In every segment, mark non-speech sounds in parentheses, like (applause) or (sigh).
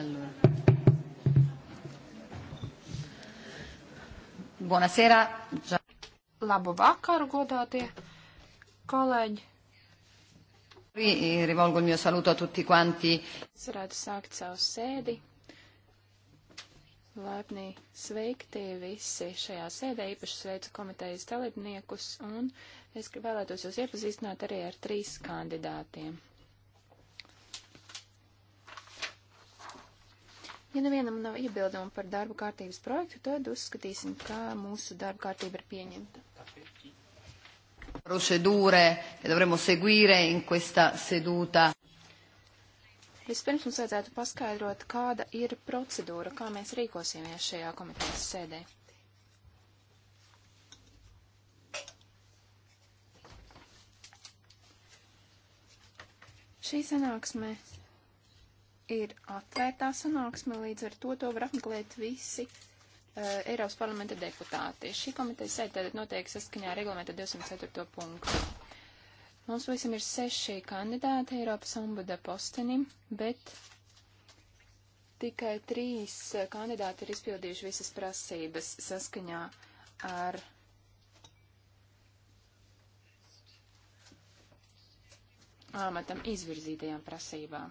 Allora. Buonasera. Labu vakaru, godātie kolēģi. Eh, rivolgo il mio saluto a tutti quanti. Es varētu sākt savu sēdi. Laipni sveikti visi šajā sēdē, īpaši sveicu komitejas dalībniekus, un es vēlētos jūs iepazīstināt arī ar trīs kandidātiem. Ja nevienam nav iebildumu par darbu kārtības projektu, tad uzskatīsim, ka mūsu darba kārtība ir pieņemta. Procedūre, ja dovremo seguire in questa seduta. Vispirms mums vajadzētu paskaidrot, kāda ir procedūra, kā mēs rīkosimies šajā komitejas sēdē. Šī sanāksme ir atvērtā sanāksme, līdz ar to to var apmeklēt visi uh, Eiropas parlamenta deputāti. Šī komiteja sēd tātad notiek saskaņā reglamenta 204. punktu. Mums visam ir seši kandidāti Eiropas ombuda postenim, bet tikai trīs kandidāti ir izpildījuši visas prasības saskaņā ar. Āmatam izvirzītajām prasībām.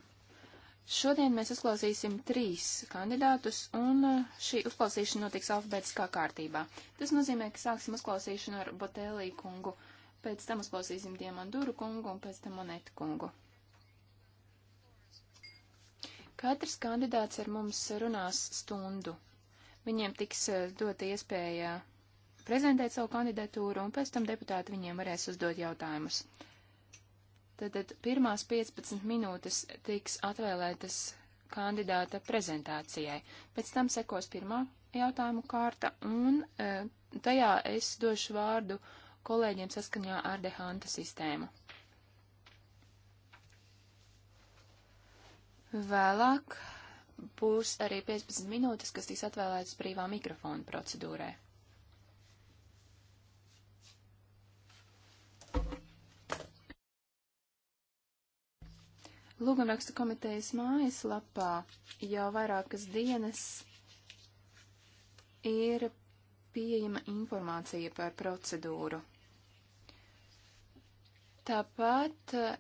Šodien mēs uzklausīsim trīs kandidātus, un eh, šī uzklausīšana notiks alfabētiskā kārtībā. Tas nozīmē, ka sāksim uzklausīšanu ar Botēlī kungu, pēc tam uzklausīsim Diemanduru kungu un pēc tam Monetu kungu. Katrs kandidāts ar mums runās stundu. Viņiem tiks eh, dota iespēja prezentēt savu kandidatūru, un pēc tam deputāti viņiem varēs uzdot jautājumus. Tātad pirmās 15 minūtes tiks atvēlētas kandidāta prezentācijai. Pēc tam sekos pirmā jautājumu kārta, un e, tajā es došu vārdu kolēģiem saskaņā ar Dehanta sistēmu. Vēlāk būs arī 15 minūtes, kas tiks atvēlētas brīvā mikrofona procedūrai. Lūgumrakstu komitejas mājaslapā jau vairākas dienas ir pieejama informācija par procedūru. Tāpat eh,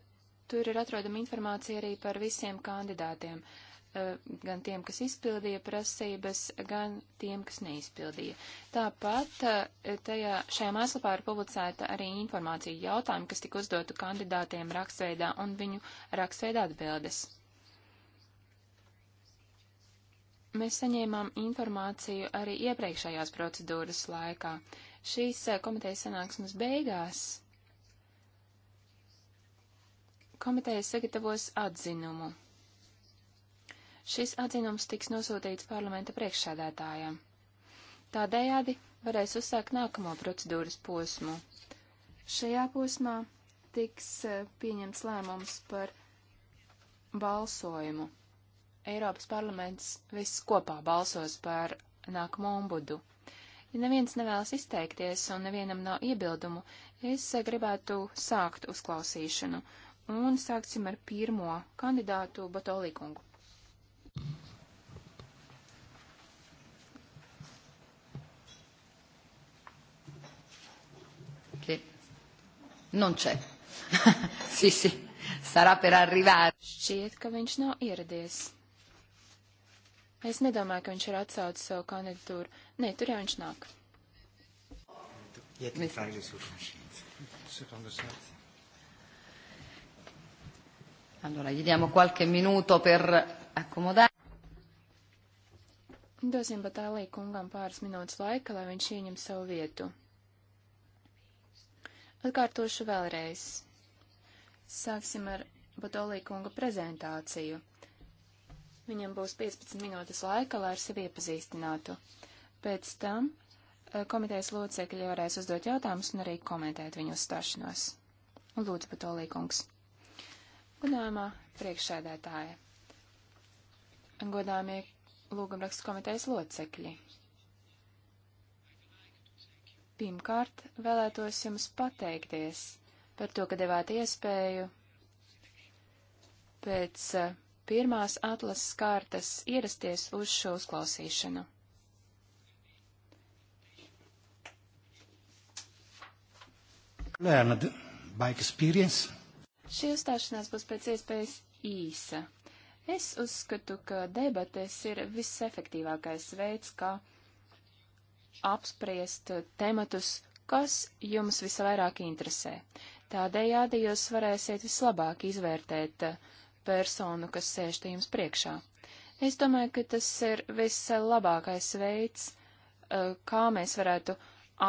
tur ir atrodama informācija arī par visiem kandidātiem. Uh, Eh, gan tiem, kas izpildīja prasības, gan tiem, kas neizpildīja. Tāpat eh, tajā, šajā mājaslapā ir publicēta arī informācija jautājumi, kas tika uzdotu kandidātiem rakstveidā un viņu rakstveidā atbildes. Mēs saņēmām informāciju arī iepriekšējās procedūras laikā. Šīs eh, komitejas sanāksmes beigās komiteja sagatavos atzinumu. Šis atzinums tiks nosūtīts parlamenta priekšsādātājam. Tādējādi varēs uzsākt nākamo procedūras posmu. Šajā posmā tiks eh, pieņemts lēmums par balsojumu. Eiropas parlaments viss kopā balsos par nākamo ombudu. Ja neviens nevēlas izteikties un nevienam nav iebildumu, es eh, gribētu sākt uzklausīšanu un sāksim ar pirmo kandidātu Batolīkungu. Non c'è. (laughs) sì, sì, sarà per arrivare. Šķiet, ka viņš nav ieradies. Es nedomāju, ka viņš ir atsaucis savu kandidatūru. Nē, tur jau viņš nāk. Allora, gli diamo qualche minuto per accomodare. Dosim Batālī kungam pāris minūtes laika, lai viņš ieņem savu vietu. Atkārtošu vēlreiz. Sāksim ar Botolī kunga prezentāciju. Viņam būs 15 minūtes laika, lai ar sevi iepazīstinātu. Pēc tam eh, komitejas locekļi varēs uzdot jautājumus un arī komentēt viņu uzstāšanos. Lūdzu, Botolī kungs. Godājumā priekšsēdētāja. Godājumie lūgumrakstu komitejas locekļi. Pirmkārt, vēlētos jums pateikties par to, ka devāt iespēju pēc eh, pirmās atlases kārtas ierasties uz šo uzklausīšanu. Learned by experience. Šī uzstāšanās būs pēc iespējas īsa. Es uzskatu, ka debates ir visefektīvākais veids, kā ka apspriest tematus, kas jums visvairāk interesē. Tādējādi jūs varēsiet vislabāk izvērtēt eh, personu, kas sēž te jums priekšā. Es domāju, ka tas ir vislabākais veids, eh, kā mēs varētu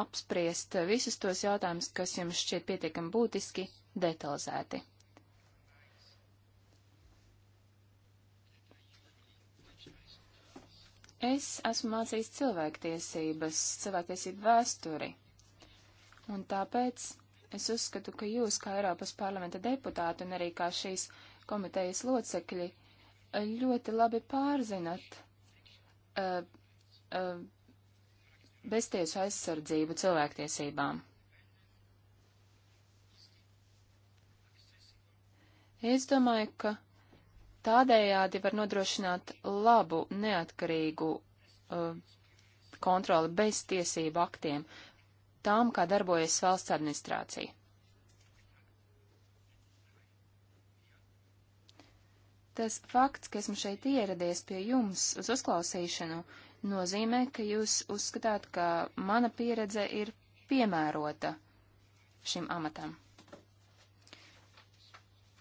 apspriest visus tos jautājumus, kas jums šķiet pietiekami būtiski, detalizēti. Es esmu mācījis cilvēktiesības, cilvēktiesību vēsturi, un tāpēc es uzskatu, ka jūs, kā Eiropas parlamenta deputāti un arī kā šīs komitejas locekļi, ļoti labi pārzinat uh, uh, beztiesu aizsardzību cilvēktiesībām. Es domāju, ka Tādējādi var nodrošināt labu, neatkarīgu uh, kontroli bez tiesību aktiem tām, kā darbojas valsts administrācija. Tas fakts, ka esmu šeit ieradies pie jums uz uzklausīšanu, nozīmē, ka jūs uzskatāt, ka mana pieredze ir piemērota šim amatam.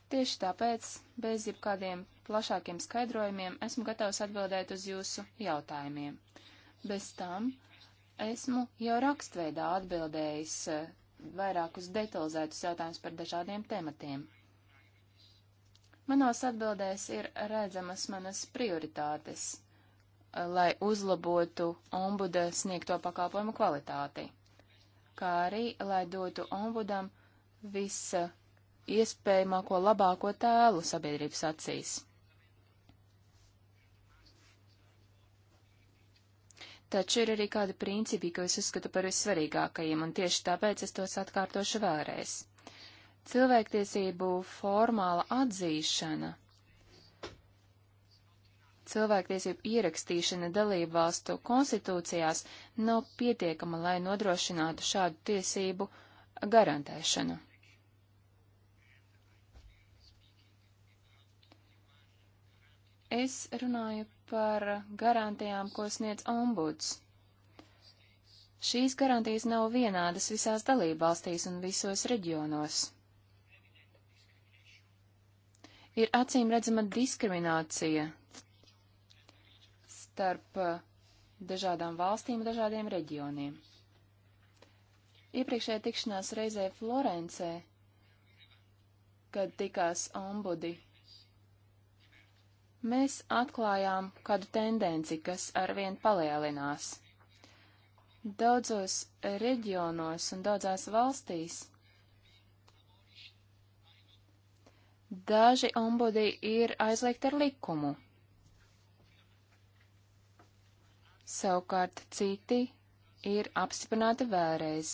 Tieši tāpēc, bez jebkādiem plašākiem skaidrojumiem, esmu gatavs atbildēt uz jūsu jautājumiem. Bez tam esmu jau rakstveidā atbildējis eh, vairākus detalizētus jautājumus par dažādiem tematiem. Manos atbildēs ir redzamas manas prioritātes, eh, lai uzlabotu ombuda sniegto pakalpojumu kvalitāti, kā arī, lai dotu ombudam visa iespējamāko labāko tēlu sabiedrības acīs. Taču ir arī kādi principi, ko es uzskatu par vissvarīgākajiem, un tieši tāpēc es tos atkārtošu vēlreiz. Cilvēktiesību formāla atzīšana, cilvēktiesību ierakstīšana dalību valstu konstitūcijās nav pietiekama, lai nodrošinātu šādu tiesību garantēšanu. Es runāju par garantijām, ko sniedz ombuds. Šīs garantijas nav vienādas visās dalībvalstīs un visos reģionos. Ir acīm redzama diskriminācija starp uh, dažādām valstīm un dažādiem reģioniem. Iepriekšējā tikšanās reizē Florencē, kad tikās ombudi mēs atklājām kādu tendenci, kas arvien palielinās. Daudzos reģionos un daudzās valstīs daži ombudi ir aizliegti ar likumu. Savukārt citi ir apstiprināti vēlreiz.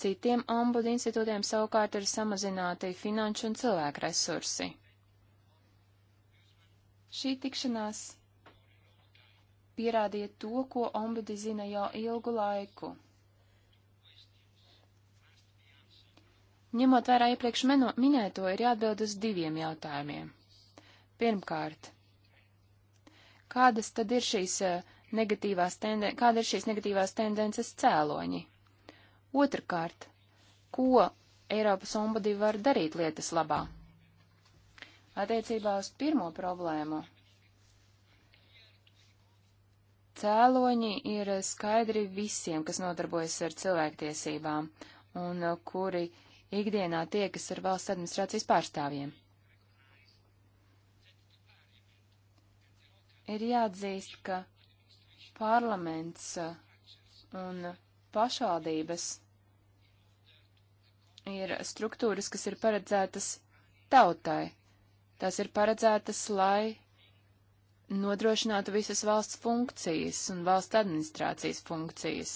Citiem ombudu institūtiem savukārt ir samazināti finanšu un cilvēku resursi. Šī tikšanās pierādīja to, ko ombudi zina jau ilgu laiku. Ņemot vērā iepriekš minēto, ir jāatbild uz diviem jautājumiem. Pirmkārt, kādas tad ir šīs eh, negatīvās, tenden kāda ir šīs negatīvās tendences cēloņi? Otrkārt, ko Eiropas ombudi var darīt lietas labā? Attiecībā uz pirmo problēmu. Cēloņi ir skaidri visiem, kas nodarbojas ar cilvēktiesībām un kuri ikdienā tiekas ar valsts administrācijas pārstāvjiem. Ir jāatzīst, ka parlaments un pašvaldības ir struktūras, kas ir paredzētas tautai, Tās ir paredzētas, lai nodrošinātu visas valsts funkcijas un valsts administrācijas funkcijas.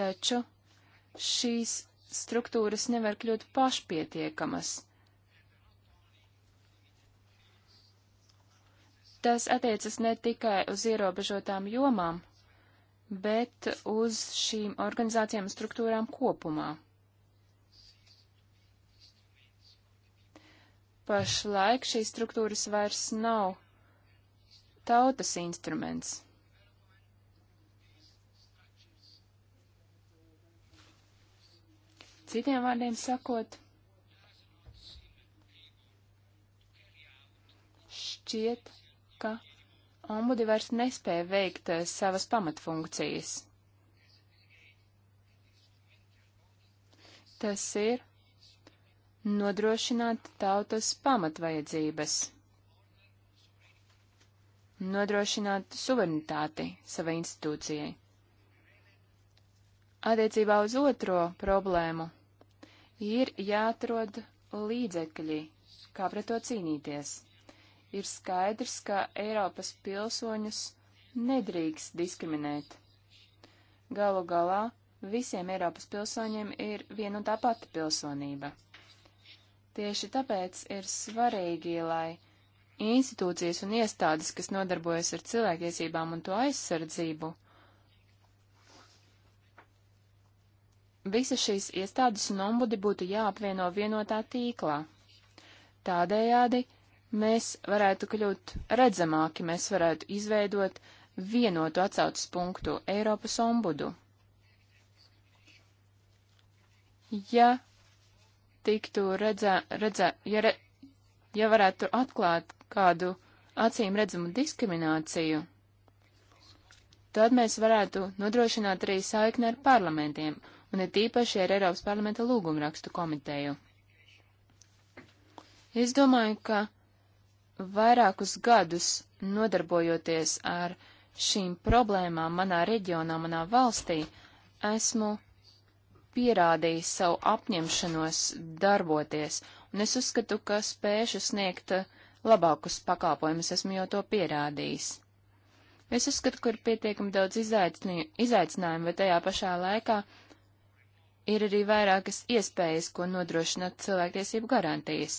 Taču šīs struktūras nevar kļūt pašpietiekamas. Tas attiecas ne tikai uz ierobežotām jomām, bet uz šīm organizācijām un struktūrām kopumā. Pašlaik šīs struktūras vairs nav tautas instruments. Citiem vārdiem sakot, šķiet, ka ombudi vairs nespēja veikt eh, savas pamatfunkcijas. Tas ir nodrošināt tautas pamatvajadzības, nodrošināt suverenitāti savai institūcijai. Attiecībā uz otro problēmu ir jāatrod līdzekļi, kā pret to cīnīties. Ir skaidrs, ka Eiropas pilsoņus nedrīkst diskriminēt. Galu galā visiem Eiropas pilsoņiem ir viena un tā pati pilsonība. Tieši tāpēc ir svarīgi, lai institūcijas un iestādes, kas nodarbojas ar cilvēktiesībām un to aizsardzību, visas šīs iestādes un ombudi būtu jāapvieno vienotā tīklā. Tādējādi mēs varētu kļūt redzamāki, mēs varētu izveidot vienotu atsaucas punktu Eiropas ombudu. Ja tiktu redzē, redzē ja, re, ja varētu atklāt kādu acīm redzamu diskrimināciju, tad mēs varētu nodrošināt arī saikni ar parlamentiem, un ir tīpaši ar Eiropas parlamenta lūgumrakstu komiteju. Es domāju, ka vairākus gadus nodarbojoties ar šīm problēmām manā reģionā, manā valstī, esmu pierādījis savu apņemšanos darboties, un es uzskatu, ka spēšu sniegt uh, labākus pakalpojumus esmu jau to pierādījis. Es uzskatu, ka ir pietiekami daudz izaicinājumu, bet tajā pašā laikā ir arī vairākas iespējas, ko nodrošināt cilvēktiesību garantijas.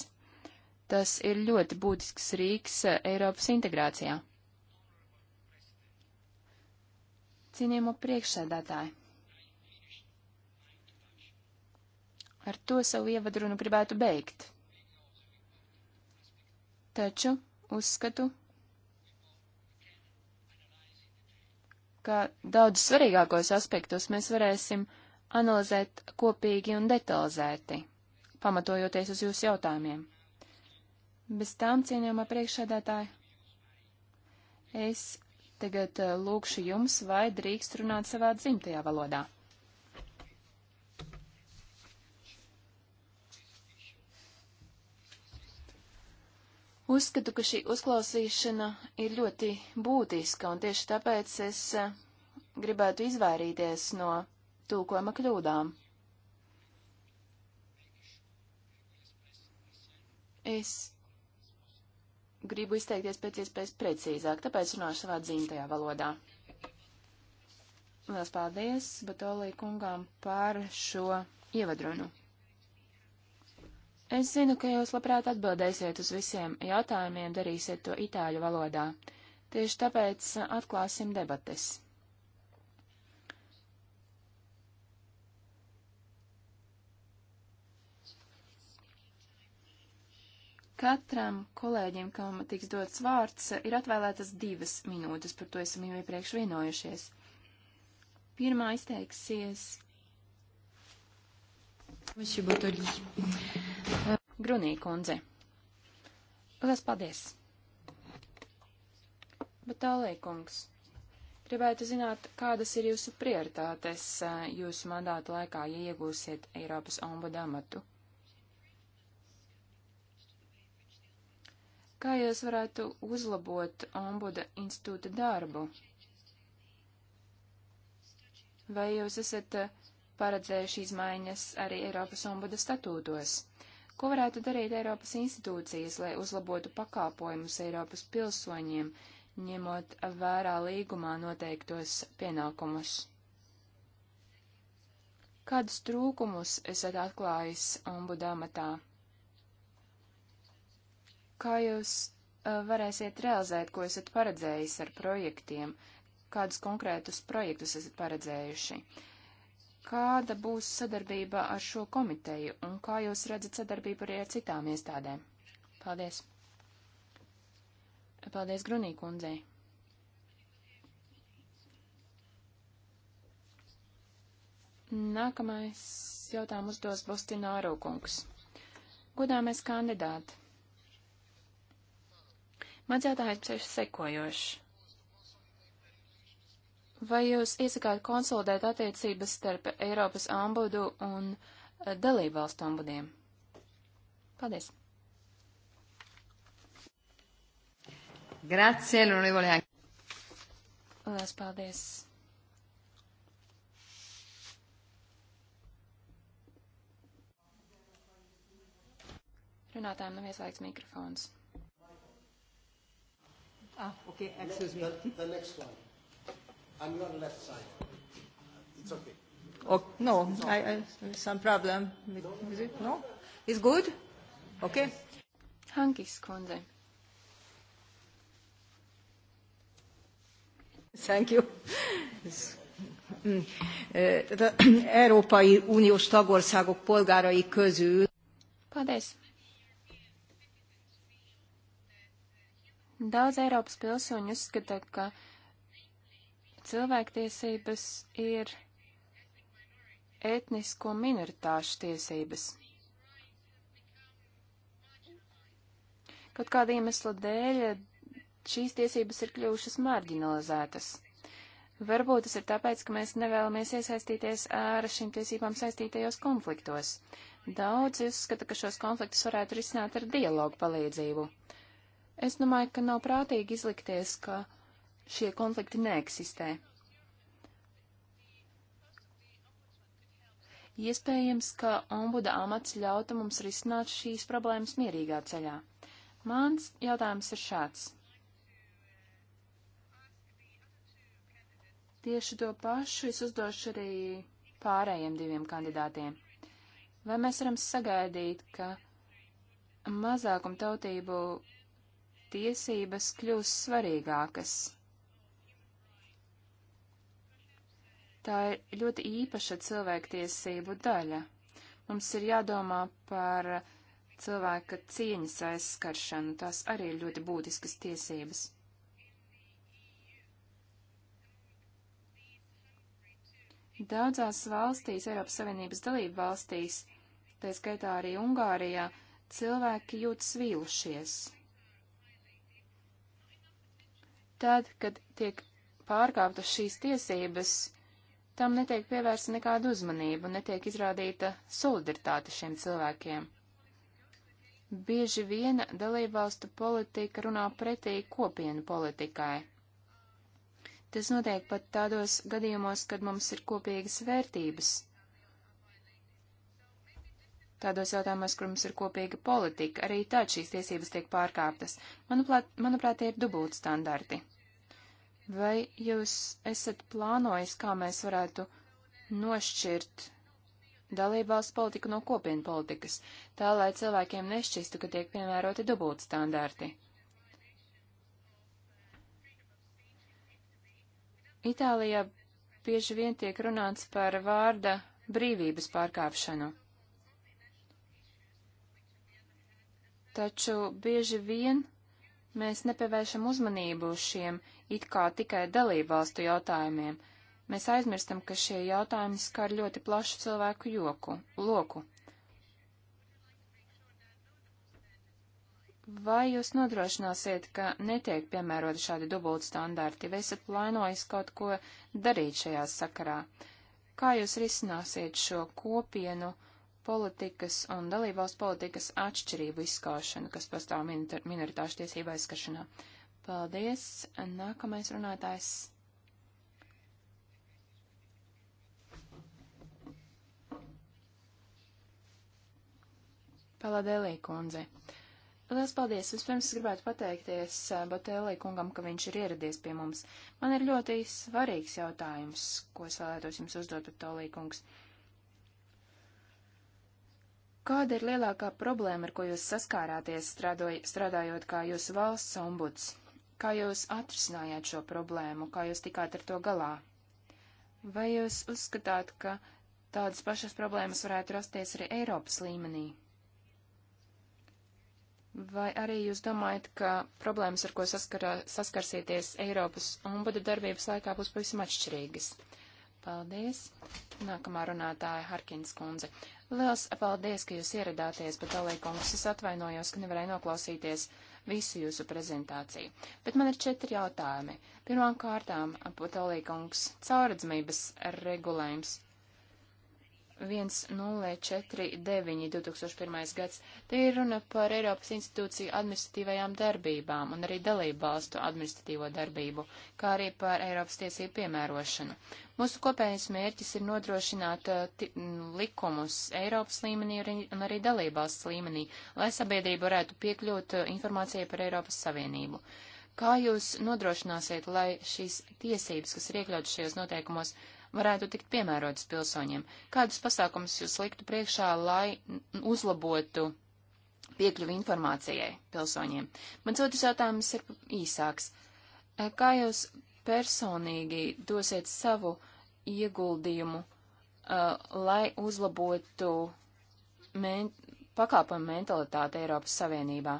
Tas ir ļoti būtisks rīks uh, Eiropas integrācijā. Cienījamo priekšsēdētāju! Ar to savu ievadrunu gribētu beigt. Taču uzskatu, ka daudz svarīgākos aspektus mēs varēsim analizēt kopīgi un detalizēti, pamatojoties uz jūsu jautājumiem. Bez tām, cienījumā priekšsēdētāji, es tagad eh, lūkšu jums, vai drīkst runāt savā dzimtajā valodā. Uzskatu, ka šī uzklausīšana ir ļoti būtiska, un tieši tāpēc es eh, gribētu izvairīties no tūkojuma kļūdām. Es gribu izteikties pēc iespējas precīzāk, tāpēc runāšu savā dzimtajā valodā. Lielas paldies Batolī kungām par šo ievadrunu. Es zinu, ka jūs labprāt atbildēsiet uz visiem jautājumiem, darīsiet to itāļu valodā. Tieši tāpēc atklāsim debates. Katram kolēģim, kam tiks dots vārds, ir atvēlētas divas minūtes, par to esam jau iepriekš vienojušies. Pirmā izteiksies. Monsieur Botoli. Grunī kundze. Lielas paldies! Bet tālāk, kungs, gribētu zināt, kādas ir jūsu prioritātes jūsu mandāta laikā, ja iegūsiet Eiropas ombudu amatu? Kā jūs varētu uzlabot ombuda institūta darbu? Vai jūs esat paredzējuši izmaiņas arī Eiropas ombuda statūtos? Ko varētu darīt Eiropas institūcijas, lai uzlabotu pakāpojumus Eiropas pilsoņiem, ņemot vērā līgumā noteiktos pienākumus? Kādus trūkumus esat atklājis ombuda amatā? Kā jūs eh, varēsiet realizēt, ko esat paredzējis ar projektiem? Kādus konkrētus projektus esat paredzējuši? kāda būs sadarbība ar šo komiteju un kā jūs redzat sadarbību arī ar citām iestādēm? Paldies. Paldies Grunī kundzei. Nākamais jautājumu uzdos Bostināro kungs. Godāmies kandidāti. Mans jautājums ir sekojošs. Vai jūs iesakāt konsolidēt attiecības starp Eiropas ombudu un eh, dalību valstu ombudiem? Paldies. Grazie, l'onorevole Lielas paldies. Runātājiem nav ieslēgts mikrofons. Ah, okay, excuse me. The, the next one on your left side. Uh, it's okay. Oh, no, it's okay. I, I some problem. With, no, no, is it? No? It's good? Okay. Hankis kundze. Thank you. Tehát mm. eh, Európai Uniós tagországok polgárai közül. Paldies. Daudz Eiropas pilsoņu uzskata, ka cilvēktiesības ir etnisko minoritāšu tiesības. Kaut kāda iemesla dēļ šīs tiesības ir kļuvušas marginalizētas. Varbūt tas ir tāpēc, ka mēs nevēlamies iesaistīties ar šīm tiesībām saistītajos konfliktos. Daudzi uzskata, ka šos konfliktus varētu risināt ar dialogu palīdzību. Es domāju, ka nav prātīgi izlikties, ka šie konflikti neeksistē. Iespējams, ka ombuda amats ļauta mums risināt šīs problēmas mierīgā ceļā. Mans jautājums ir šāds. Tieši to pašu es uzdošu arī pārējiem diviem kandidātiem. Vai mēs varam sagaidīt, ka mazākumtautību tiesības kļūs svarīgākas Tā ir ļoti īpaša cilvēktiesību daļa. Mums ir jādomā par cilvēka cieņas aizskaršanu, tās arī ir ļoti būtiskas tiesības. Daudzās valstīs, Eiropas Savienības dalību valstīs, tā skaitā arī Ungārijā, cilvēki jūtas vīlušies. Tad, kad tiek pārkāptas šīs tiesības, tam netiek pievērsta nekāda uzmanība un netiek izrādīta solidaritāte šiem cilvēkiem. Bieži vien dalībvalstu politika runā pretī kopienu politikai. Tas notiek pat tādos gadījumos, kad mums ir kopīgas vērtības. Tādos jautājumos, kur mums ir kopīga politika, arī tad šīs tiesības tiek pārkāptas. Manuprāt, manuprāt tie ir dubult standarti. Vai jūs esat plānojis, kā mēs varētu nošķirt dalībvalsts politiku no kopienu politikas, tā lai cilvēkiem nešķistu, ka tiek piemēroti dubult standārti? Itālijā bieži vien tiek runāts par vārda brīvības pārkāpšanu. Taču bieži vien mēs nepievēršam uzmanību šiem it kā tikai dalībvalstu jautājumiem. Mēs aizmirstam, ka šie jautājumi skar ļoti plašu cilvēku joku, loku. Vai jūs nodrošināsiet, ka netiek piemēroti šādi dubult standarti, vai esat plānojis kaut ko darīt šajā sakarā? Kā jūs risināsiet šo kopienu politikas un dalībvalstu politikas atšķirību izskaušanu, kas pastāv minoritāšu tiesību aizskašanā? Uh, Paldies. Nākamais runātājs. Paladēlī kundze. Lielas paldies! Vispirms es gribētu pateikties eh, Botēlī kungam, ka viņš ir ieradies pie mums. Man ir ļoti svarīgs jautājums, ko es vēlētos jums uzdot, Botēlī kungs. Kāda ir lielākā problēma, ar ko jūs saskārāties strādoj, strādājot kā jūsu valsts ombuds? Kā jūs atrisinājāt šo problēmu, kā jūs tikāt ar to galā? Vai jūs uzskatāt, ka tādas pašas problēmas varētu rasties arī Eiropas līmenī? Vai arī jūs domājat, ka problēmas, ar ko saskarā, saskarsieties Eiropas ombuda darbības laikā, būs pavisam atšķirīgas? Paldies. Nākamā runātāja Harkins kundze. Liels paldies, ka jūs ieradāties, bet, Alī kungs, es atvainojos, ka nevarēju noklausīties. Uh, visu jūsu prezentāciju. Bet man ir četri jautājumi. Pirmām kārtām, Potolīkungs, cauradzamības regulējums. 1049 2001. gads. Te ir runa par Eiropas institūciju administratīvajām darbībām un arī dalību balstu administratīvo darbību, kā arī par Eiropas tiesību piemērošanu. Mūsu kopējais mērķis ir nodrošināt uh, likumus Eiropas līmenī un arī dalību balsts līmenī, lai sabiedrība varētu piekļūt uh, informācijai par Eiropas Savienību. Kā jūs nodrošināsiet, lai šīs tiesības, kas ir iekļautas šajos noteikumos, varētu tikt piemērotas pilsoņiem? Kādus pasākumus jūs liktu priekšā, lai uzlabotu piekļuvi informācijai pilsoņiem? Mans otrs jautājums ir īsāks. Eh, kā jūs personīgi dosiet savu ieguldījumu, uh, lai uzlabotu men pakāpojumu mentalitāti Eiropas Savienībā?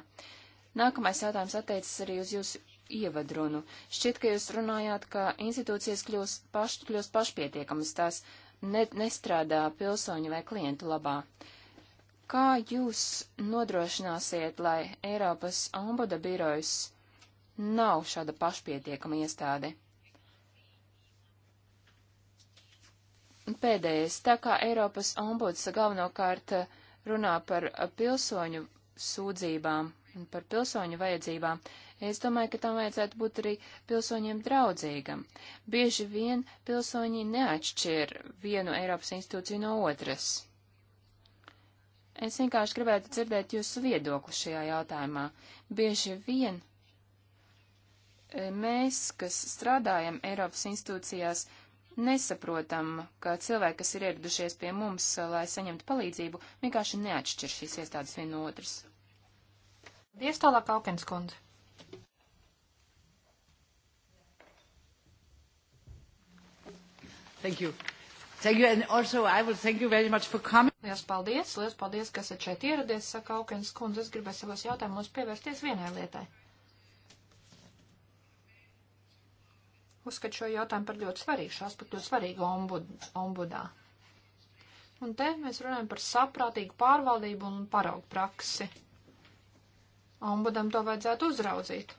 Nākamais jautājums attiecas arī uz jūsu ievadrunu. Šķiet, ka jūs runājāt, ka institūcijas kļūst, paš, kļūst pašpietiekamas, tās ne, nestrādā pilsoņu vai klientu labā. Kā jūs nodrošināsiet, lai Eiropas ombuda birojas nav šāda pašpietiekama iestāde? Pēdējais, tā kā Eiropas ombuds galvenokārt runā par pilsoņu sūdzībām un par pilsoņu vajadzībām, uh, Es domāju, ka tam vajadzētu būt arī pilsoņiem draudzīgam. Bieži vien pilsoņi neatšķir vienu Eiropas institūciju no otras. Es vienkārši gribētu dzirdēt jūsu viedokli šajā jautājumā. Bieži vien e, mēs, kas strādājam Eiropas institūcijās, nesaprotam, ka cilvēki, kas ir ieradušies pie mums, e, lai saņemtu palīdzību, vienkārši neatšķir šīs iestādes viena no otras. Dievs tālāk, Alkins kundze. Thank you. Thank you, and also I will thank you very much for coming. Lielas paldies, lielas paldies, ka esat šeit ieradies, saka Aukens kundze. Es gribēju savos jautājumos pievērsties vienai lietai. Uzskatu šo jautājumu par ļoti svarīgu, šo aspektu svarīgu ombud, ombudā. Un te mēs runājam par saprātīgu pārvaldību un paraugu praksi. Ombudam to vajadzētu uzraudzīt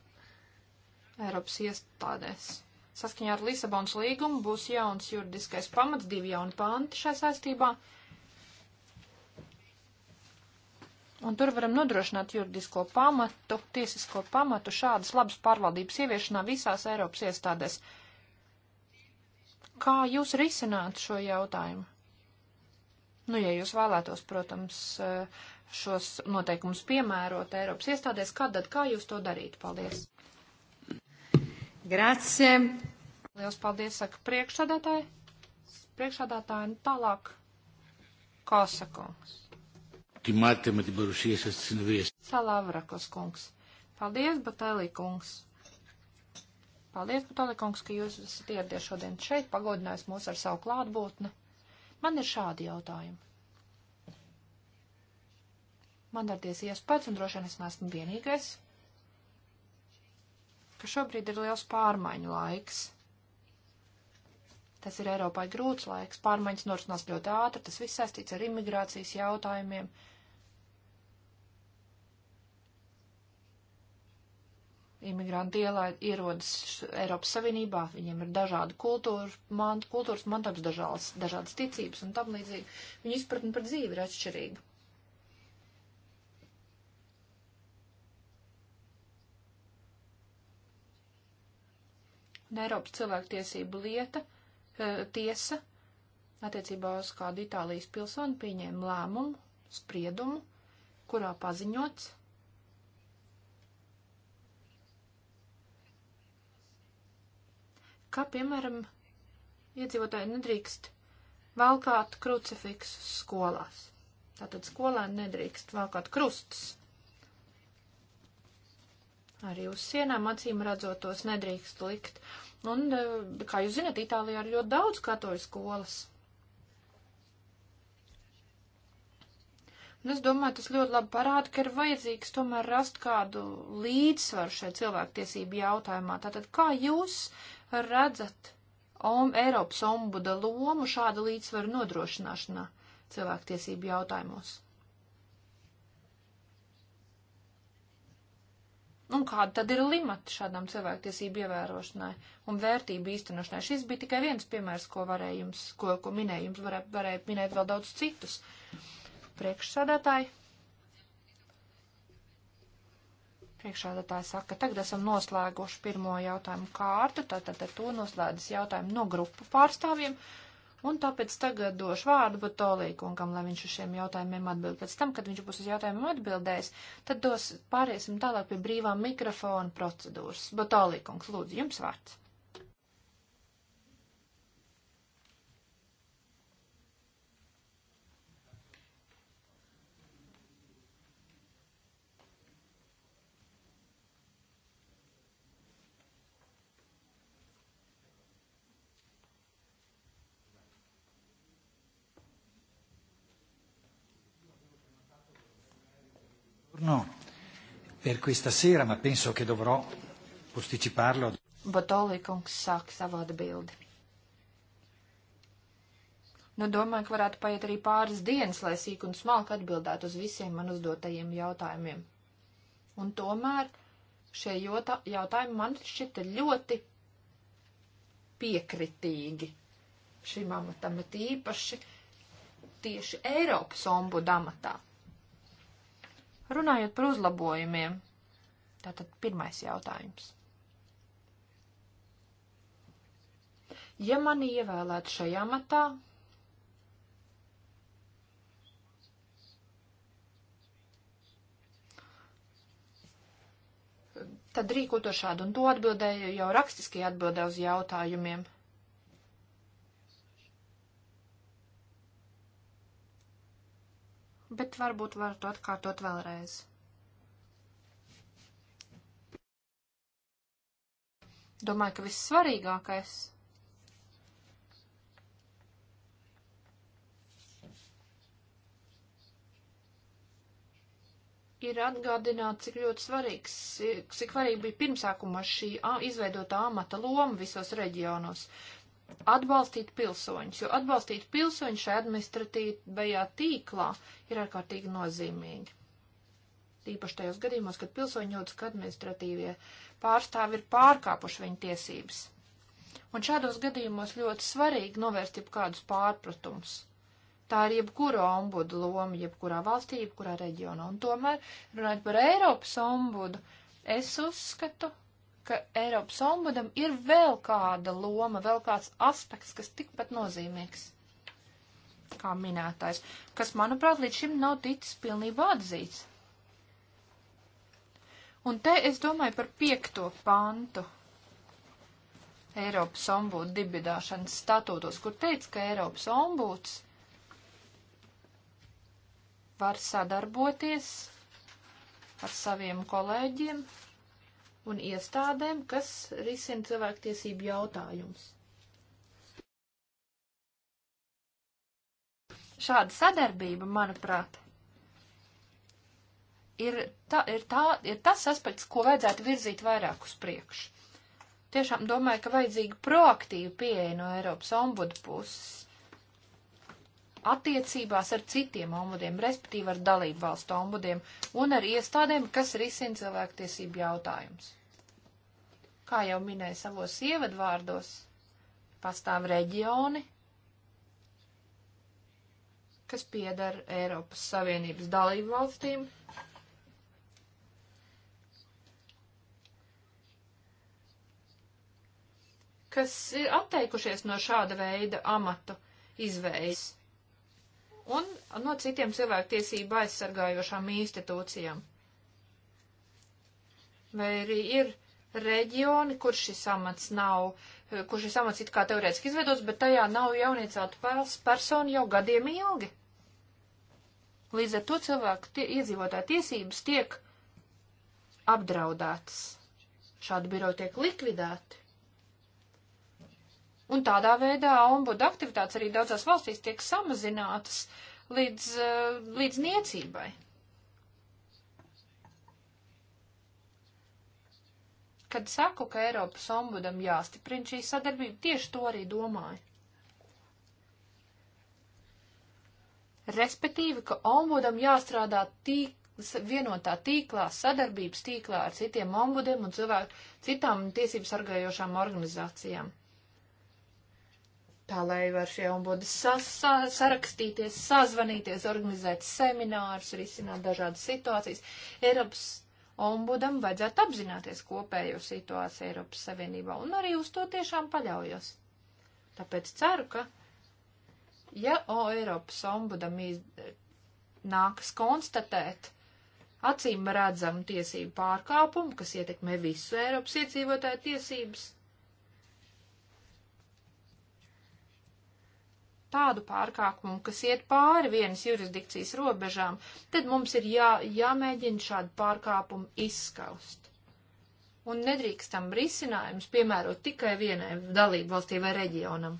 Eiropas iestādēs. Saskaņā ar Lisabonas līgumu būs jauns juridiskais pamats, divi jauni panti šai saistībā. Un tur varam nodrošināt juridisko pamatu, tiesisko pamatu šādas labas pārvaldības ieviešanā visās Eiropas iestādēs. Kā jūs risināt šo jautājumu? Nu, ja jūs vēlētos, protams, eh, šos noteikumus piemērot Eiropas iestādēs, kad tad kā jūs to darītu? Paldies! Grazie. Liels paldies, saka priekšsādātāji. Priekšsādātāji tālāk. Kāsa kungs. Timāte, man te barušies, es cinvies. Salavrakos kungs. Paldies, Batēlī kungs. Paldies, Batēlī kungs, ka jūs esat ieradies šodien šeit, pagodinājis mūs ar savu klātbūtni. Man ir šādi jautājumi. Man darties iespējas, un droši vien es neesmu vienīgais, ka šobrīd ir liels pārmaiņu laiks. Tas ir Eiropai grūts laiks, pārmaiņas norisinās ļoti ātri, tas viss saistīts ar imigrācijas jautājumiem. Imigranti ielai, ierodas Eiropas Savienībā, viņiem ir dažādi kultūras, man, kultūras mantojums, dažādas, dažādas ticības un tam līdzīgi. Viņu izpratni par dzīvi ir atšķirīga. un Eiropas cilvēktiesību lieta, eh, tiesa attiecībā uz kādu Itālijas pilsoni pieņēma lēmumu, spriedumu, kurā paziņots, ka, piemēram, iedzīvotāji nedrīkst valkāt krucifiksus skolās. Tātad skolēni nedrīkst valkāt krustus Arī uz sienām acīm redzot tos nedrīkst likt. Un, e, kā jūs zinat, Itālijā ir ļoti daudz katoļu skolas. Un es domāju, tas ļoti labi parāda, ka ir vajadzīgs tomēr rast kādu līdzsvaru šai cilvēktiesību jautājumā. Tātad, kā jūs redzat om, Eiropas ombuda lomu šāda līdzsvaru nodrošināšanā cilvēktiesību jautājumos? Un kāda tad ir limata šādām cilvēktiesību ievērošanai un vērtību īstenošanai? Šis bija tikai viens piemērs, ko varēja jums, ko, ko minēja, jums varēja, varēja minēt vēl daudz citus. Priekšsādātāji. Priekšādātāji saka, tagad esam noslēguši pirmo jautājumu kārtu, tātad ar to noslēdzas jautājumu no grupu pārstāvjiem. Uh, Un tāpēc tagad došu vārdu Butolīkungam, lai viņš uz šiem jautājumiem atbild. Pēc tam, kad viņš būs uz jautājumiem atbildējis, tad dos pāriesim tālāk pie brīvā mikrofona procedūras. Butolīkungs, lūdzu, jums vārds. per questa sera, ma penso che dovrò posticiparlo. Batolikungs sāk savu atbildi. Nu, domāju, ka varētu paiet arī pāris dienas, lai sīk un smalk atbildētu uz visiem man uzdotajiem jautājumiem. Un tomēr šie jota, jautājumi man šķita ļoti piekrитīgi šim amatam, bet īpaši tieši Eiropas ombudu amatā. Runājot par uzlabojumiem, tātad pirmais jautājums. Ja mani ievēlētu šajā matā, tad rīkotu šādu, un to atbildēju jau rakstiskajā atbildē uz jautājumiem. bet varbūt var to atkārtot vēlreiz. Domāju, ka vissvarīgākais ir atgādināt, cik ļoti svarīgs, cik svarīgi bija pirmsākumā šī izveidotā amata loma visos reģionos atbalstīt pilsoņus, jo atbalstīt pilsoņus šajā administratīvajā tīklā ir ārkārtīgi nozīmīgi. Tīpaši tajos gadījumos, kad pilsoņi jūtas, ka administratīvie pārstāvi ir pārkāpuši viņu tiesības. Un šādos gadījumos ļoti svarīgi novērst jebkādus pārpratumus. Tā ir jebkura ombuda loma, jebkurā valstī, jebkurā reģionā. Un tomēr, runājot par Eiropas ombudu, es uzskatu, ka Eiropas ombudam ir vēl kāda loma, vēl kāds aspekts, kas tikpat nozīmīgs, kā minētais, kas, manuprāt, līdz šim nav ticis pilnībā atzīts. Un te es domāju par piekto pantu Eiropas ombudu dibidāšanas statūtos, kur teica, ka Eiropas ombuds var sadarboties ar saviem kolēģiem un iestādēm, kas risina cilvēktiesību jautājumus. Šāda sadarbība, manuprāt, ir, tā, ir, tā, ir tas aspekts, ko vajadzētu virzīt vairāk uz priekšu. Tiešām domāju, ka vajadzīga proaktīva pieeja no Eiropas ombudu puses attiecībās ar citiem ombudiem, respektīvi ar dalību valstu ombudiem un ar iestādēm, kas risina cilvēktiesību jautājumus. Kā jau minēju savos ievadvārdos, pastāv reģioni, kas piedara Eiropas Savienības dalību valstīm. kas ir atteikušies no šāda veida amatu izvēles un no citiem cilvēktiesību aizsargājošām institūcijām. Vai arī ir reģioni, kur šis amats nav, kur šis amats it kā teorētiski izveidots, bet tajā nav jauniecātu personu jau gadiem ilgi. Līdz ar to cilvēku tie, iedzīvotāju tiesības tiek apdraudētas. Šādi biroji tiek likvidēti. Un tādā veidā ombuda aktivitātes arī daudzās valstīs tiek samazinātas līdz, eh, līdz niecībai. Kad saku, ka Eiropas ombudam jāstiprina šī sadarbība, tieši to arī domāju. Respektīvi, ka ombudam jāstrādā tīk, vienotā tīklā, sadarbības tīklā ar citiem ombudiem un cilvēku citām tiesības sargājošām organizācijām tā lai var šie ombudi sa sa sarakstīties, sazvanīties, organizēt seminārus, risināt dažādas situācijas. Eiropas ombudam vajadzētu apzināties kopējo situāciju Eiropas Savienībā, un arī uz to tiešām paļaujos. Tāpēc ceru, ka, ja o Eiropas ombudam iz... nākas konstatēt acīm redzam tiesību pārkāpumu, kas ietekmē visu Eiropas iedzīvotāju tiesības, tādu pārkāpumu, kas iet pāri vienas jurisdikcijas robežām, tad mums ir jā, jāmēģina šādu pārkāpumu izskaust. Un nedrīkstam risinājums piemērot tikai vienai dalību valstī vai reģionam.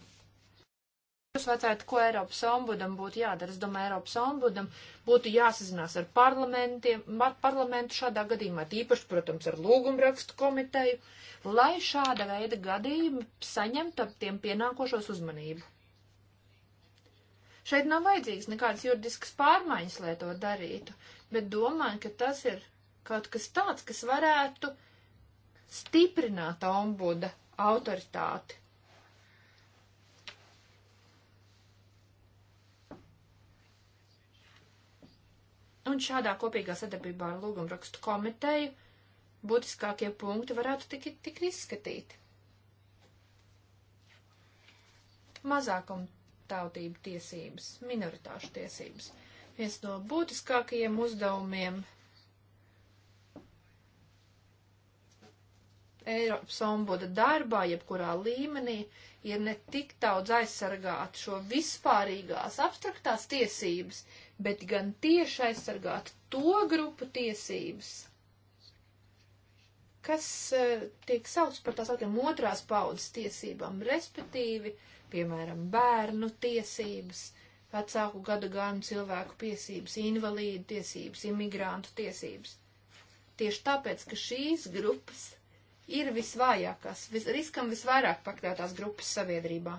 Jūs vajadzētu, ko Eiropas ombudam būtu jādara. Es domāju, Eiropas ombudam būtu jāsazinās ar parlamentiem, ar parlamentu šādā gadījumā, tīpaši, protams, ar lūgumrakstu komiteju, lai šāda veida gadījumi saņemtu ap tiem pienākošos uzmanību. Šeit nav vajadzīgs nekādas juridiskas pārmaiņas, lai to darītu, bet domāju, ka tas ir kaut kas tāds, kas varētu stiprināt ombuda autoritāti. Un šādā kopīgā sadarbībā ar lūgumrakstu komiteju būtiskākie punkti varētu tikt tik izskatīti. Mazākuma tautību tiesības, minoritāšu tiesības. Viens no būtiskākajiem uzdevumiem Eiropas ombuda darbā, jebkurā līmenī, ir ne tik daudz aizsargāt šo vispārīgās abstraktās tiesības, bet gan tieši aizsargāt to grupu tiesības, kas eh, tiek sauc par tās atkal otrās paudzes tiesībām, respektīvi uh, piemēram, bērnu tiesības, vecāku gadu gājumu cilvēku tiesības, invalīdu tiesības, imigrantu tiesības. Tieši tāpēc, ka šīs grupas ir visvājākās, vis, riskam visvairāk pakļautās grupas sabiedrībā.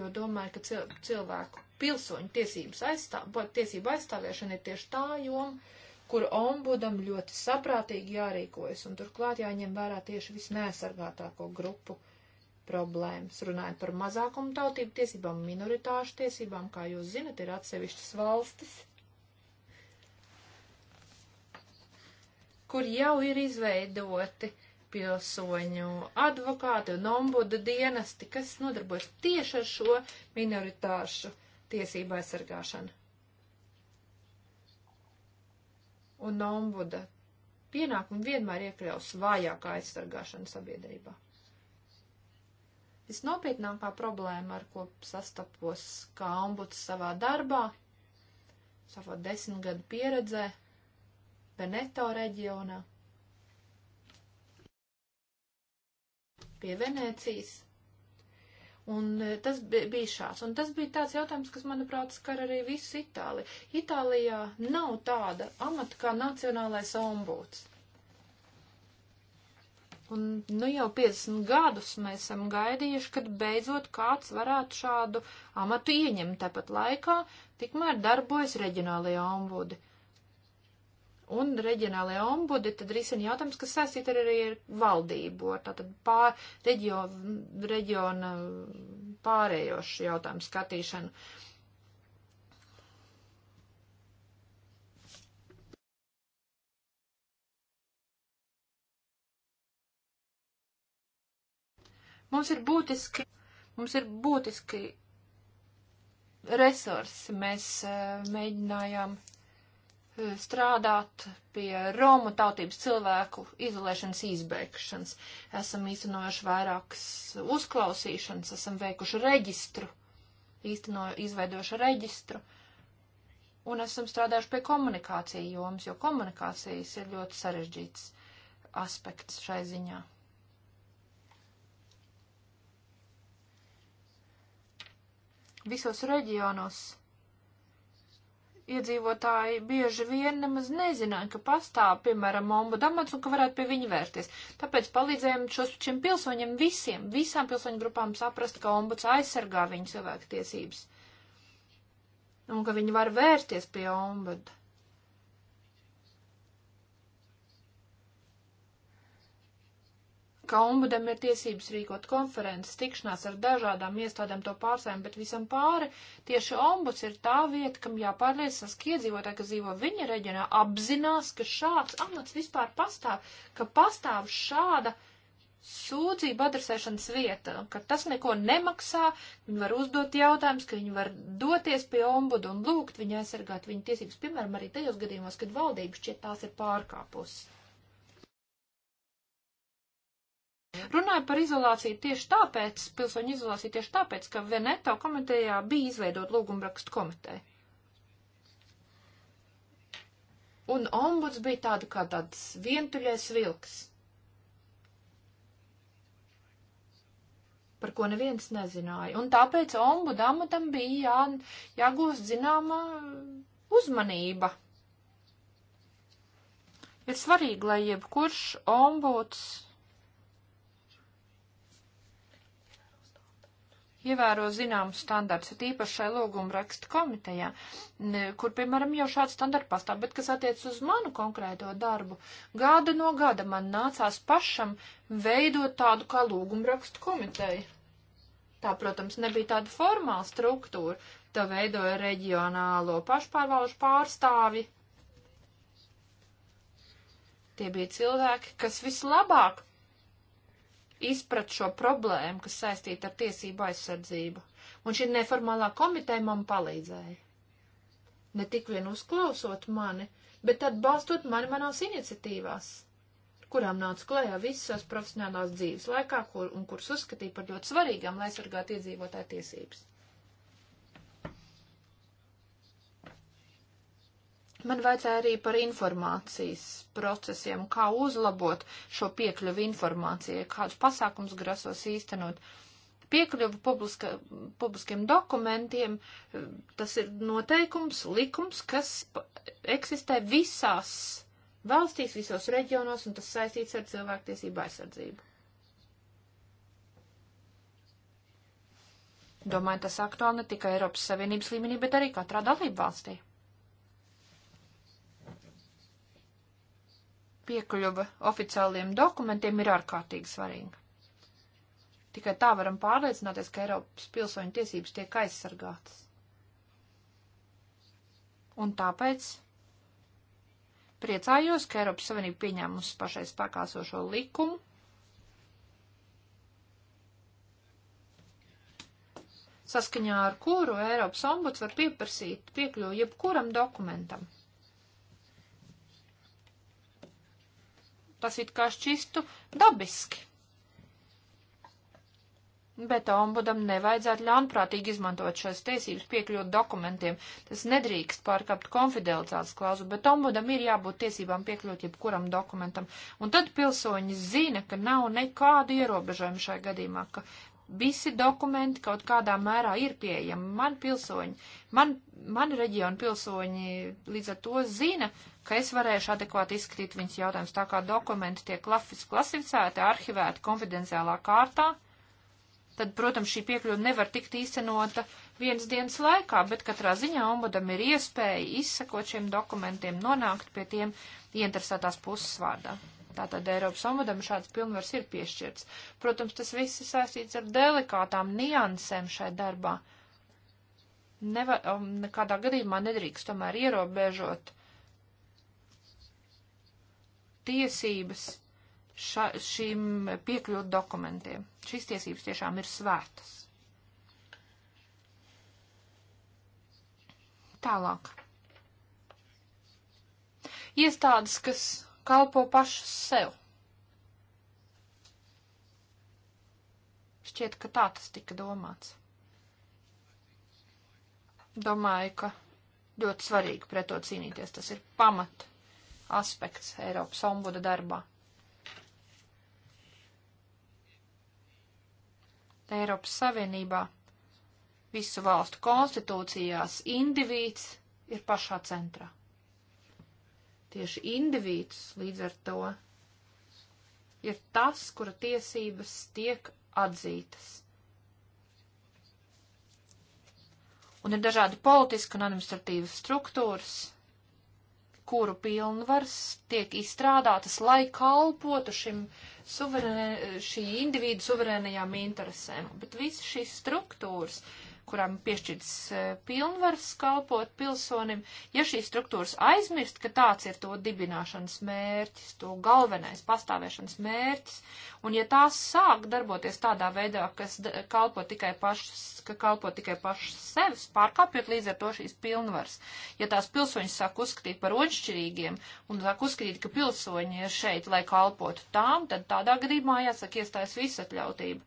Jo domāju, ka cilvēku pilsoņu tiesības aizstāv, tiesību aizstāviešana ir tieši tā joma, kur ombudam ļoti saprātīgi jārīkojas, un turklāt jāņem vērā tieši visnēsargātāko grupu problēmas. Runājot par mazākumu tautību tiesībām, minoritāšu tiesībām, kā jūs zinat, ir atsevišķas valstis, kur jau ir izveidoti pilsoņu advokāti un ombuda dienesti, kas nodarbojas tieši ar šo minoritāšu tiesību aizsargāšanu. un ombuda pienākumi vienmēr iekļaus vājākā aizsargāšana sabiedrībā. Visnopietnākā problēma, ar ko sastapos kā ombuds savā darbā, savā desmitgadu pieredzē, Veneto reģionā, pie Venēcijas, Un e, tas bija šāds. Un tas bija tāds jautājums, kas, manuprāt, skar arī visu Itāliju. Itālijā nav tāda amata kā nacionālais ombuds. Un nu jau 50 gadus mēs esam gaidījuši, kad beidzot kāds varētu šādu amatu ieņemt. Tāpat laikā tikmēr darbojas reģionālajie ombudi. Un reģionālajie ombudi tad risina jautājums, kas saistīt arī ar valdību, ar tātad pār, reģio, reģiona pārējošu jautājumu skatīšanu. Mums ir būtiski, mums ir būtiski resursi. Mēs uh, mēģinājām strādāt pie Romu tautības cilvēku izolēšanas izbeigšanas. Esam īstenojuši vairākas uzklausīšanas, esam veikuši reģistru, īstenojuši, izveidojuši reģistru, un esam strādājuši pie komunikācija jomas, jo komunikācijas ir ļoti sarežģīts aspekts šai ziņā. Visos reģionos iedzīvotāji bieži vien nemaz nezināja, ka pastāv, piemēram, ombudamats un ka varētu pie viņa vērties. Tāpēc palīdzējām šos šiem pilsoņiem visiem, visām pilsoņu grupām saprast, ka ombuds aizsargā viņu cilvēku tiesības. Un ka viņi var vērsties pie ombuda. ka ombudam ir tiesības rīkot konferences, tikšanās ar dažādām iestādēm to pārstāvjiem, bet visam pāri tieši ombuds ir tā vieta, kam jāpārliecas, ka iedzīvotāji, kas dzīvo viņa reģionā, apzinās, ka šāds amats vispār pastāv, ka pastāv šāda sūdzību adresēšanas vieta, ka tas neko nemaksā, viņi var uzdot jautājumus, ka viņi var doties pie ombudu un lūgt viņu aizsargāt viņa tiesības, piemēram, arī tajos gadījumos, kad valdības šķiet tās ir pārkāpusi. Runāju par izolāciju tieši tāpēc, pilsoņu izolāciju tieši tāpēc, ka Veneto komitejā bija izveidot lūgumrakstu komiteju. Un ombuds bija tāda kā tāds vientuļais vilks, par ko neviens nezināja. Un tāpēc ombuda amatam bija jā, jāgūst zināma uzmanība. Ir svarīgi, lai jebkurš ombuds ievēro zināmu standarts, ir īpaši šai lūguma rakstu komitejā, kur, piemēram, jau šāds standarts pastāv, bet kas attiec uz manu konkrēto darbu, gada no gada man nācās pašam veidot tādu kā lūguma rakstu komiteju. Tā, protams, nebija tāda formāla struktūra, to veidoja reģionālo pašpārvalžu pārstāvi. Tie bija cilvēki, kas vislabāk izprat šo problēmu, kas saistīta ar tiesību aizsardzību. Un šī neformālā komiteja man palīdzēja. Ne tik vien uzklausot mani, bet atbalstot mani manās iniciatīvās, kurām nāca klajā visas profesionālās dzīves laikā, kur, un kuras uzskatīja par ļoti svarīgām, lai aizsargātu iedzīvotāju tiesības. Man vajadzēja arī par informācijas procesiem, kā uzlabot šo piekļuvu informācijai, kādus pasākums grasos īstenot. Piekļuvu publiska, publiskiem dokumentiem, tas ir noteikums, likums, kas eksistē visās valstīs, visos reģionos, un tas saistīts ar cilvēktiesību aizsardzību. Domāju, tas aktuāli ne tikai Eiropas Savienības līmenī, bet arī katrā dalību valstī. piekļuva oficiāliem dokumentiem ir ārkārtīgi svarīga. Tikai tā varam pārliecināties, ka Eiropas pilsoņu tiesības tiek aizsargātas. Un tāpēc priecājos, ka Eiropas Savienība pieņēmusi pašai spēkāsošo likumu. Saskaņā ar kuru Eiropas ombuds var pieprasīt piekļuvi jebkuram dokumentam Tas it kā šķistu dabiski. Bet ombudam nevajadzētu ļaunprātīgi izmantot šās tiesības piekļūt dokumentiem. Tas nedrīkst pārkāpt konfidenciālas klauzu, bet ombudam ir jābūt tiesībām piekļūt jebkuram dokumentam. Un tad pilsoņi zina, ka nav nekādu ierobežojumu šai gadījumā, ka visi dokumenti kaut kādā mērā ir pieejami. Man pilsoņi, man, man reģiona pilsoņi līdz ar to zina, ka es varēšu adekvāti izskatīt viņas jautājumus, tā kā dokumenti tiek klasificēti, arhivēti konfidenciālā kārtā. Tad, protams, šī piekļuva nevar tikt īstenota vienas dienas laikā, bet katrā ziņā ombudam ir iespēja izsakot šiem dokumentiem, nonākt pie tiem ieinteresētās puses vārdā. Tātad Eiropas ombudsmanam šāds pilnvars ir piešķirts. Protams, tas viss ir saistīts ar delikātām niansēm šai darbā. Neva, um, nekādā gadījumā nedrīkst tomēr ierobežot tiesības ša, šīm piekļūt dokumentiem. Šīs tiesības tiešām ir svētas. Tālāk. Iestādes, kas kalpo pašas sev. Šķiet, ka tā tas tika domāts. Domāju, ka ļoti svarīgi pret to cīnīties. Tas ir pamat aspekts Eiropas ombuda darbā. Eiropas Savienībā visu valstu konstitūcijās indivīds ir pašā centrā tieši individus līdz ar to ir tas, kura tiesības tiek atzītas. Un ir dažādi politiski un administratīvas struktūras, kuru pilnvars tiek izstrādātas, lai kalpotu šim suverēnē, šī individu suverēnajām interesēm. Bet visas šīs struktūras, uh, kurām piešķirts eh, pilnvars kalpot pilsonim, ja šīs struktūras aizmirst, ka tāds ir to dibināšanas mērķis, to galvenais pastāvēšanas mērķis, un ja tās sāk darboties tādā veidā, kas kalpo tikai pašas, ka kalpo tikai pašas sevis, pārkāpjot līdz ar to šīs pilnvars, ja tās pilsoņas sāk uzskatīt par oņšķirīgiem un sāk uzskatīt, ka pilsoņi ir šeit, lai kalpotu tām, tad tādā gadījumā jāsaka iestājas visatļautība.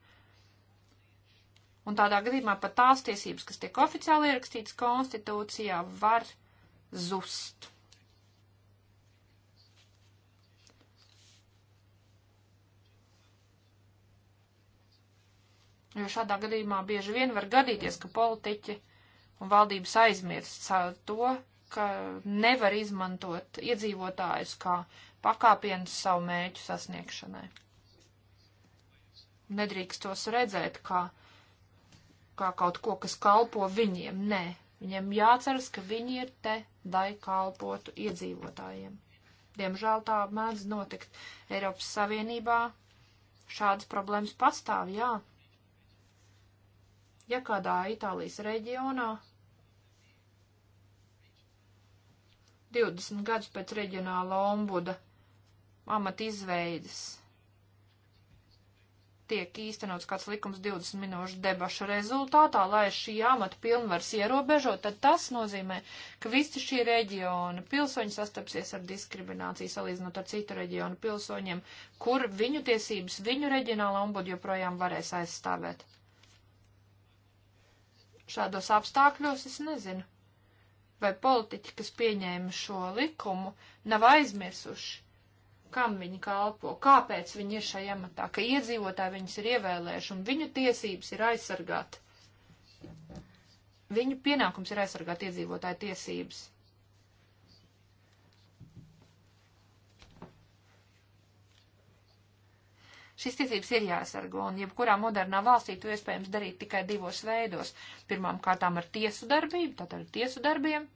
Un tādā gadījumā pat tās tiesības, kas tiek oficiāli ierakstītas konstitūcijā, var zust. Jo šādā gadījumā bieži vien var gadīties, ka politiķi un valdības aizmirst to, ka nevar izmantot iedzīvotājus kā pakāpienus savu mēķu sasniegšanai. Nedrīkst tos redzēt kā uh, kā kaut ko, kas kalpo viņiem. Nē, viņiem jāceras, ka viņi ir te, lai kalpotu iedzīvotājiem. Diemžēl tā mēdz notikt. Eiropas Savienībā šādas problēmas pastāv, jā. Ja kādā Itālijas reģionā 20 gadus pēc reģionāla ombuda amata izveidas tiek īstenots kāds likums 20 minūšu debašu rezultātā, lai šī amata pilnvars ierobežot, tad tas nozīmē, ka visi šī reģiona pilsoņi sastapsies ar diskrimināciju salīdzinot ar citu reģionu pilsoņiem, kur viņu tiesības, viņu reģionāla ombudu joprojām varēs aizstāvēt. Šādos apstākļos es nezinu, vai politiķi, kas pieņēma šo likumu, nav aizmirsuši, kam viņi kalpo, kāpēc viņi ir šajā amatā, ka iedzīvotāji viņus ir ievēlējuši un viņu tiesības ir aizsargāt. Viņu pienākums ir aizsargāt iedzīvotāju tiesības. Šīs tiesības ir jāsargo, un jebkurā modernā valstī to iespējams darīt tikai divos veidos. Pirmām kārtām ar tiesu darbību, tātad ar tiesu darbiem,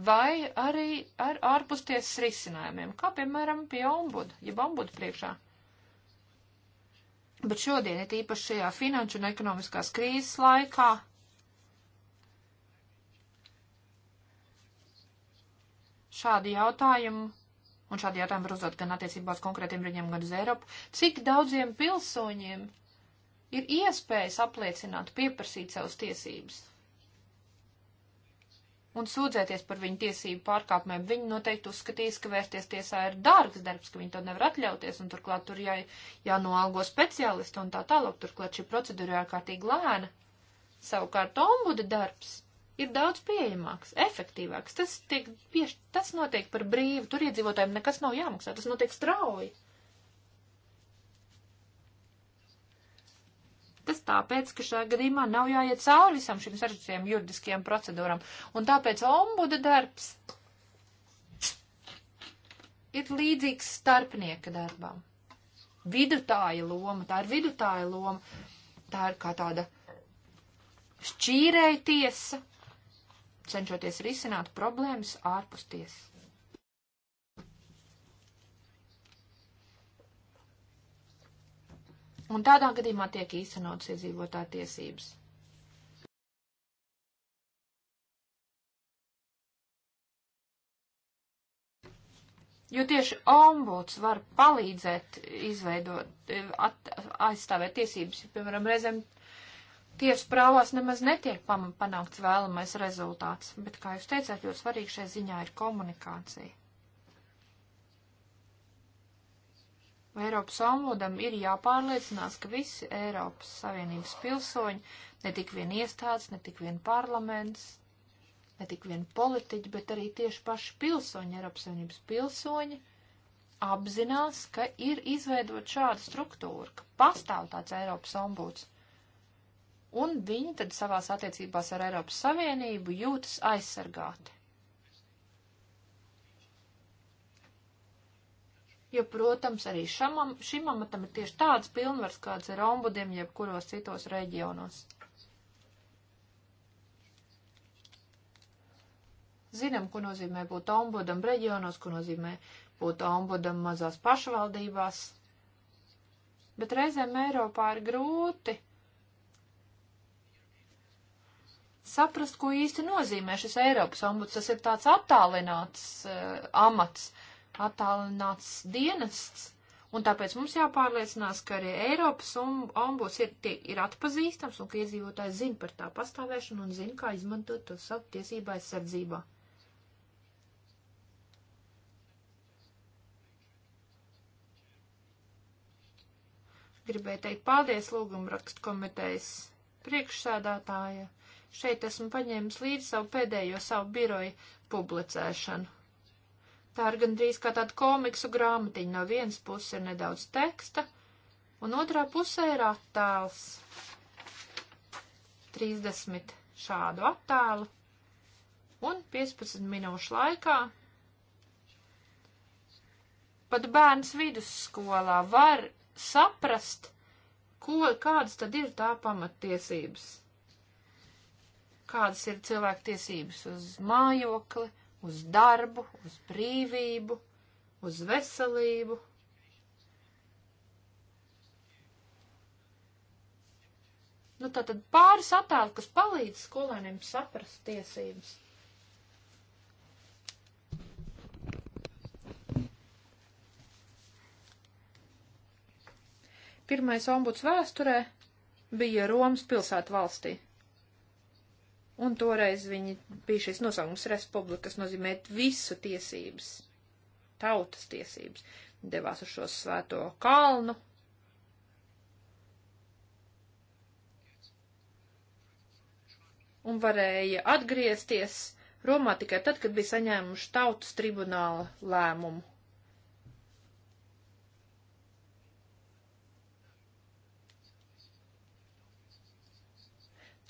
vai arī ar ārpustiesas risinājumiem, kā piemēram pie ombuda, jeb ombuda priekšā. Bet šodien, it īpaši šajā finanšu un ekonomiskās krīzes laikā, šādi jautājumi, un šādi jautājumi var uzdot gan attiecībā uz konkrētiem riņiem, gan uz Eiropu, cik daudziem pilsoņiem ir iespējas apliecināt, pieprasīt savas tiesības? un sūdzēties par viņu tiesību pārkāpumiem. Viņi noteikti uzskatīs, ka vērsties tiesā ir dārgs darbs, ka viņi to nevar atļauties, un turklāt tur jā, jānoalgo speciālisti un tā tālāk. Turklāt šī procedūra ir ārkārtīgi lēna. Savukārt ombuda darbs ir daudz pieejamāks, efektīvāks. Tas, tiek, pieš, tas notiek par brīvu, tur iedzīvotājiem nekas nav jāmaksā, tas notiek strauji. Uh, atteikties, tāpēc, ka šajā gadījumā nav jāiet cauri visam šim sarežģītajam juridiskajam procedūram. Un tāpēc ombuda darbs ir līdzīgs starpnieka darbam. Vidutāja loma, tā ir vidutāja loma, tā ir kā tāda šķīrēja tiesa, cenšoties risināt problēmas ārpus tiesas. un tādā gadījumā tiek īstenotas iedzīvotāja tiesības. Jo tieši ombuds var palīdzēt izveidot, e, at, aizstāvēt tiesības, ja, piemēram, reizēm tiesu prāvās nemaz netiek panākts vēlamais rezultāts, bet, kā jūs teicāt, ļoti svarīgi šai ziņā ir komunikācija. Eiropas ombudam ir jāpārliecinās, ka visi Eiropas Savienības pilsoņi, ne tik vien iestādes, ne tik vien parlaments, ne tik vien politiķi, bet arī tieši paši pilsoņi, Eiropas Savienības pilsoņi, apzinās, ka ir izveidot šādu struktūru, ka pastāv tāds Eiropas ombuds. Un viņi tad savās attiecībās ar Eiropas Savienību jūtas aizsargāti. jo, protams, arī šamam, šim amatam ir tieši tāds pilnvars, kāds ir ombudiem jebkuros citos reģionos. Zinām, ko nozīmē būt ombudam reģionos, ko nozīmē būt ombudam mazās pašvaldībās, bet reizēm Eiropā ir grūti saprast, ko īsti nozīmē šis Eiropas ombuds. Tas ir tāds attālināts uh, amats, attālināts dienests, un tāpēc mums jāpārliecinās, ka arī Eiropas ombuds ir, tie, ir atpazīstams un ka iedzīvotāji zina par tā pastāvēšanu un zina, kā izmantot to savu tiesību aizsardzībā. Gribēju teikt paldies lūgumu rakstu komitejas priekšsēdātāja. Šeit esmu paņēmis līdzi savu pēdējo savu biroju publicēšanu. Tā ir gandrīz kā tāda komiksu grāmatiņa. No vienas puses ir nedaudz teksta, un otrā pusē ir attēls. 30 šādu attēlu, un 15 minūšu laikā pat bērns vidusskolā var saprast, ko, kādas tad ir tā pamattiesības. Kādas ir cilvēku tiesības uz mājokli, uz darbu, uz brīvību, uz veselību. Nu, tā tad pāris attēli, kas palīdz skolēniem saprast tiesības. Pirmais ombuds vēsturē bija Romas pilsētu valstī. Un toreiz viņi bija šis nosaukums republika, kas nozīmē visu tiesības, tautas tiesības. Devās uz šo svēto kalnu. Un varēja atgriezties Romā tikai tad, kad bija saņēmuši tautas tribunāla lēmumu.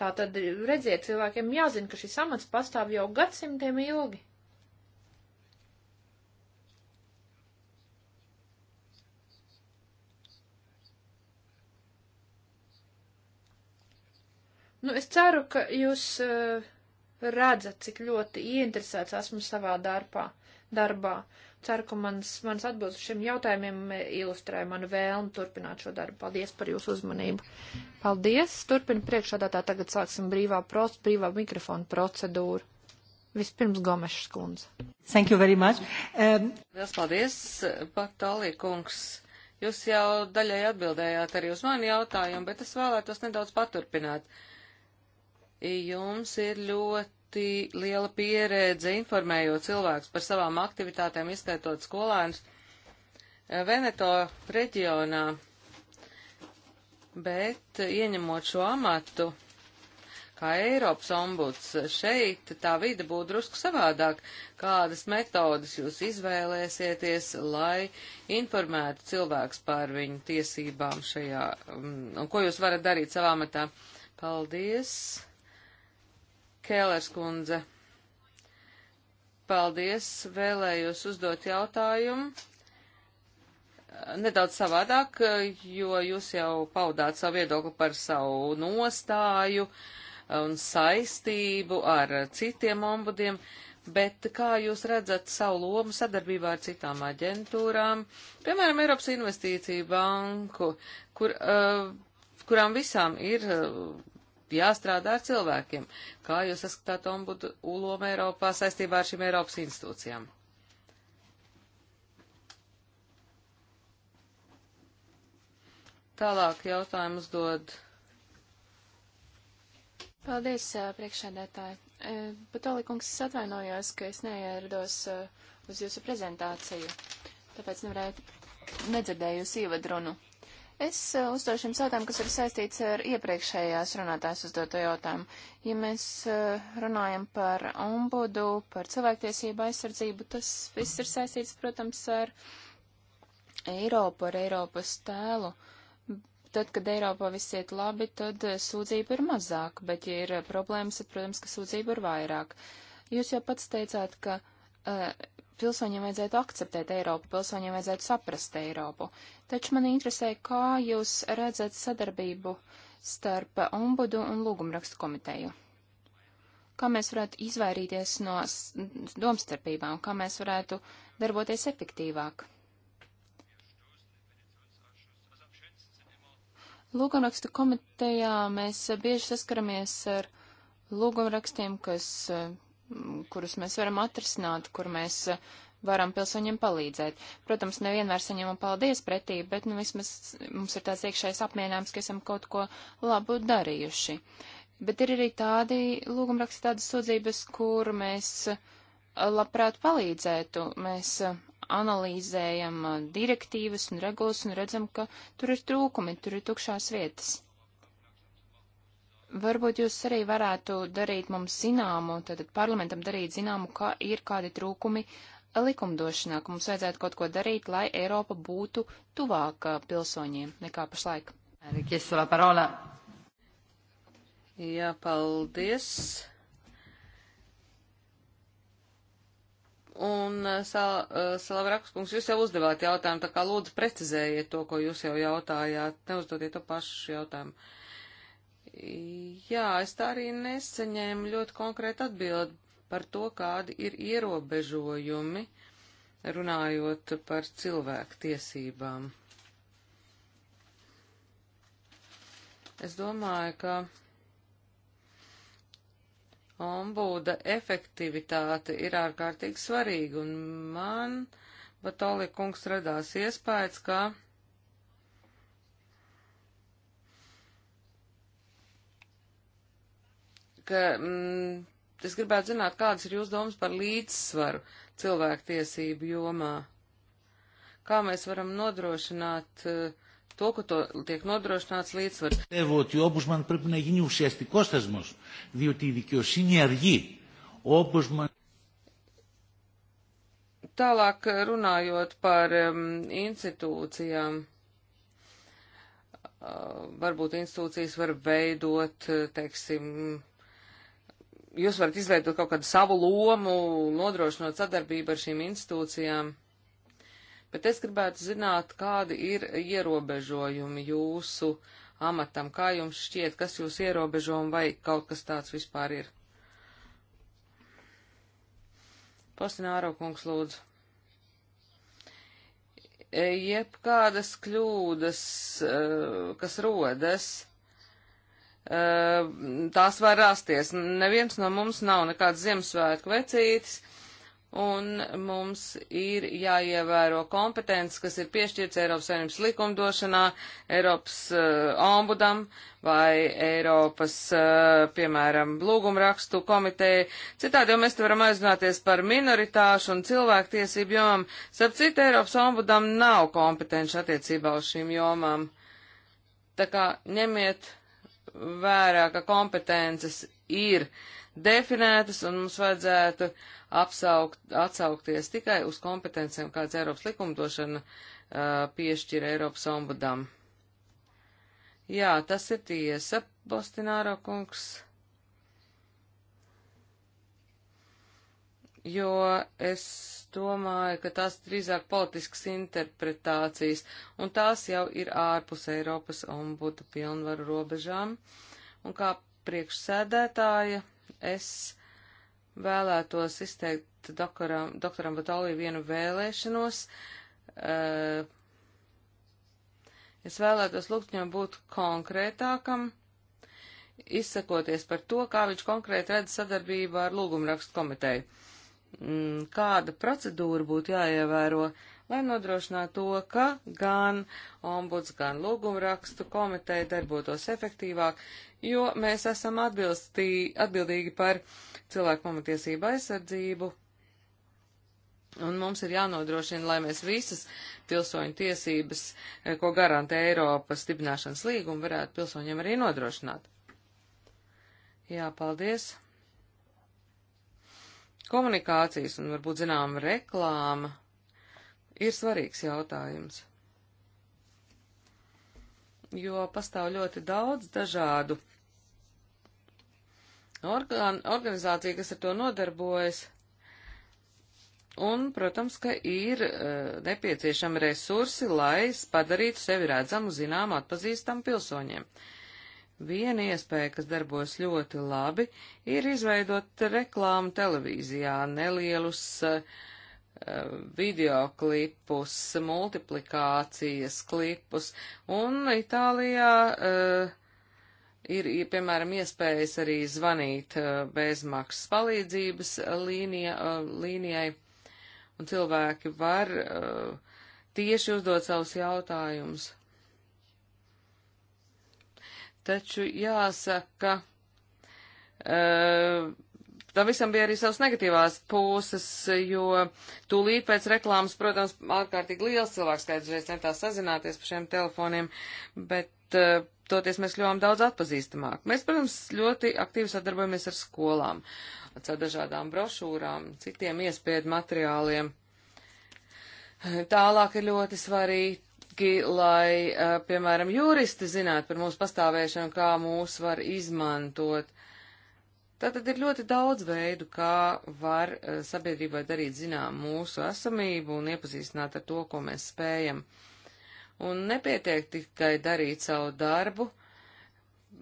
Tā tad, redziet, cilvēkiem jāzina, ka šis amats pastāv jau gadsimtiem ilgi. Nu, es ceru, ka jūs uh, redzat, cik ļoti ieinteresēts esmu savā darbā. darbā. Ceru, ka mans, mans atbildes uz šiem jautājumiem eh, ilustrē manu vēlmu turpināt šo darbu. Paldies par jūsu uzmanību. Paldies. Turpin priekšādātā tagad sāksim brīvā, proc, brīvā mikrofona procedūru. Vispirms Gomešs kundze. Thank you very much. Um... Liels paldies, Patālī kungs. Jūs jau daļai atbildējāt arī uz mani jautājumu, bet es vēlētos nedaudz paturpināt. Jums ir ļoti ļoti liela pieredze informējot cilvēkus par savām aktivitātēm, izskaitot skolēnus eh, Veneto reģionā. Bet eh, ieņemot šo amatu, kā Eiropas ombuds, šeit tā vide būtu drusku savādāk, kādas metodas jūs izvēlēsieties, lai informētu cilvēks par viņu tiesībām šajā, mm, un ko jūs varat darīt savā matā. Paldies! Kēlers kundze. Paldies, vēlējos uzdot jautājumu. Nedaudz savādāk, jo jūs jau paudāt savu viedokli par savu nostāju un saistību ar citiem ombudiem, bet kā jūs redzat savu lomu sadarbībā ar citām aģentūrām, piemēram, Eiropas Investīciju banku, kur, uh, kurām visām ir uh, jāstrādā ar cilvēkiem. Kā jūs saskatāt ombudu ulomu Eiropā saistībā ar šīm Eiropas institūcijām? Tālāk jautājumus dod. Paldies, priekšsēdētāji. Patolikungs, es atvainojos, ka es neierados uz jūsu prezentāciju, tāpēc nevarēju, nedzirdēju jūs ievadrunu. Es eh, uzdošu jums jautājumu, kas ir saistīts ar iepriekšējās runātājs uzdoto jautājumu. Ja mēs eh, runājam par ombudu, par cilvēktiesību aizsardzību, tas viss ir saistīts, protams, ar Eiropu, ar Eiropas tēlu. Tad, kad Eiropā viss iet labi, tad eh, sūdzība ir mazāk, bet, ja ir problēmas, tad, protams, ka sūdzība ir vairāk. Jūs jau pats teicāt, ka Eh, pilsoņiem vajadzētu akceptēt Eiropu, pilsoņiem vajadzētu saprast Eiropu. Taču man interesē, kā jūs redzat sadarbību starp ombudu un lūgumrakstu komiteju. Kā mēs varētu izvairīties no domstarpībām, kā mēs varētu darboties efektīvāk. Lūgumrakstu komitejā mēs bieži saskaramies ar lūgumrakstiem, kas eh, kurus mēs varam atrisināt, kur mēs eh, varam pilsoņiem palīdzēt. Protams, nevienmēr saņemam paldies pretī, bet nu, vismaz mums ir tāds iekšējais apmierinājums, ka esam kaut ko labu darījuši. Bet ir arī tādi lūgumraksti, tādas sūdzības, kur mēs eh, labprāt palīdzētu. Mēs eh, analīzējam direktīvas un regulas un redzam, ka tur ir trūkumi, tur ir tukšās vietas. Varbūt jūs arī varētu darīt mums zināmu, tad parlamentam darīt zināmu, ka ir kādi trūkumi likumdošanā, ka mums vajadzētu kaut ko darīt, lai Eiropa būtu tuvāk pilsoņiem nekā pašlaik. Jā, paldies. Un, eh, sal, eh, Salavrakus kungs, jūs jau uzdevāt jautājumu, tā kā lūdzu precizējiet to, ko jūs jau jautājāt, neuzdodiet to pašu jautājumu. Jā, es tā arī nesaņēmu ļoti konkrētu atbildi par to, kādi ir ierobežojumi, runājot par cilvēku tiesībām. Es domāju, ka ombuda efektivitāte ir ārkārtīgi svarīga, un man Batoli kungs radās iespējas, ka ka mm, es gribētu zināt, kādas ir jūsu domas par līdzsvaru cilvēktiesību jomā. Kā mēs varam nodrošināt uh, to, ka to tiek nodrošināts līdzsvars. Πιστεύω ότι ο όμπουσμαν πρέπει να γίνει ουσιαστικός θεσμός, διότι η δικαιοσύνη αργεί. Ο όμπουσμαν... Tālāk eh, runājot par um, institūcijām, uh, varbūt institūcijas var veidot, teiksim, jūs varat izveidot kaut kādu savu lomu, nodrošinot sadarbību ar šīm institūcijām. Bet es gribētu zināt, kādi ir ierobežojumi jūsu amatam, kā jums šķiet, kas jūs ierobežo un vai kaut kas tāds vispār ir. Postināro kungs lūdzu jebkādas kļūdas, eh, kas rodas, tās var rasties. Neviens no mums nav nekāds Ziemassvētku vecītis, un mums ir jāievēro kompetence, kas ir piešķirts Eiropas Savienības likumdošanā, Eiropas uh, ombudam vai Eiropas, uh, piemēram, lūgumrakstu komiteja. Citādi jau mēs te varam aizrunāties par minoritāšu un cilvēktiesību jomām. Sap citu, Eiropas ombudam nav kompetenci attiecībā uz šīm jomām. Tā kā ņemiet vērā, ka kompetences ir definētas un mums vajadzētu apsaukt, atsaukties tikai uz kompetencijām, kāds Eiropas likumdošana uh, piešķir Eiropas ombudam. Jā, tas ir tiesa, Bostināro kungs. jo es domāju, ka tās drīzāk politiskas interpretācijas, un tās jau ir ārpus Eiropas ombuda pilnvaru robežām. Un kā priekšsēdētāja es vēlētos izteikt doktoram, doktoram Batalī vienu vēlēšanos. Eh, es vēlētos lūgt viņam būt konkrētākam, izsakoties par to, kā viņš konkrēti redz sadarbību ar lūgumrakstu komiteju Mm, kāda procedūra būtu jāievēro, lai nodrošinātu to, ka gan ombuds, gan lūgumrakstu komiteja darbotos efektīvāk, jo mēs esam atbilstī, atbildīgi par cilvēku pamatiesību aizsardzību, un mums ir jānodrošina, lai mēs visas pilsoņu tiesības, eh, ko garantē Eiropas stiprināšanas līguma, varētu pilsoņiem arī nodrošināt. Jā, paldies! Komunikācijas un varbūt zinām reklāma ir svarīgs jautājums, jo pastāv ļoti daudz dažādu organ, organizāciju, kas ar to nodarbojas. Un, protams, ka ir uh, nepieciešami resursi, lai padarītu sevi redzamu, zinām, atpazīstam pilsoņiem. Uh, Viena iespēja, kas darbos ļoti labi, ir izveidot reklāmu televīzijā, nelielus uh, videoklipus, multiplikācijas klipus, un Itālijā uh, ir, ja, piemēram, iespējas arī zvanīt uh, bezmaksas palīdzības līnija, līnijai, un cilvēki var tieši uzdot savus jautājumus Taču jāsaka, uh, tam visam bija arī savas negatīvās puses, jo tūlīt pēc reklāmas, protams, ārkārtīgi liels cilvēks skaidrs reiz centās sazināties pa šiem telefoniem, bet uh, toties mēs kļuvām daudz atpazīstamāk. Mēs, protams, ļoti aktīvi sadarbojamies ar skolām, ar dažādām brošūrām, citiem iespēju materiāliem. Tālāk ir ļoti svarīgi lai, piemēram, juristi zinātu par mūsu pastāvēšanu, kā mūs var izmantot. Tātad ir ļoti daudz veidu, kā var sabiedrībai darīt zinām mūsu esamību un iepazīstināt ar to, ko mēs spējam. Un nepietiek tikai darīt savu darbu,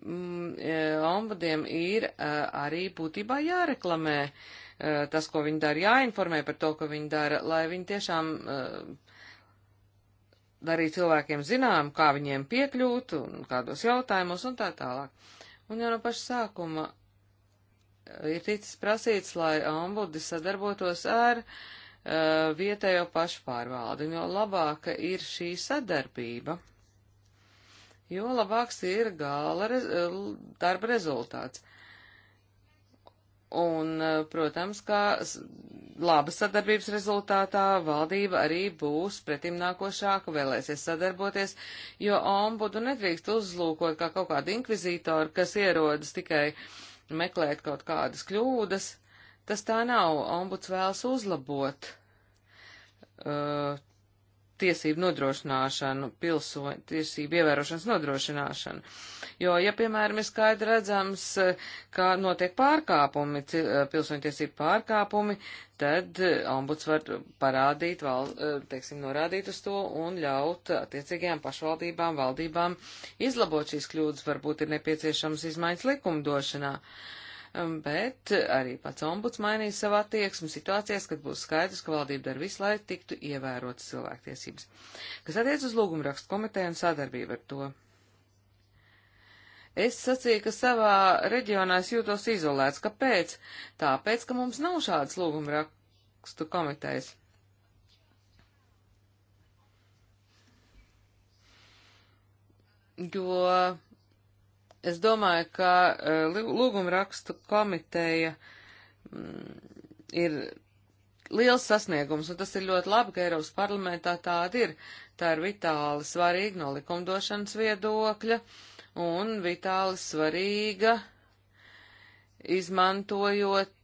mm, ombudiem ir arī būtībā jāreklamē tas, ko viņi dara, jāinformē par to, ko viņi dara, lai viņi tiešām uh, darīt cilvēkiem zinām, kā viņiem piekļūt un kādos jautājumos un tā tālāk. Un jau no paša sākuma eh, ir ticis prasīts, lai ombudi sadarbotos ar uh, vietējo pašpārvaldi, jo labāka ir šī sadarbība, jo labāks ir gala rez eh, darba rezultāts. Un, eh, protams, kā labas sadarbības rezultātā valdība arī būs pretimnākošāka, vēlēsies sadarboties, jo ombudu nedrīkst uzlūkot kā kaut kādu inkvizītoru, kas ierodas tikai meklēt kaut kādas kļūdas. Tas tā nav. Ombuds vēlas uzlabot uh, tiesību nodrošināšanu, pilsoņu tiesību ievērošanas nodrošināšanu. Jo, ja, piemēram, ir skaidri redzams, ka notiek pārkāpumi, eh, pilsoņu tiesību pārkāpumi, tad eh, ombuds var parādīt, val, eh, teiksim, norādīt uz to un ļaut attiecīgajām pašvaldībām, valdībām izlabot šīs kļūdas. Varbūt ir nepieciešams izmaiņas likumdošanā. Uh, Um, bet arī pats ombuds mainīs savu attieksmi situācijās, kad būs skaidrs, ka valdība dar visu, lai tiktu ievērotas cilvēktiesības. Kas attiec uz lūgumrakstu komiteju un sadarbību ar to? Es sacīju, ka savā reģionā es jūtos izolēts. Kāpēc? Tāpēc, ka mums nav šādas lūgumrakstu komitejas. Jo Es domāju, ka e, lūguma rakstu komiteja mm, ir liels sasniegums, un tas ir ļoti labi, ka Eiropas parlamentā tāda ir. Tā ir vitāli svarīga no likumdošanas viedokļa un vitāli svarīga izmantojot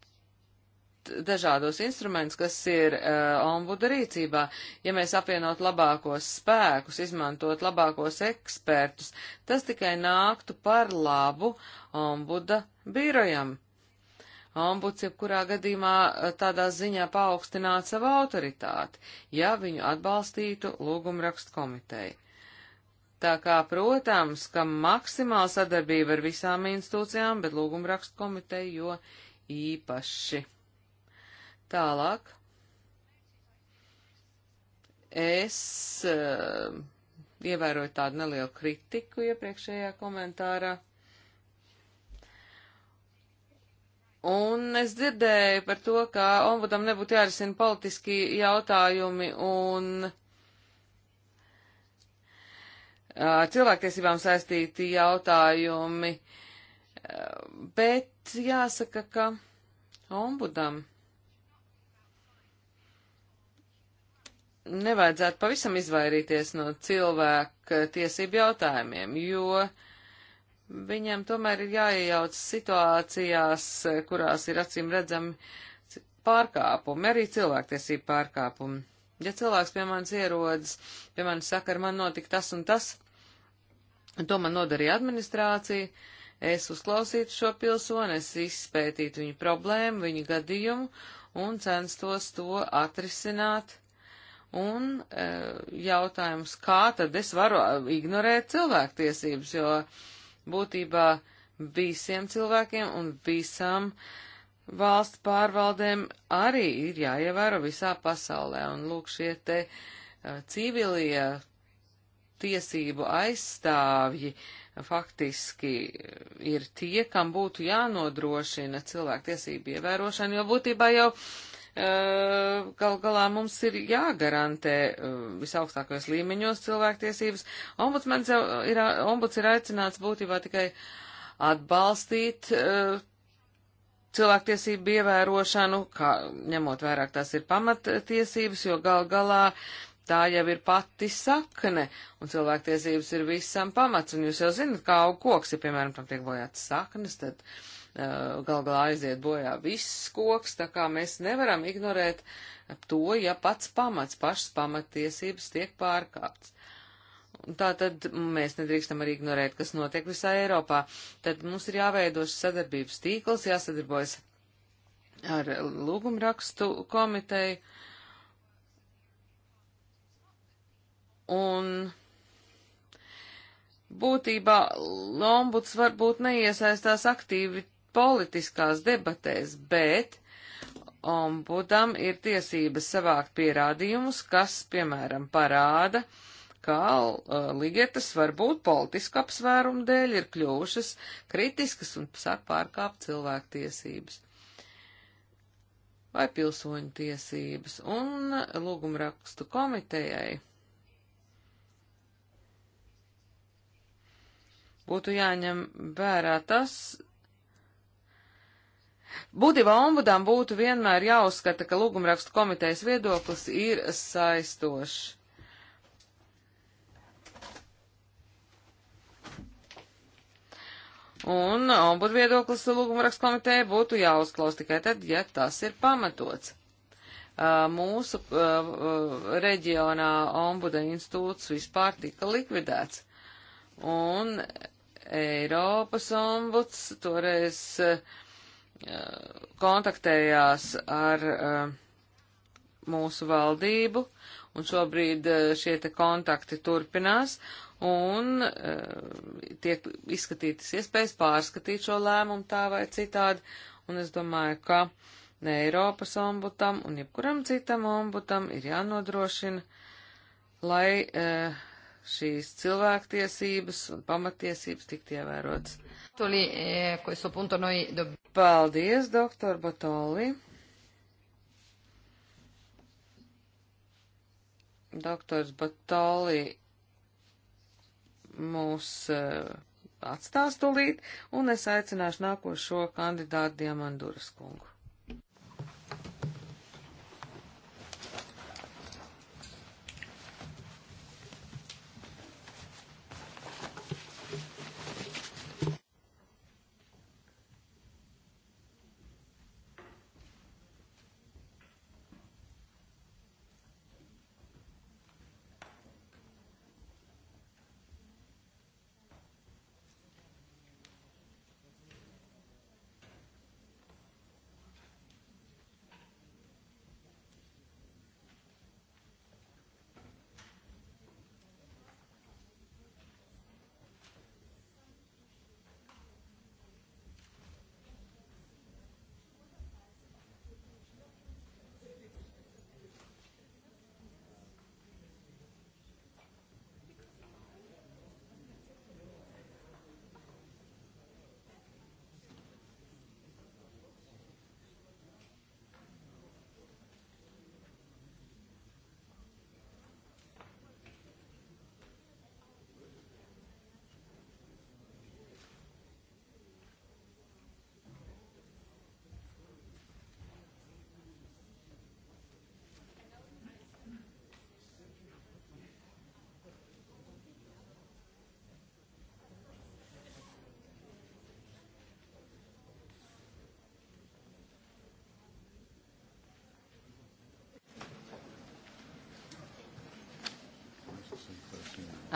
dažādos instrumentus, kas ir uh, ombuda rīcībā. Ja mēs apvienot labākos spēkus, izmantot labākos ekspertus, tas tikai nāktu par labu ombuda birojam. Ombuds jebkurā gadījumā eh, tādā ziņā paaugstinātu savu autoritāti, ja viņu atbalstītu lūgumrakstu komiteju. Tā kā, protams, ka maksimāla sadarbība ar visām institūcijām, bet lūgumrakstu komiteju jo īpaši. Tālāk. Es uh, ievēroju tādu nelielu kritiku iepriekšējā komentārā. Un es dzirdēju par to, ka ombudam nebūtu jārisina politiski jautājumi un eh, ar cilvēktiesībām saistīti jautājumi, eh, bet jāsaka, ka ombudam. nevajadzētu pavisam izvairīties no cilvēka tiesību jautājumiem, jo viņam tomēr ir jāiejauc situācijās, kurās ir acīm redzami pārkāpumi, arī cilvēktiesību pārkāpumi. Ja cilvēks pie manis ierodas, pie manis saka, ar man notika tas un tas, un to man nodarīja administrācija, es uzklausītu šo pilsoni, es izpētītu viņu problēmu, viņu gadījumu un censtos to atrisināt Un e, jautājums, kā tad es varu e, ignorēt cilvēktiesības, jo būtībā visiem cilvēkiem un visam valsts pārvaldēm arī ir jāievēro visā pasaulē. Un lūk, šie te e, civilie tiesību aizstāvji faktiski ir tie, kam būtu jānodrošina cilvēktiesību ievērošana, jo būtībā jau uh, gal galā mums ir jāgarantē uh, visaugstākajos līmeņos cilvēktiesības. Ombudsmens jau uh, ir, uh, ombuds ir aicināts būtībā tikai atbalstīt cilvēktiesību ievērošanu, kā ņemot vairāk tās ir pamattiesības, jo gal galā tā jau ir pati sakne, un cilvēktiesības ir visam pamats, un jūs jau zinat, kā aug koks, ja, piemēram, tam tiek bojāts saknes, tad uh, Eh, gal galā aiziet bojā viss koks, tā kā mēs nevaram ignorēt to, ja pats pamats, pašas pamatiesības tiek pārkāpts. Tā tad mēs nedrīkstam arī ignorēt, kas notiek visā Eiropā. Tad mums ir jāveido sadarbības tīkls, jāsadarbojas ar lūgumrakstu komiteju. Un būtībā ombuds varbūt neiesaistās aktīvi politiskās debatēs, bet ombudam ir tiesības savākt pierādījumus, kas, piemēram, parāda, kā uh, lietas varbūt politiska apsvērumu dēļ ir kļuvušas kritiskas un sāk pārkāpt cilvēktiesības vai pilsoņu tiesības un lūgumrakstu komitejai. Būtu jāņem vērā tas, Būtībā ombudām būtu vienmēr jāuzskata, ka lūgumrakstu komitejas viedoklis ir saistošs. Un ombudu viedoklis lūgumrakstu komiteja būtu jāuzklaus tikai tad, ja tas ir pamatots. Uh, mūsu uh, uh, reģionā ombuda institūts vispār tika likvidēts. Un Eiropas ombuds toreiz uh, Uh, kontaktējās ar uh, mūsu valdību, un šobrīd uh, šie te kontakti turpinās, un tiek izskatītas iespējas pārskatīt šo lēmumu tā vai citādi, un es domāju, ka ne Eiropas ombutam un jebkuram citam ombutam ir jānodrošina, lai šīs cilvēktiesības un pamatiesības tikt ievērotas. E, Paldies, doktor Botoli. Doktors Botoli mūs e, atstās tulīt, un es aicināšu nākošo kandidātu Diamanduras kungu.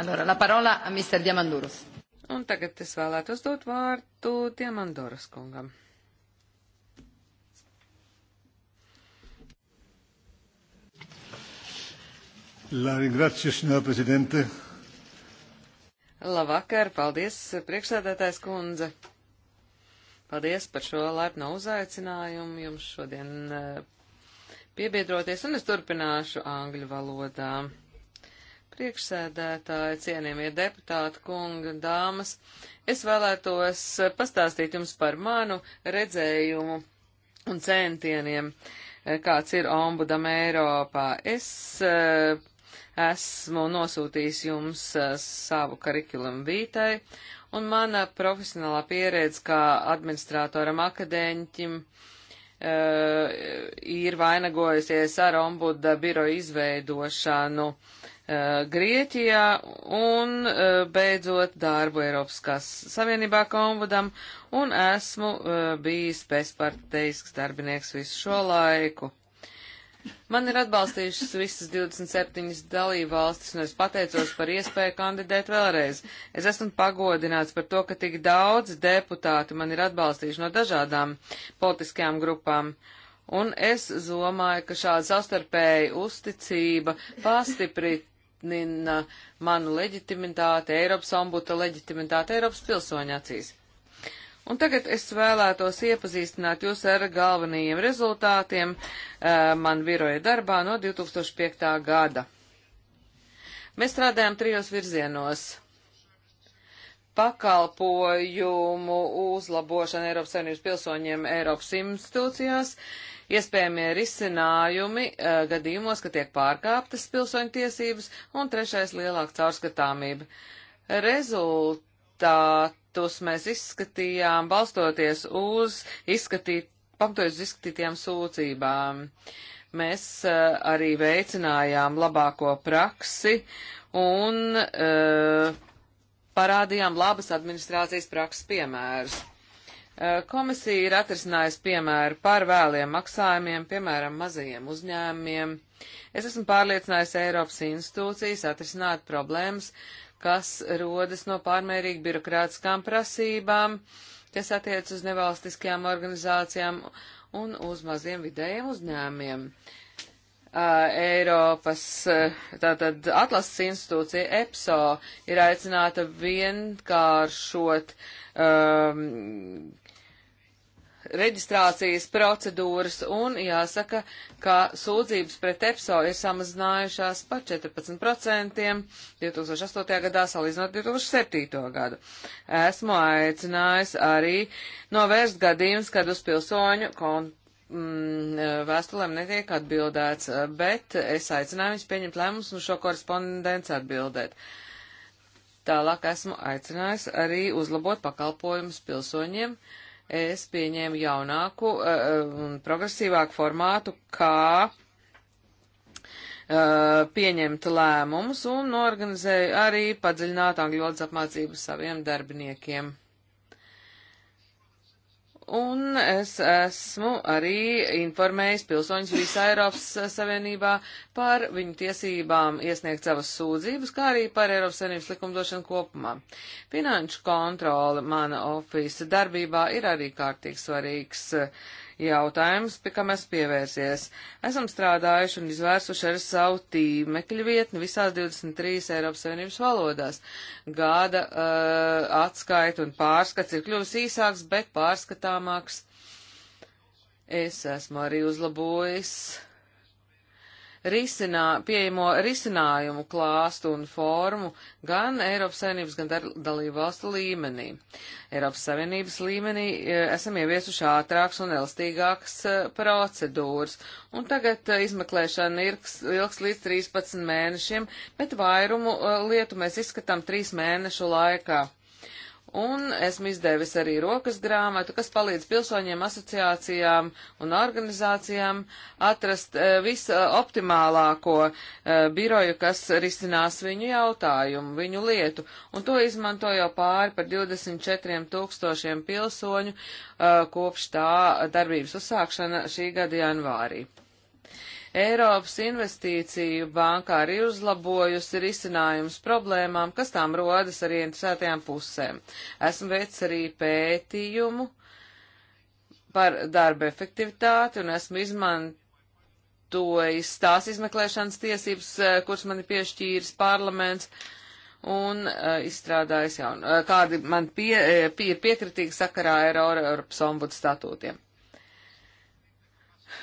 Allora, la parola a Mr. Diamandurus. Un tagad es vēlētos dot vārdu Diamandoras kungam. La ringrazio, signora Presidente. Labvakar, paldies, priekšsēdētājs kundze. Paldies par šo laipno uzaicinājumu jums šodien eh, piebiedroties, un es turpināšu angļu valodā. Priekšsēdētāji, cienījamie deputāti, kunga, dāmas, es vēlētos pastāstīt jums par manu redzējumu un centieniem, eh, kāds ir ombudam Eiropā. Es eh, esmu nosūtījis jums eh, savu karikulumu vītai, un mana profesionālā pieredze kā administratoram akadēņķim ir vainagojusies ar ombuda biroju izveidošanu. Uh, Grieķijā un uh, beidzot darbu Eiropas Savienībā konvudam un esmu uh, bijis bezparteisks darbinieks visu šo laiku. Man ir atbalstījušas visas 27 dalībvalstis, un es pateicos par iespēju kandidēt vēlreiz. Es esmu pagodināts par to, ka tik daudz deputātu man ir atbalstījuši no dažādām politiskajām grupām. Un es domāju, ka šāda savstarpēja uzticība pastiprina apgrūtina manu leģitimitāti, Eiropas ombuta leģitimitāti Eiropas pilsoņu acīs. Un tagad es vēlētos iepazīstināt jūs ar galvenajiem rezultātiem eh, man viroja darbā no 2005. gada. Mēs strādājam trijos virzienos pakalpojumu uzlabošana Eiropas Savienības pilsoņiem Eiropas institūcijās, iespējamie risinājumi uh, gadījumos, ka tiek pārkāptas pilsoņu tiesības, un trešais lielāka caurskatāmība. Rezultātus mēs izskatījām balstoties uz izskatīt, pamatojas uz izskatītajām sūdzībām. Mēs uh, arī veicinājām labāko praksi un uh, parādījām labas administrācijas prakses piemērus. Eh, komisija ir atrisinājusi piemēru par vēliem maksājumiem, piemēram, mazajiem uzņēmumiem. Es esmu pārliecinājusi Eiropas institūcijas atrisināt problēmas, kas rodas no pārmērīgi birokrātiskām prasībām, kas attiec uz nevalstiskajām organizācijām un uz maziem vidējiem uzņēmumiem. Eh, Eiropas eh, tātad atlases institūcija EPSO ir aicināta vienkāršot um, reģistrācijas procedūras, un jāsaka, ka sūdzības pret EPSO ir samazinājušās par 14% 2008. gadā salīdzinot 2007. gadu. Esmu aicinājis arī novērst gadījums, kad uz pilsoņu kontu mm, vēstulēm netiek atbildēts, bet es aicināju viņus pieņemt lēmumus un šo korespondenci atbildēt. Tālāk esmu aicinājis arī uzlabot pakalpojumus pilsoņiem, uh, es pieņēmu jaunāku eh, eh, un uh, progresīvāku formātu, kā uh, pieņemt lēmumus un organizēju arī padziļināt angļu valodas apmācību saviem darbiniekiem un es esmu arī informējis pilsoņus visā Eiropas Savienībā par viņu tiesībām iesniegt savas sūdzības, kā arī par Eiropas Savienības likumdošanu kopumā. Finanšu kontrole mana ofisa darbībā ir arī kārtīgi svarīgs jautājums, pie kā mēs pievērsies. Esam strādājuši un izvērsuši ar savu tīmekļu vietni visās 23 Eiropas Savienības valodās. Gada uh, atskaita un pārskats ir kļuvis īsāks, bet pārskatāmāks. Es esmu arī uzlabojis risinā, pieejamo risinājumu klāstu un formu gan Eiropas Savienības, gan dalību valstu līmenī. Eiropas Savienības līmenī e, esam ieviesuši ātrāks un elastīgāks e, procedūras, un tagad e, izmeklēšana ilgs, ilgs līdz 13 mēnešiem, bet vairumu lietu mēs izskatām 3 mēnešu laikā un esmu izdevis arī rokas grāmatu, kas palīdz pilsoņiem, asociācijām un organizācijām atrast eh, visoptimālāko eh, biroju, kas risinās viņu jautājumu, viņu lietu. Un to izmanto jau pāri par 24 tūkstošiem pilsoņu eh, kopš tā darbības uzsākšana šī gada janvārī. Eiropas investīciju bankā arī uzlabojusi risinājums problēmām, kas tām rodas ar interesētajām pusēm. Esmu veicis arī pētījumu par darba efektivitāti un esmu izmantojis tās izmeklēšanas tiesības, eh, kuras man ir piešķīris parlaments un uh, izstrādājis jaunu, uh, kādi man pie, uh, pie, ir piekritīgi sakarā ar Eiropas ombudu statūtiem.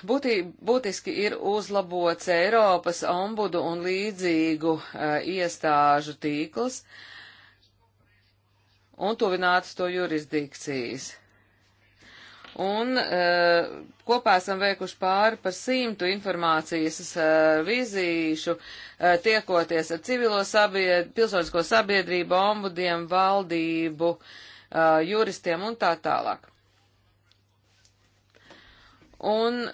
Būtī, būtiski ir uzlabots Eiropas ombudu un līdzīgu uh, iestāžu tīkls un tuvināts to jurisdikcijas. Un uh, kopā esam veikuši pāri par simtu informācijas uh, vizīšu, uh, tiekoties ar civilo sabied, pilsonisko sabiedrību, ombudiem, valdību, uh, juristiem un tā tālāk. Un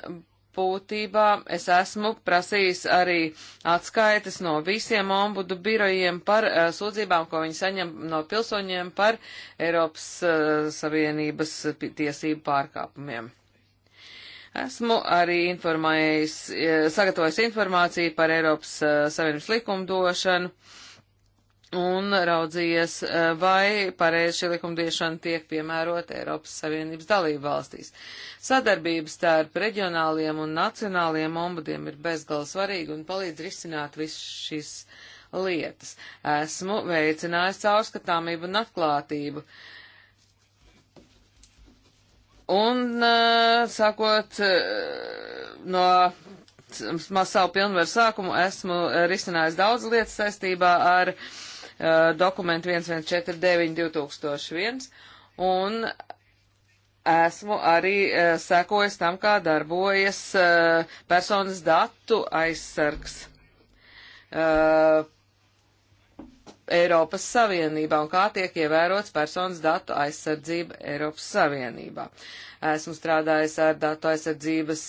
būtībā es esmu prasījis arī atskaites no visiem ombudu birojiem par uh, sūdzībām, ko viņi saņem no pilsoņiem par Eiropas uh, Savienības tiesību pārkāpumiem. Esmu arī informējis, eh, sagatavojis informāciju par Eiropas uh, Savienības likumdošanu. Uh, un raudzījies, eh, vai pareizi šī likumdiešana tiek piemērota Eiropas Savienības dalību valstīs. Sadarbība starp reģionāliem un nacionāliem ombudiem ir bezgala svarīga un palīdz risināt visas šīs lietas. Esmu veicinājis caurskatāmību un atklātību. Un, uh, eh, sakot, uh, eh, no savu pilnvaru sākumu esmu risinājis daudz lietas saistībā ar uh, Uh, dokumentu 1149-2001, un esmu arī uh, sekojis tam, kā darbojas uh, personas datu aizsargs. Eiropas Savienībā un kā tiek ievērots personas datu aizsardzība Eiropas Savienībā. Esmu strādājis ar datu aizsardzības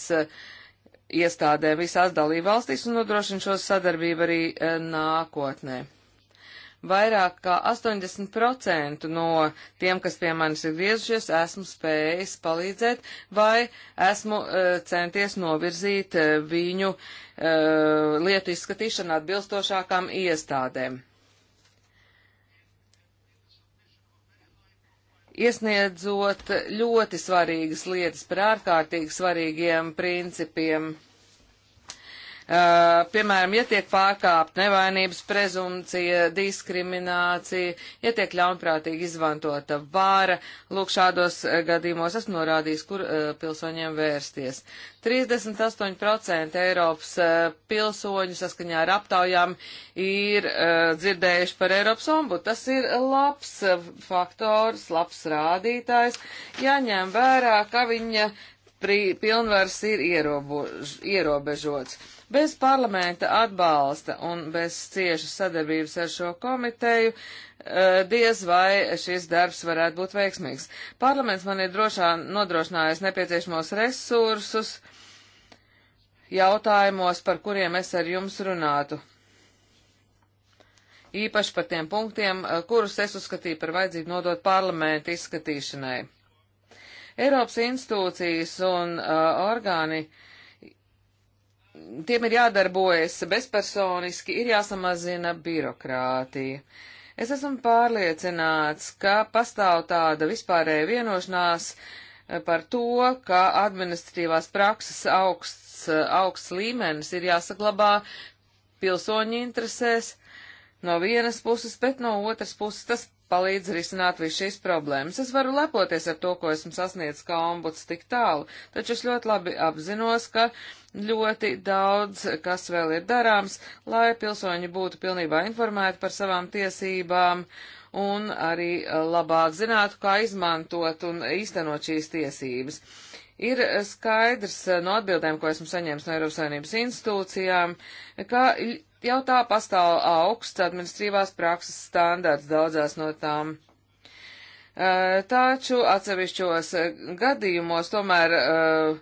iestādēm visās dalībvalstīs un nodrošinu šo sadarbību arī nākotnē vairāk kā 80% no tiem, kas pie manis ir griezušies, esmu spējis palīdzēt vai esmu uh, centies novirzīt uh, viņu uh, lietu izskatīšanu atbilstošākām iestādēm. Iesniedzot ļoti svarīgas lietas par ārkārtīgi svarīgiem principiem. Uh, piemēram, ja tiek pārkāpt nevainības prezumcija, diskriminācija, ja tiek ļaunprātīgi izmantota vāra, lūk, šādos gadījumos esmu norādījis, kur uh, pilsoņiem vērsties. 38% Eiropas uh, pilsoņu saskaņā ar aptaujām ir dzirdējuši par Eiropas ombudu. Tas ir labs faktors, labs rādītājs, jaņem vērā, ka viņa pri, pilnvars ir ierobež, ierobežots Bez parlamenta atbalsta un bez ciešas sadarbības ar šo komiteju eh, diez vai šis darbs varētu būt veiksmīgs. Parlaments man ir drošā nodrošinājis nepieciešamos resursus jautājumos, par kuriem es ar jums runātu. Īpaši par tiem punktiem, eh, kurus es uzskatīju par vajadzību nodot parlamentu izskatīšanai. Eiropas institūcijas un uh, orgāni uh, tiem ir jādarbojas bezpersoniski, ir jāsamazina birokrātija. Es esmu pārliecināts, ka pastāv tāda vispārēja vienošanās eh, par to, ka administratīvās prakses augsts, eh, augsts līmenis ir jāsaglabā pilsoņu interesēs no vienas puses, bet no otras puses tas palīdz risināt visu šīs problēmas. Es varu lepoties ar to, ko esmu sasniedzis kā ombuds tik tālu, taču es ļoti labi apzinos, ka ļoti daudz, kas vēl ir darāms, lai pilsoņi būtu pilnībā informēti par savām tiesībām un arī eh, labāk zinātu, kā izmantot un īstenot šīs tiesības. Ir eh, skaidrs eh, no atbildēm, ko esmu saņēmis no Eiropas Savienības institūcijām, ka jau tā pastāv augsts administrīvās prakses standarts daudzās no tām. Eh, taču atsevišķos gadījumos tomēr uh,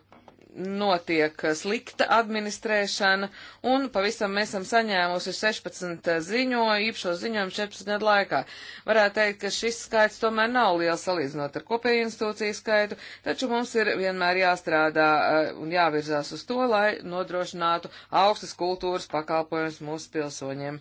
notiek slikta administrēšana, un pavisam mēs esam saņēmusi 16 ziņo, īpšo ziņojumu 14 gadu laikā. Varētu teikt, ka šis skaits tomēr nav liels salīdzinot ar kopēju institūciju skaitu, taču mums ir vienmēr jāstrādā eh, un jāvirzās uz to, lai nodrošinātu augstas kultūras pakalpojumus mūsu pilsoņiem.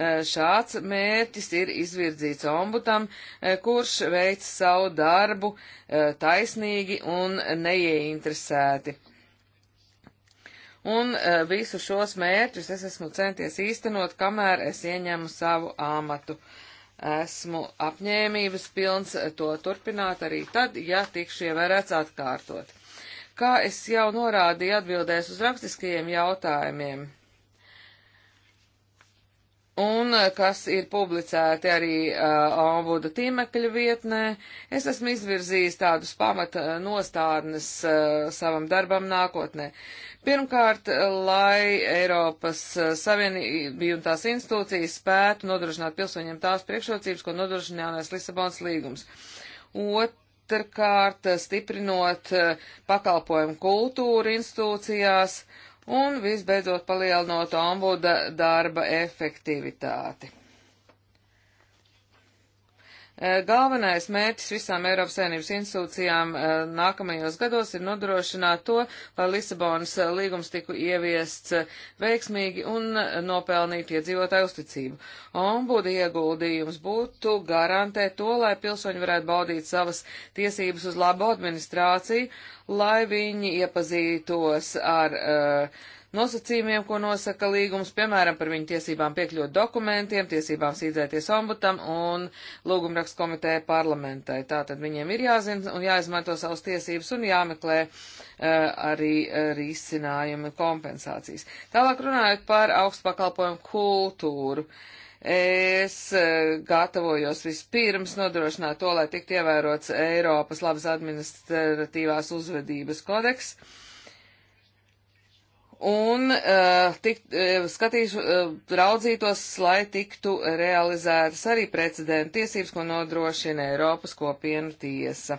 Eh, šāds mērķis ir izvirdzīts ombudam, eh, kurš veic savu darbu eh, taisnīgi un neieinteresēti. Un visu šos mērķus es esmu centies īstenot, kamēr es ieņemu savu āmatu. Esmu apņēmības pilns to turpināt arī tad, ja tikšu ievērēts atkārtot. Kā es jau norādīju atbildēs uz rakstiskajiem jautājumiem, un eh, kas ir publicēti arī uh, ombuda tīmekļa vietnē. Es esmu izvirzījis tādus pamata eh, nostādnes uh, savam darbam nākotnē. Pirmkārt, lai Eiropas Savienība un tās institūcijas spētu nodrošināt pilsoņiem tās priekšrocības, ko nodrošina jaunais Lisabons līgums. Otrkārt, stiprinot pakalpojumu kultūru institūcijās un visbeidzot palielinot ombuda darba efektivitāti. Eh, galvenais mērķis visām Eiropas Savienības institūcijām eh, nākamajos gados ir nodrošināt to, lai Lisabonas līgums tiku ieviests veiksmīgi un nopelnīt iedzīvotāju uzticību. Ombuda ieguldījums būtu garantēt to, lai pilsoņi varētu baudīt savas tiesības uz labu administrāciju, lai viņi iepazītos ar uh, nosacījumiem, ko nosaka līgums, piemēram, par viņu tiesībām piekļūt dokumentiem, tiesībām sīdzēties ombutam un lūgumrakstu komiteja parlamentai. Tātad viņiem ir jāzina un jāizmanto savas tiesības un jāmeklē uh, arī uh, risinājumi kompensācijas. Tālāk runājot par augstu pakalpojumu kultūru. Es uh, gatavojos vispirms nodrošināt to, lai tiktu ievērots Eiropas labas administratīvās uzvedības kodeks. Uh, un uh, tik, uh, skatīšu, uh, raudzītos, lai tiktu realizētas arī precedenta tiesības, ko nodrošina Eiropas kopienu tiesa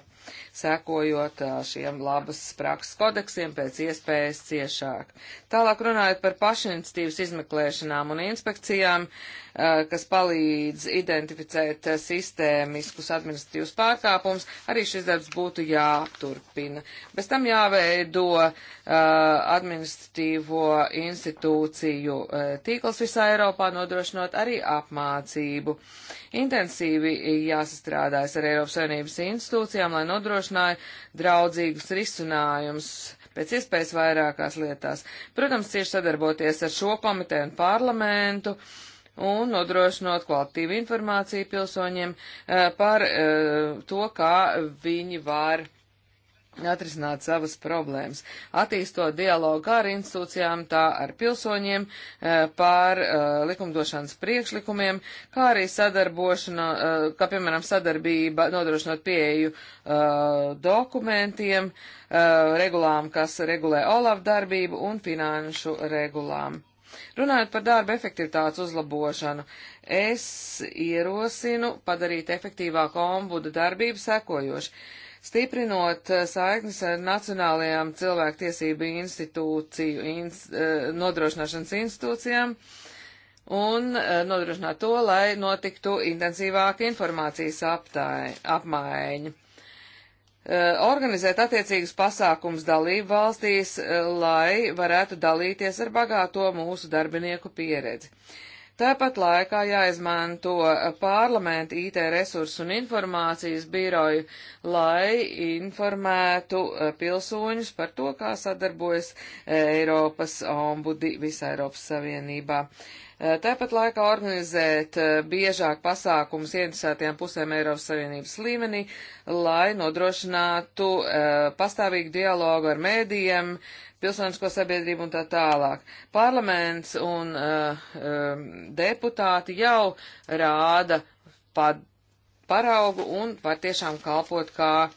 sekojot šiem labas prakses kodeksiem pēc iespējas ciešāk. Tālāk runājot par pašinicitīvas izmeklēšanām un inspekcijām, kas palīdz identificēt sistēmiskus administratīvus pārkāpumus, arī šis darbs būtu jāturpina. Bez tam jāveido administratīvo institūciju tīkls visā Eiropā, nodrošinot arī apmācību. Intensīvi jāsastrādājas ar Eiropas Savienības institūcijām, lai nodrošinātu, nodrošināja draudzīgus risinājumus pēc iespējas vairākās lietās. Protams, cieši sadarboties ar šo komiteju un parlamentu un nodrošinot kvalitīvu informāciju pilsoņiem eh, par eh, to, kā viņi var atrisināt savas problēmas, attīstot dialogu ar institūcijām, tā ar pilsoņiem, eh, pār eh, likumdošanas priekšlikumiem, kā arī sadarbošana, eh, kā piemēram sadarbība nodrošinot pieeju dokumentiem, regulām, kas regulē OLAV darbību un finanšu regulām. Runājot par darba efektivitātes uzlabošanu, es ierosinu padarīt efektīvāku ombudu darbību sekojoši stiprinot eh, saiknes ar nacionālajām cilvēktiesību institūciju, ins, eh, nodrošināšanas institūcijām un eh, nodrošināt to, lai notiktu intensīvāka informācijas aptāja, apmaiņa organizēt attiecīgus pasākums dalību valstīs, lai varētu dalīties ar bagāto mūsu darbinieku pieredzi. Tāpat laikā jāizmanto parlamenta IT resursu un informācijas biroju, lai informētu eh, pilsoņus par to, kā sadarbojas Eiropas ombudi visā Eiropas Savienībā. Uh, Eh, tāpat laikā organizēt eh, biežāk pasākumus ieinteresētajām pusēm Eiropas Savienības līmenī, lai nodrošinātu eh, pastāvīgu dialogu ar mēdījiem, pilsonisko sabiedrību un tā tālāk. Parlaments un uh, deputāti jau rāda paraugu un var tiešām kalpot kā uh,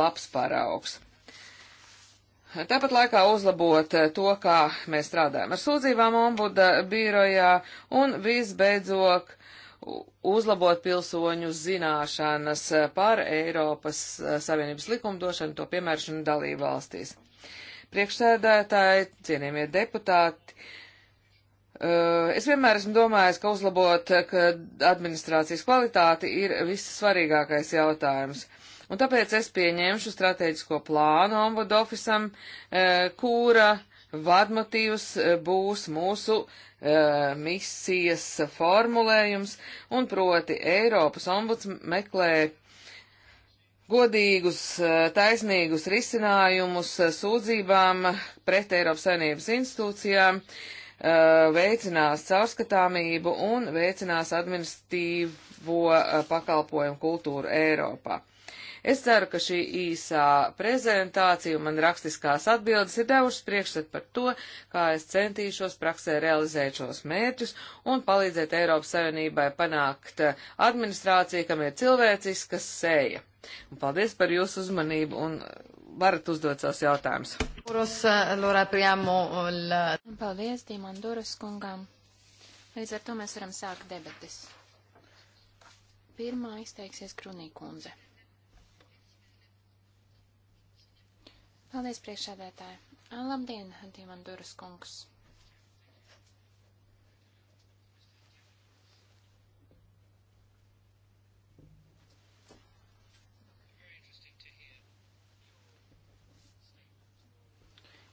labs paraugs. Tāpat laikā uzlabot eh, to, kā mēs strādājam ar sūdzībām ombuda birojā un visbeidzot uzlabot pilsoņu zināšanas eh, par Eiropas eh, Savienības likumdošanu, to piemēršanu dalību valstīs. Priekšsēdētāji, cienījamie deputāti, es vienmēr esmu domājis, ka uzlabot ka administrācijas kvalitāti ir viss svarīgākais jautājums. Un tāpēc es pieņemšu strateģisko plānu ombudu ofisam, eh, kura vadmotīvs eh, būs mūsu uh, misijas formulējums, un proti Eiropas ombuds meklē godīgus, taisnīgus risinājumus sūdzībām pret Eiropas saimnības institūcijām, uh, veicinās caurskatāmību un veicinās administīvo pakalpojumu kultūru Eiropā. Es ceru, ka šī īsā prezentācija un man rakstiskās atbildes ir devušas priekšstat par to, kā es centīšos praksē realizēt šos mērķus un palīdzēt Eiropas Savienībai panākt eh, administrāciju, kam ir cilvēciska seja. Un paldies par jūsu uzmanību un eh, varat uzdot savus jautājumus. Eh, paldies Dimanduras kungām. Līdz ar to mēs varam sākt debatas. Pirmā izteiksies Krunī kundze. Paldies, priekšādētāji. Labdien, Dimanduras kungs.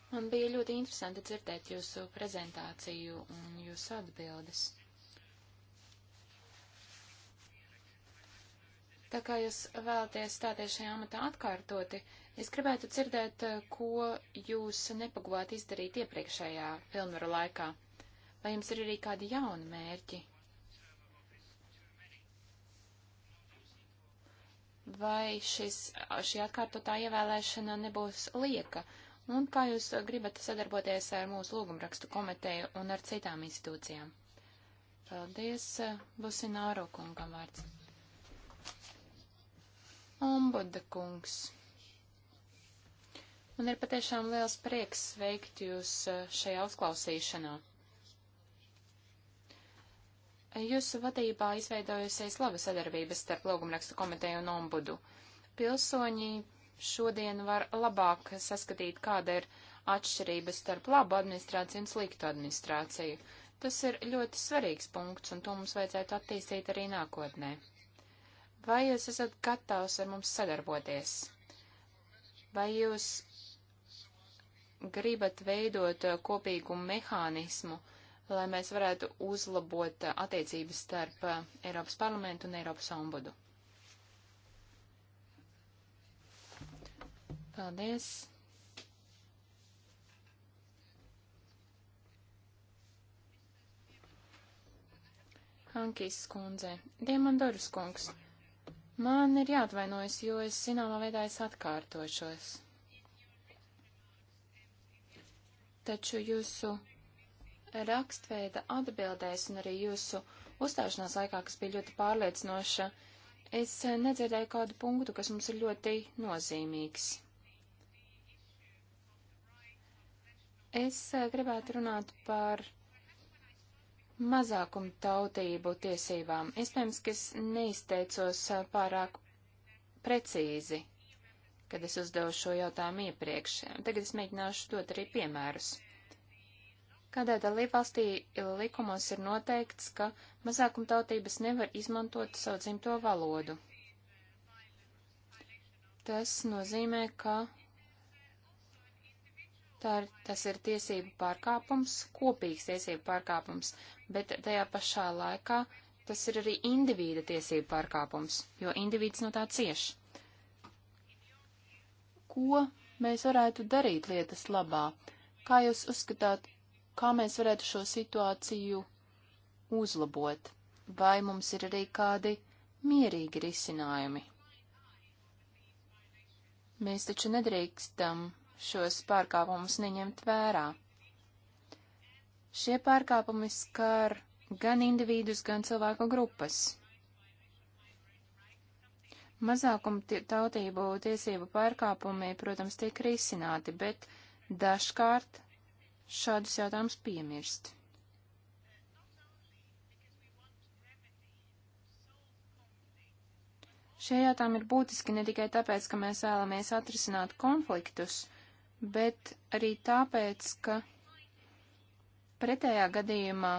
Man bija ļoti interesanti dzirdēt jūsu prezentāciju un jūsu atbildes. Tā kā jūs vēlaties stāties šajā amatā atkārtoti, es gribētu dzirdēt, eh, ko jūs nepagodāt izdarīt iepriekšējā pilnvaru laikā. Vai jums ir arī kādi jauni mērķi? Vai šis, šī atkārtotā ievēlēšana nebūs lieka? Un kā jūs gribat sadarboties ar mūsu lūgumrakstu komiteju un ar citām institūcijām? Paldies, eh, Busināro kungam vārds. Ombuda kungs. Man ir patiešām liels prieks sveikt jūs eh, šajā uzklausīšanā. Jūsu vadībā izveidojusies laba sadarbības starp logumrakstu komiteju un ombudu. Pilsoņi šodien var labāk saskatīt, kāda ir atšķirība starp labu administrāciju un sliktu administrāciju. Tas ir ļoti svarīgs punkts, un to mums vajadzētu attīstīt arī nākotnē. Vai jūs esat gatavs ar mums sadarboties? Vai jūs gribat veidot uh, kopīgu mehānismu, lai mēs varētu uzlabot uh, attiecības starp uh, Eiropas parlamentu un Eiropas ombudu. Paldies! Hankīs skundze, Diemandoras kungs. Man ir jāatvainojas, jo es zināmā veidā es atkārtošos. Taču jūsu rakstveida atbildēs un arī jūsu uzstāšanās laikā, kas bija ļoti pārliecinoša, es nedzirdēju kādu punktu, kas mums ir ļoti nozīmīgs. Es eh, gribētu runāt par mazākumu tautību tiesībām. Iespējams, ka es neizteicos eh, pārāk precīzi, kad es uzdevu šo jautājumu iepriekš. Tagad es mēģināšu dot arī piemērus. Kādā dalībvalstī likumos ir noteikts, ka mazākumtautības nevar izmantot savu dzimto valodu. Tas nozīmē, ka ir, tas ir tiesību pārkāpums, kopīgs tiesību pārkāpums, bet tajā pašā laikā tas ir arī individa tiesību pārkāpums, jo individs no tā cieš. Ko mēs varētu darīt lietas labā? Kā jūs uzskatāt, kā mēs varētu šo situāciju uzlabot? Vai mums ir arī kādi mierīgi risinājumi? Mēs taču nedrīkstam šos pārkāpumus neņemt vērā. Šie pārkāpumi skar gan individus, gan cilvēku grupas. Mazākuma tautību tiesību pārkāpumi, protams, tiek risināti, bet dažkārt šādus jautājumus piemirst. Šie jautājumi ir būtiski ne tikai tāpēc, ka mēs vēlamies atrisināt konfliktus, bet arī tāpēc, ka pretējā gadījumā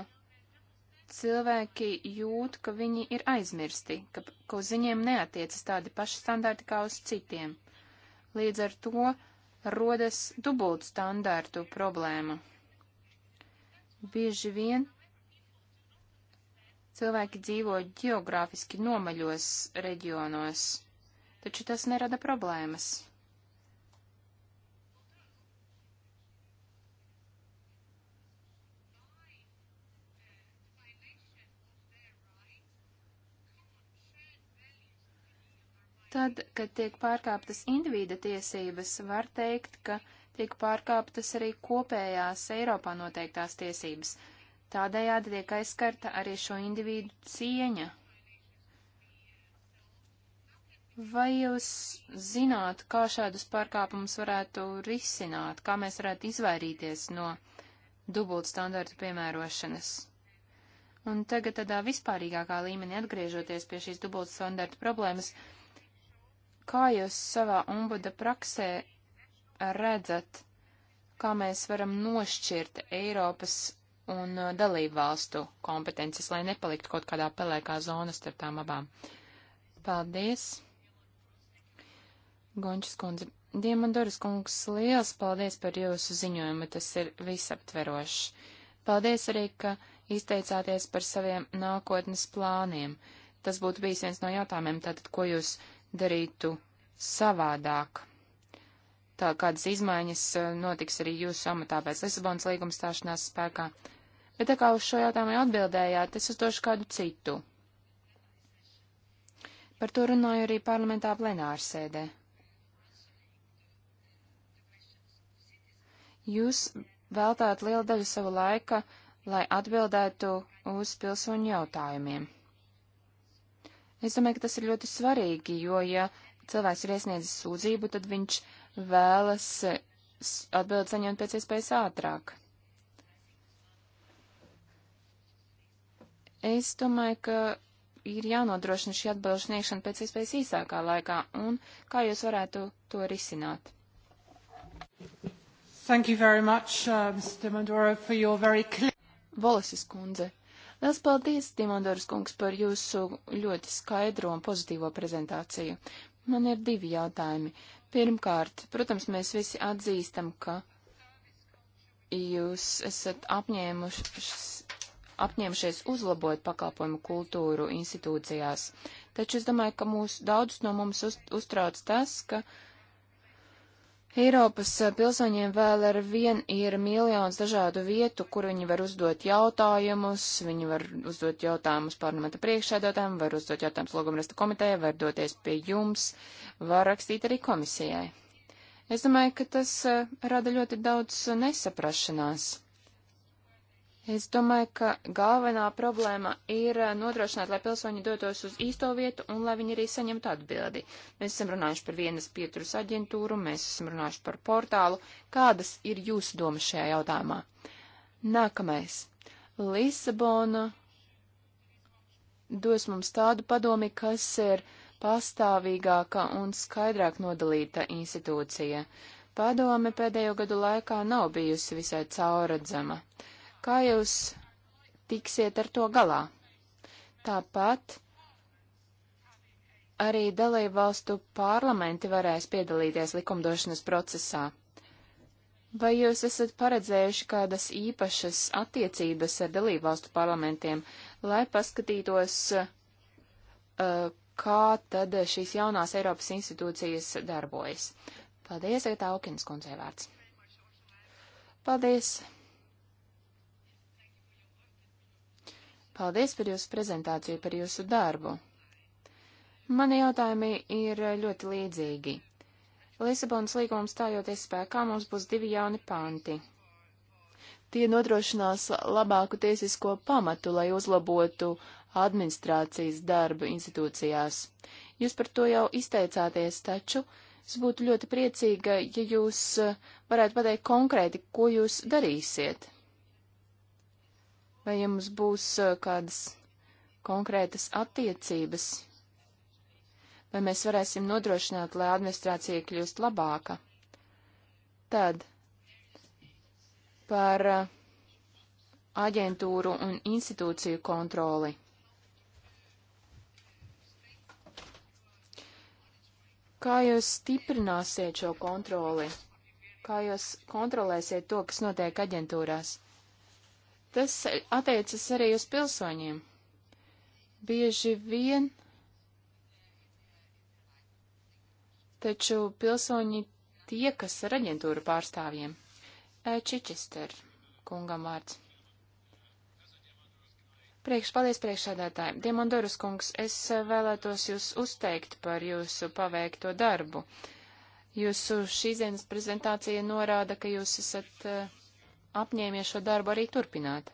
cilvēki jūt, ka viņi ir aizmirsti, ka, ka uz viņiem neatiecas tādi paši standarti kā uz citiem. Līdz ar to rodas dubult standārtu problēma. Bieži vien cilvēki dzīvo geogrāfiski nomaļos reģionos, taču tas nerada problēmas. Tad, kad tiek pārkāptas individa tiesības, var teikt, ka tiek pārkāptas arī kopējās Eiropā noteiktās tiesības. Tādējādi tiek aizskarta arī šo individu cieņa. Vai jūs zināt, kā šādus pārkāpumus varētu risināt, kā mēs varētu izvairīties no dubultstandartu piemērošanas? Un tagad tādā vispārīgākā līmenī atgriežoties pie šīs dubultstandartu problēmas, uh, Kā jūs savā ombuda praksē redzat, kā mēs varam nošķirt Eiropas un uh, dalību valstu kompetences, lai nepaliktu kaut kādā pelēkā zona starp tām abām? Paldies! Gončis kundze. Diemandoras kungs, liels paldies par jūsu ziņojumu, tas ir visaptverošs. Paldies arī, ka izteicāties par saviem nākotnes plāniem. Tas būtu bijis viens no jautājumiem, tātad, ko jūs darītu savādāk. Tā kādas izmaiņas eh, notiks arī jūsu amatā pēc Lisabonas līguma stāšanās spēkā. Bet tā kā uz šo jautājumu jau atbildējāt, es uzdošu kādu citu. Par to runāju arī parlamentā plenārsēdē. Jūs veltāt lielu daļu sava laika, lai atbildētu uz pilsoņu jautājumiem. Es domāju, ka tas ir ļoti svarīgi, jo, ja cilvēks ir iesniedzis sūdzību, tad viņš vēlas atbildi saņemt pēc iespējas ātrāk. Es domāju, ka ir jānodrošina šī atbilžu sniegšana pēc iespējas īsākā laikā, un kā jūs varētu to risināt? Thank you very much, uh, Mr. Mandoro, for your very clear... Volisis kundze, Lielas paldies, Dimondoras kungs, par jūsu ļoti skaidro un pozitīvo prezentāciju. Man ir divi jautājumi. Pirmkārt, protams, mēs visi atzīstam, ka jūs esat apņēmušas apņēmušies uzlabot pakalpojumu kultūru institūcijās, taču es domāju, ka mūs daudzus no mums uz, uztrauc tas, ka uh, Eiropas eh, pilsoņiem vēl ar vien ir miljons dažādu vietu, kur viņi var uzdot jautājumus, viņi var uzdot jautājumus parlamenta priekšsēdotājiem, var uzdot jautājumus logumresta komitejai, var doties pie jums, var rakstīt arī komisijai. Es domāju, ka tas eh, rada ļoti daudz eh, nesaprašanās. Es domāju, ka galvenā problēma ir eh, nodrošināt, lai pilsoņi dotos uz īsto vietu un lai viņi arī saņemtu atbildi. Mēs esam runājuši par vienas pieturas aģentūru, mēs esam runājuši par portālu. Kādas ir jūsu domas šajā jautājumā? Nākamais. Lisabona dos mums tādu padomi, kas ir pastāvīgāka un skaidrāk nodalīta institūcija. Padome pēdējo gadu laikā nav bijusi visai cauradzama. Uh, Kā jūs tiksiet ar to galā? Tāpat arī dalībvalstu parlamenti varēs piedalīties likumdošanas procesā. Vai jūs esat paredzējuši kādas īpašas attiecības ar dalībvalstu parlamentiem, lai paskatītos, uh, kā tad šīs jaunās Eiropas institūcijas darbojas? Paldies, Agatā Okins kundzei vārds. Paldies. Paldies par jūsu prezentāciju, par jūsu darbu. Mani jautājumi ir ļoti līdzīgi. Lisabonas līgums stājoties spēkā mums būs divi jauni panti. Tie nodrošinās labāku tiesisko pamatu, lai uzlabotu administrācijas darbu institūcijās. Jūs par to jau izteicāties, taču es būtu ļoti priecīga, ja jūs varētu pateikt konkrēti, ko jūs darīsiet vai ja mums būs eh, kādas konkrētas attiecības, vai mēs varēsim nodrošināt, lai administrācija kļūst labāka. Tad par eh, aģentūru un institūciju kontroli. Kā jūs stiprināsiet šo kontroli? Kā jūs kontrolēsiet to, kas notiek aģentūrās? Tas attiecas arī uz pilsoņiem. Bieži vien, taču pilsoņi tie, kas ar aģentūru pārstāvjiem. Čičester kungam vārds. Priekš, paldies priekšsēdētāji. Diemondorus kungs, es vēlētos jūs uzteikt par jūsu paveikto darbu. Jūsu šīs dienas prezentācija norāda, ka jūs esat uh, apņēmies šo darbu arī turpināt.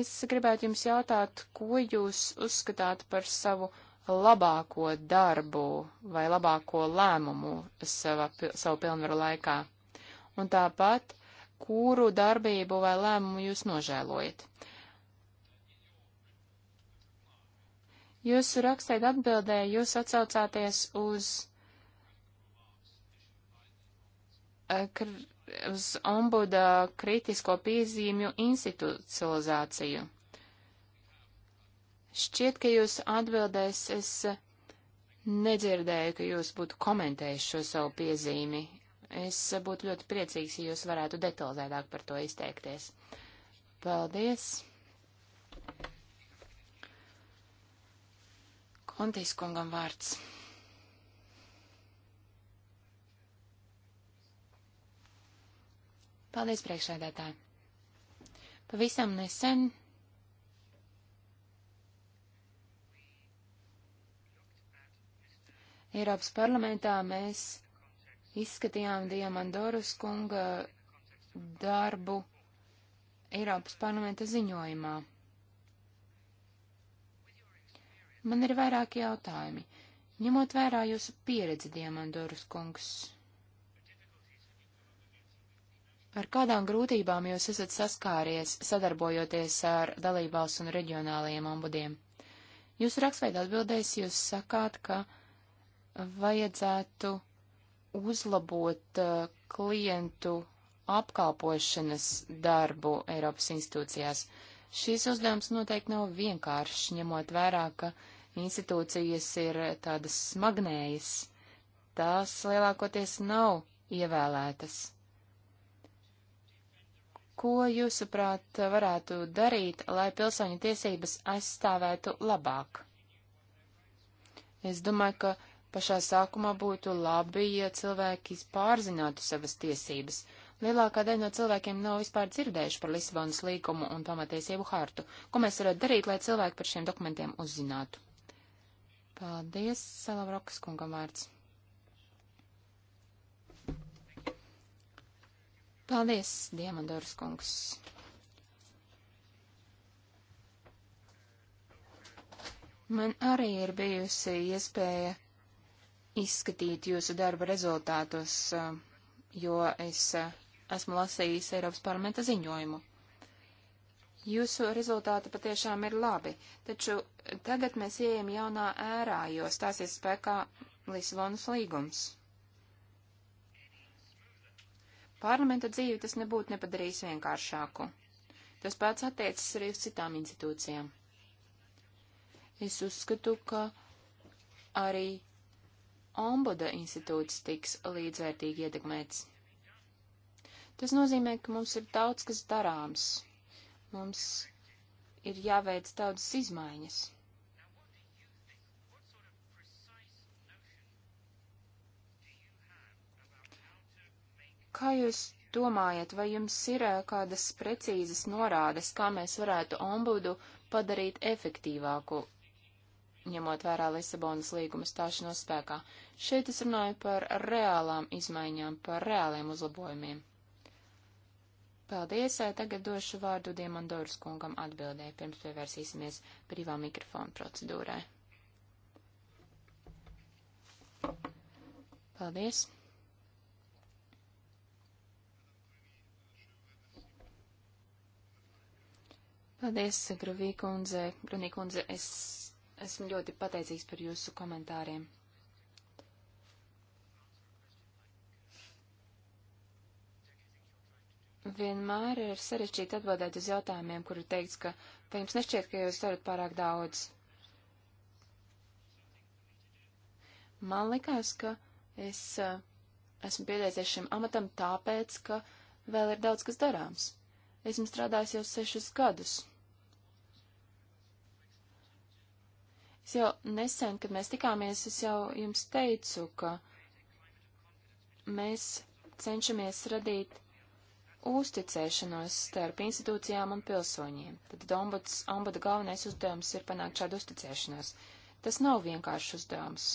Es gribētu jums jautāt, ko jūs uzskatāt par savu labāko darbu vai labāko lēmumu sava, savu pilnvaru laikā? Un tāpat, kuru darbību vai lēmumu jūs nožēlojat? Jūsu rakstēt atbildē jūs atsaucāties uz eh, kr uz ombuda kritisko piezīmju institucionalizāciju. Šķiet, ka jūs atbildēs es nedzirdēju, ka jūs būtu komentējuši šo savu piezīmi. Es būtu ļoti priecīgs, ja jūs varētu detalizētāk par to izteikties. Paldies! Kontijas kungam vārds. Paldies, priekšsēdētāji. Pavisam nesen Eiropas parlamentā mēs izskatījām Diamandorus kunga darbu Eiropas parlamenta ziņojumā. Man ir vairāki jautājumi. Ņemot vērā jūsu pieredzi, Diamandorus kungs, Ar kādām grūtībām jūs esat saskāries, sadarbojoties ar dalībvalsts un reģionālajiem ombudiem? Jūsu raksveida atbildēs jūs sakāt, ka vajadzētu uzlabot eh, klientu apkalpošanas darbu Eiropas institūcijās. Šīs uzdevums noteikti nav vienkāršs, ņemot vērā, ka institūcijas ir tādas smagnējas. Tās lielākoties nav ievēlētas. Ko jūsuprāt varētu darīt, lai pilsoņu tiesības aizstāvētu labāk? Es domāju, ka pašā sākumā būtu labi, ja cilvēki pārzinātu savas tiesības. Lielākā daļa no cilvēkiem nav vispār dzirdējuši par Lisabonas līgumu un pamatiesību hartu. Ko mēs varētu darīt, lai cilvēki par šiem dokumentiem uzzinātu? Paldies, Salavrokas kungam vārds. Paldies, Diemandoras kungs! Man arī ir bijusi iespēja izskatīt jūsu darba rezultātus, eh, jo es eh, esmu lasījis Eiropas parlamenta ziņojumu. Jūsu rezultāti patiešām ir labi, taču tagad mēs ieejam jaunā ērā, jo stāsies spēkā Lisbonas līgums. Parlamenta dzīvi tas nebūtu nepadarījis vienkāršāku. Tas pats attiecas arī uz citām institūcijām. Es uzskatu, ka arī ombuda institūts tiks līdzvērtīgi ietekmēts. Tas nozīmē, ka mums ir daudz kas darāms. Mums ir jāveic daudzas izmaiņas. Kā jūs domājat, vai jums ir kādas precīzas norādes, kā mēs varētu ombudu padarīt efektīvāku, ņemot vērā Lisabonas līguma stāšanos spēkā? Šeit es runāju par reālām izmaiņām, par reāliem uzlabojumiem. Paldies, tagad došu vārdu Diemandoras kungam atbildē, pirms pievērsīsimies privā mikrofona procedūrai. Paldies! Paldies, Gruvī kundze. Grunī kundze, es esmu ļoti pateicīgs par jūsu komentāriem. Vienmēr ir sarežģīti atbildēt uz jautājumiem, kuru teikts, ka vai jums nešķiet, ka jūs darat pārāk daudz. Man likās, ka es eh, esmu pieteicies šim amatam tāpēc, ka vēl ir daudz kas darāms. Esmu strādājis jau sešus gadus. Es jau nesen, kad mēs tikāmies, es jau jums teicu, ka mēs cenšamies radīt uzticēšanos starp institūcijām un pilsoņiem. Tad ombuds, ombuda galvenais uzdevums ir panākt šādu uzticēšanos. Tas nav vienkāršs uzdevums.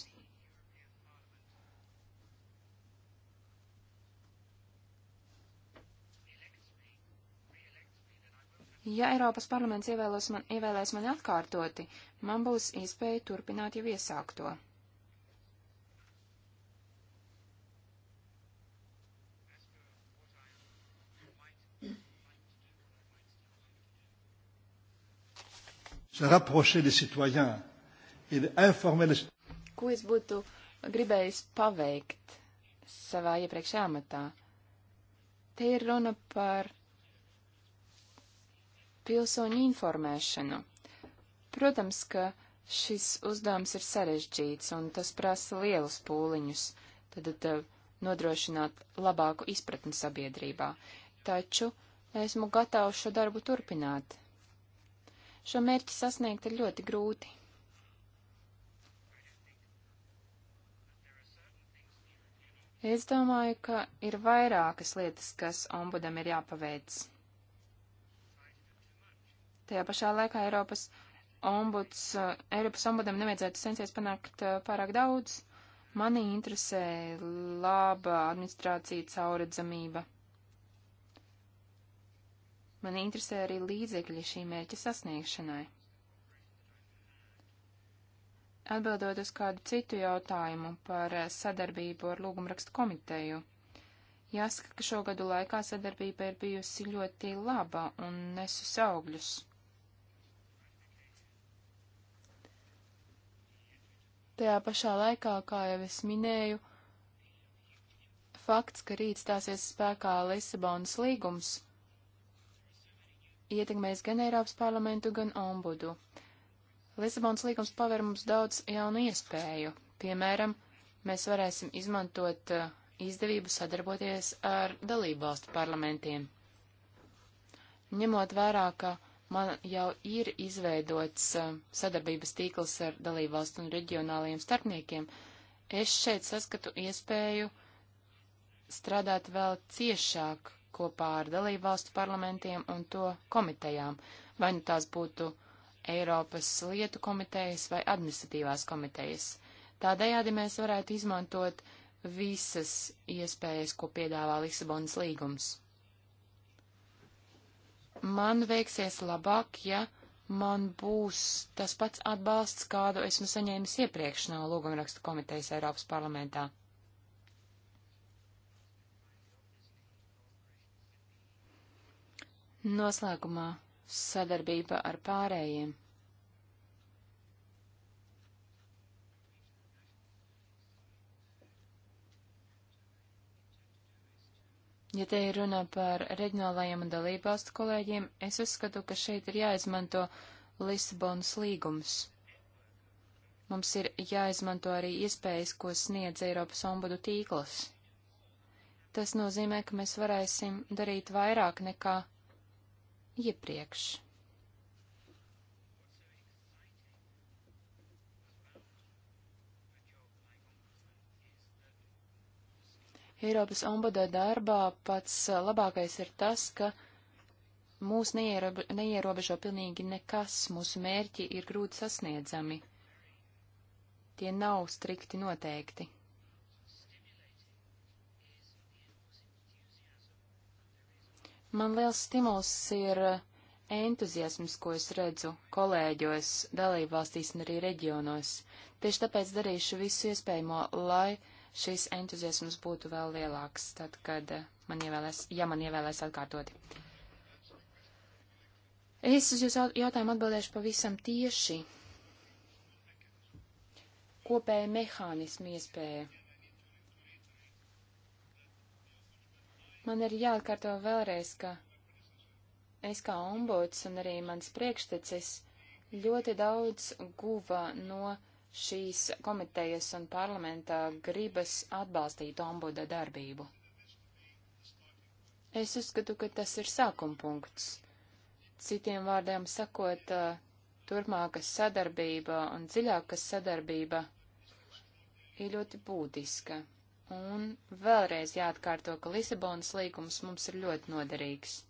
Ja Eiropas parlaments ievēlos man, ievēlēs mani atkārtoti, man būs iespēja turpināt jau iesākto. se rapprocher des citoyens et d'informer les Ko es būtu gribējis paveikt savā iepriekšējā matā? Te ir runa par pilsoņu informēšanu. Protams, ka šis uzdevums ir sarežģīts un tas prasa lielus pūliņus, tad, tad nodrošināt labāku izpratni sabiedrībā, taču esmu gatavs šo darbu turpināt. Šo mērķi sasniegt ir ļoti grūti. Es domāju, ka ir vairākas lietas, kas ombudam ir jāpaveic. Tajā pašā laikā Eiropas ombuds, eh, Eiropas ombudam nevajadzētu censties panākt eh, pārāk daudz. Mani interesē laba administrācija cauredzamība. Mani interesē arī līdzekļi šī mērķa sasniegšanai. Atbildot uz kādu citu jautājumu par eh, sadarbību ar lūgumrakstu komiteju, jāsaka, ka šo gadu laikā sadarbība ir bijusi ļoti laba un nesus augļus. Tajā pašā laikā, kā jau es minēju, fakts, ka rīt stāsies spēkā Lisabonas līgums, ietekmēs gan Eiropas parlamentu, gan ombudu. Lisabonas līgums paver mums daudz jaunu iespēju. Piemēram, mēs varēsim izmantot uh, izdevību sadarboties ar dalībvalstu parlamentiem. Ņemot vērā, ka man jau ir izveidots eh, sadarbības tīkls ar dalībvalstu un reģionālajiem starpniekiem. Es šeit saskatu iespēju strādāt vēl ciešāk kopā ar dalībvalstu parlamentiem un to komitejām, vai nu tās būtu Eiropas lietu komitejas vai administratīvās komitejas. Tādējādi mēs varētu izmantot visas iespējas, ko piedāvā Lisabonas līgums man veiksies labāk, ja man būs tas pats atbalsts, kādu esmu nu saņēmis iepriekš no lūgumrakstu komitejas Eiropas parlamentā. Noslēgumā sadarbība ar pārējiem. Ja te ir runa par reģionālajiem un dalībvalstu kolēģiem, es uzskatu, ka šeit ir jāizmanto Lisabonas līgums. Mums ir jāizmanto arī iespējas, ko sniedz Eiropas ombudu tīkls. Tas nozīmē, ka mēs varēsim darīt vairāk nekā iepriekš. Eiropas ombuda darbā pats labākais ir tas, ka mūs neierobe, neierobežo pilnīgi nekas, mūsu mērķi ir grūti sasniedzami. Tie nav strikti noteikti. Man liels stimuls ir entuziasms, ko es redzu kolēģos, dalībvalstīs un arī reģionos. Tieši tāpēc darīšu visu iespējamo, lai šis entuziasms būtu vēl lielāks, tad, kad eh, man ievēlēs, ja man ievēlēs atkārtoti. Es uz jūsu jautājumu atbildēšu pavisam tieši. Kopēja mehānismu iespēja. Man ir jāatkārto vēlreiz, ka es kā ombuds un arī mans priekštecis ļoti daudz guva no šīs komitejas un parlamentā gribas atbalstīt ombuda darbību. Es uzskatu, ka tas ir sākuma punkts. Citiem vārdiem sakot, turpmākas sadarbība un dziļākas sadarbība ir ļoti būtiska. Un vēlreiz jāatkārto, ka Lisabonas līgums mums ir ļoti noderīgs.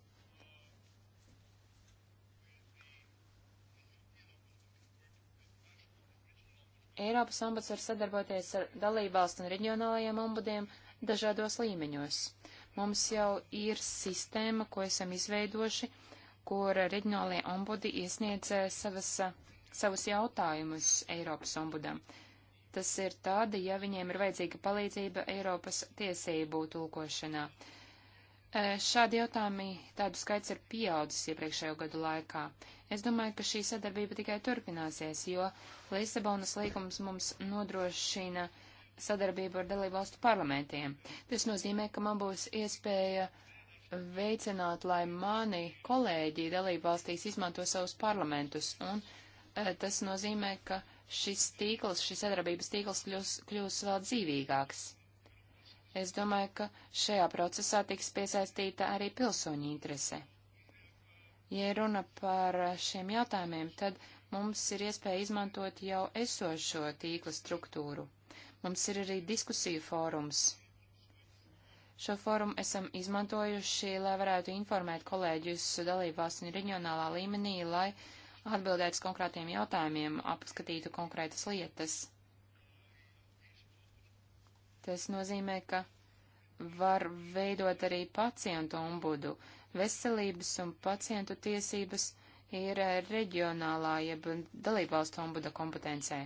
Eiropas ombuds var sadarboties ar dalībvalstu un reģionālajiem ombudiem dažādos līmeņos. Mums jau ir sistēma, ko esam izveidoši, kur reģionālajie ombudi iesniedz eh, savas, eh, savus jautājumus Eiropas ombudam. Tas ir tāda, ja viņiem ir vajadzīga palīdzība Eiropas tiesību tulkošanā. Uh, Šādi jautājumi tādu skaits ir pieaudzis iepriekšējo gadu laikā. Es domāju, ka šī sadarbība tikai turpināsies, jo Lisabonas līgums mums nodrošina sadarbību ar dalībvalstu parlamentiem. Tas nozīmē, ka man būs iespēja veicināt, lai mani kolēģi dalībvalstīs izmanto savus parlamentus, un e, tas nozīmē, ka šis tīkls, šis sadarbības tīkls kļūs, kļūs vēl dzīvīgāks. Es domāju, ka šajā procesā tiks piesaistīta arī pilsoņu interese. Ja runa par šiem jautājumiem, tad mums ir iespēja izmantot jau esošo tīkla struktūru. Mums ir arī diskusiju fórums. Šo fórumu esam izmantojuši, lai varētu informēt kolēģus dalībās un reģionālā līmenī, lai atbildētu uz konkrētiem jautājumiem, apskatītu konkrētas lietas. Tas nozīmē, ka var veidot arī pacientu ombudu. Veselības un pacientu tiesības ir eh, reģionālā jeb dalībvalstu ombuda kompetencē.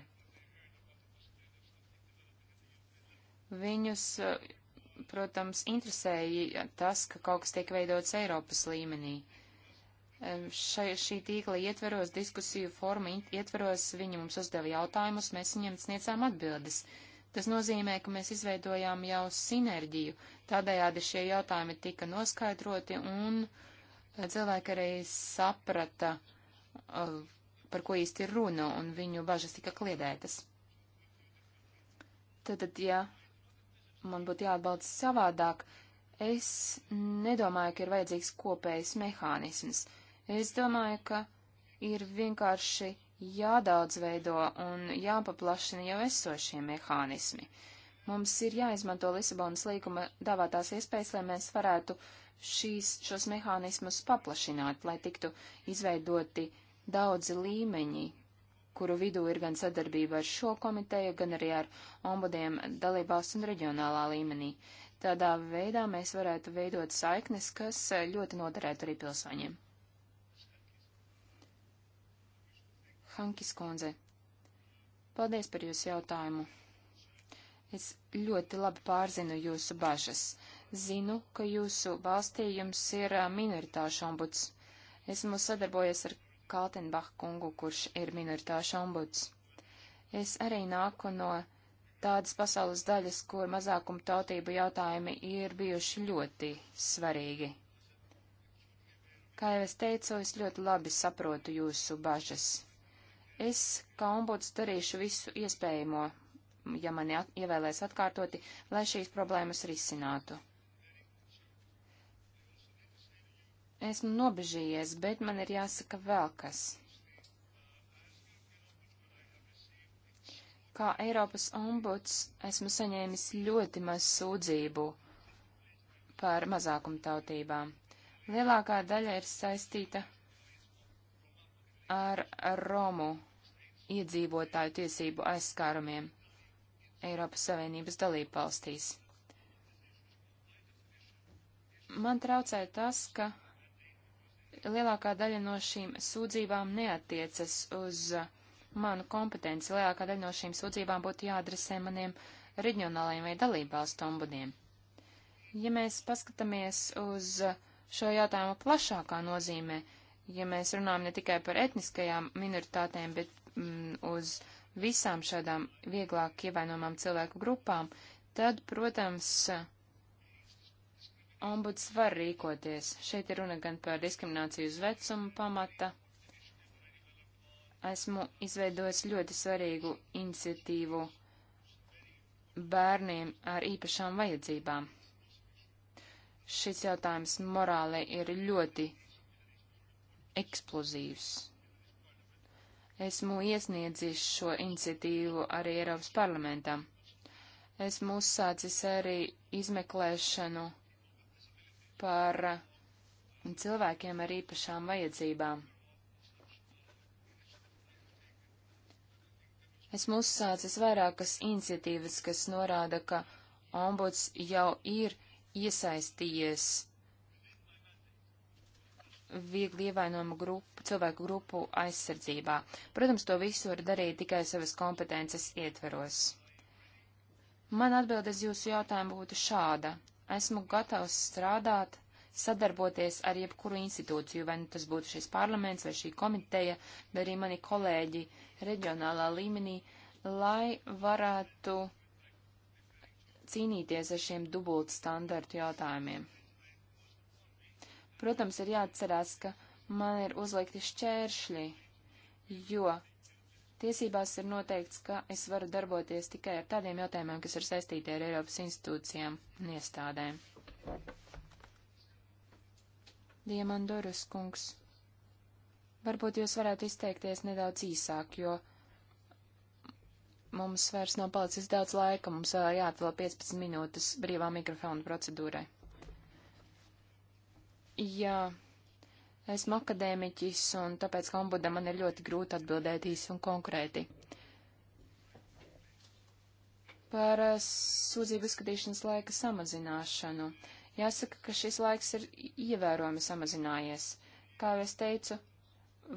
Viņus, eh, protams, interesēja tas, ka kaut kas tiek veidots Eiropas līmenī. Eh, šai, šī tīkla ietveros diskusiju formu, ietveros viņi mums uzdeva jautājumus, mēs viņiem sniedzām atbildes. Uh, Tas nozīmē, ka mēs izveidojām jau sinerģiju, tādējādi šie jautājumi tika noskaidroti un eh, cilvēki arī saprata, eh, par ko īsti ir runa, un viņu bažas tika kliedētas. Tad, tad ja man būtu jāatbalda savādāk, es nedomāju, ka ir vajadzīgs kopējs mehānisms. Es domāju, ka ir vienkārši jādaudzveido un jāpaplašina jau esošie mehānismi. Mums ir jāizmanto Lisabonas līguma dāvātās iespējas, lai mēs varētu šīs, šos mehānismus paplašināt, lai tiktu izveidoti daudzi līmeņi, kuru vidū ir gan sadarbība ar šo komiteju, gan arī ar ombudiem dalībās un reģionālā līmenī. Tādā veidā mēs varētu veidot saiknes, kas ļoti noderētu arī pilsoņiem. Hankis kundze. Paldies par jūsu jautājumu. Es ļoti labi pārzinu jūsu bažas. Zinu, ka jūsu valstī jums ir minoritāšu ombuds. Esmu sadarbojies ar Kaltenbach kungu, kurš ir minoritāšu ombuds. Es arī nāku no tādas pasaules daļas, kur mazākuma tautību jautājumi ir bijuši ļoti svarīgi. Kā jau es teicu, es ļoti labi saprotu jūsu bažas. Es kā ombuds darīšu visu iespējamo, ja mani at ievēlēs atkārtoti, lai šīs problēmas risinātu. Esmu nobežījies, bet man ir jāsaka vēl kas. Kā Eiropas ombuds esmu saņēmis ļoti maz sūdzību par mazākumtautībām. Lielākā daļa ir saistīta ar Romu iedzīvotāju tiesību aizskārumiem Eiropas Savienības dalību valstīs. Man traucēja tas, ka lielākā daļa no šīm sūdzībām neatiecas uz manu kompetenci. Lielākā daļa no šīm sūdzībām būtu jāadresē maniem reģionālajiem vai dalību valstu ombudiem. Ja mēs paskatāmies uz šo jautājumu plašākā nozīmē, ja mēs runājam ne tikai par etniskajām minoritātēm, bet mm, uz visām šādām vieglāk ievainojumām cilvēku grupām, tad, protams, ombuds var rīkoties. Šeit ir runa gan par diskrimināciju uz vecumu pamata. Esmu izveidojis ļoti svarīgu iniciatīvu bērniem ar īpašām vajadzībām. Šis jautājums morāli ir ļoti eksplozīvs. Esmu iesniedzis šo iniciatīvu arī Eiropas parlamentam. Esmu uzsācis arī izmeklēšanu par cilvēkiem ar īpašām vajadzībām. Esmu uzsācis vairākas iniciatīvas, kas norāda, ka ombuds jau ir iesaistījies viegli ievainojumu grupu, cilvēku grupu aizsardzībā. Protams, to visu var darīt tikai savas kompetences ietveros. Man atbildes jūsu jautājumu būtu šāda. Esmu gatavs strādāt, sadarboties ar jebkuru institūciju, vai nu tas būtu šis parlaments vai šī komiteja, vai arī mani kolēģi reģionālā līmenī, lai varētu cīnīties ar šiem dubult standartu jautājumiem. Protams, ir jāatcerās, ka man ir uzlikti šķēršļi, jo tiesībās ir noteikts, ka es varu darboties tikai ar tādiem jautājumiem, kas ir saistīti ar Eiropas institūcijām un iestādēm. Diemandoras kungs, varbūt jūs varētu izteikties nedaudz īsāk, jo mums vairs nav palicis daudz laika, mums vēl jāatvēl 15 minūtes brīvā mikrofona procedūrai. Jā, esmu akadēmiķis, un tāpēc Lombuda man ir ļoti grūti atbildēt īsi un konkrēti. Par eh, sūdzību izskatīšanas laika samazināšanu. Jāsaka, ka šis laiks ir ievērojami samazinājies. Kā jau es teicu,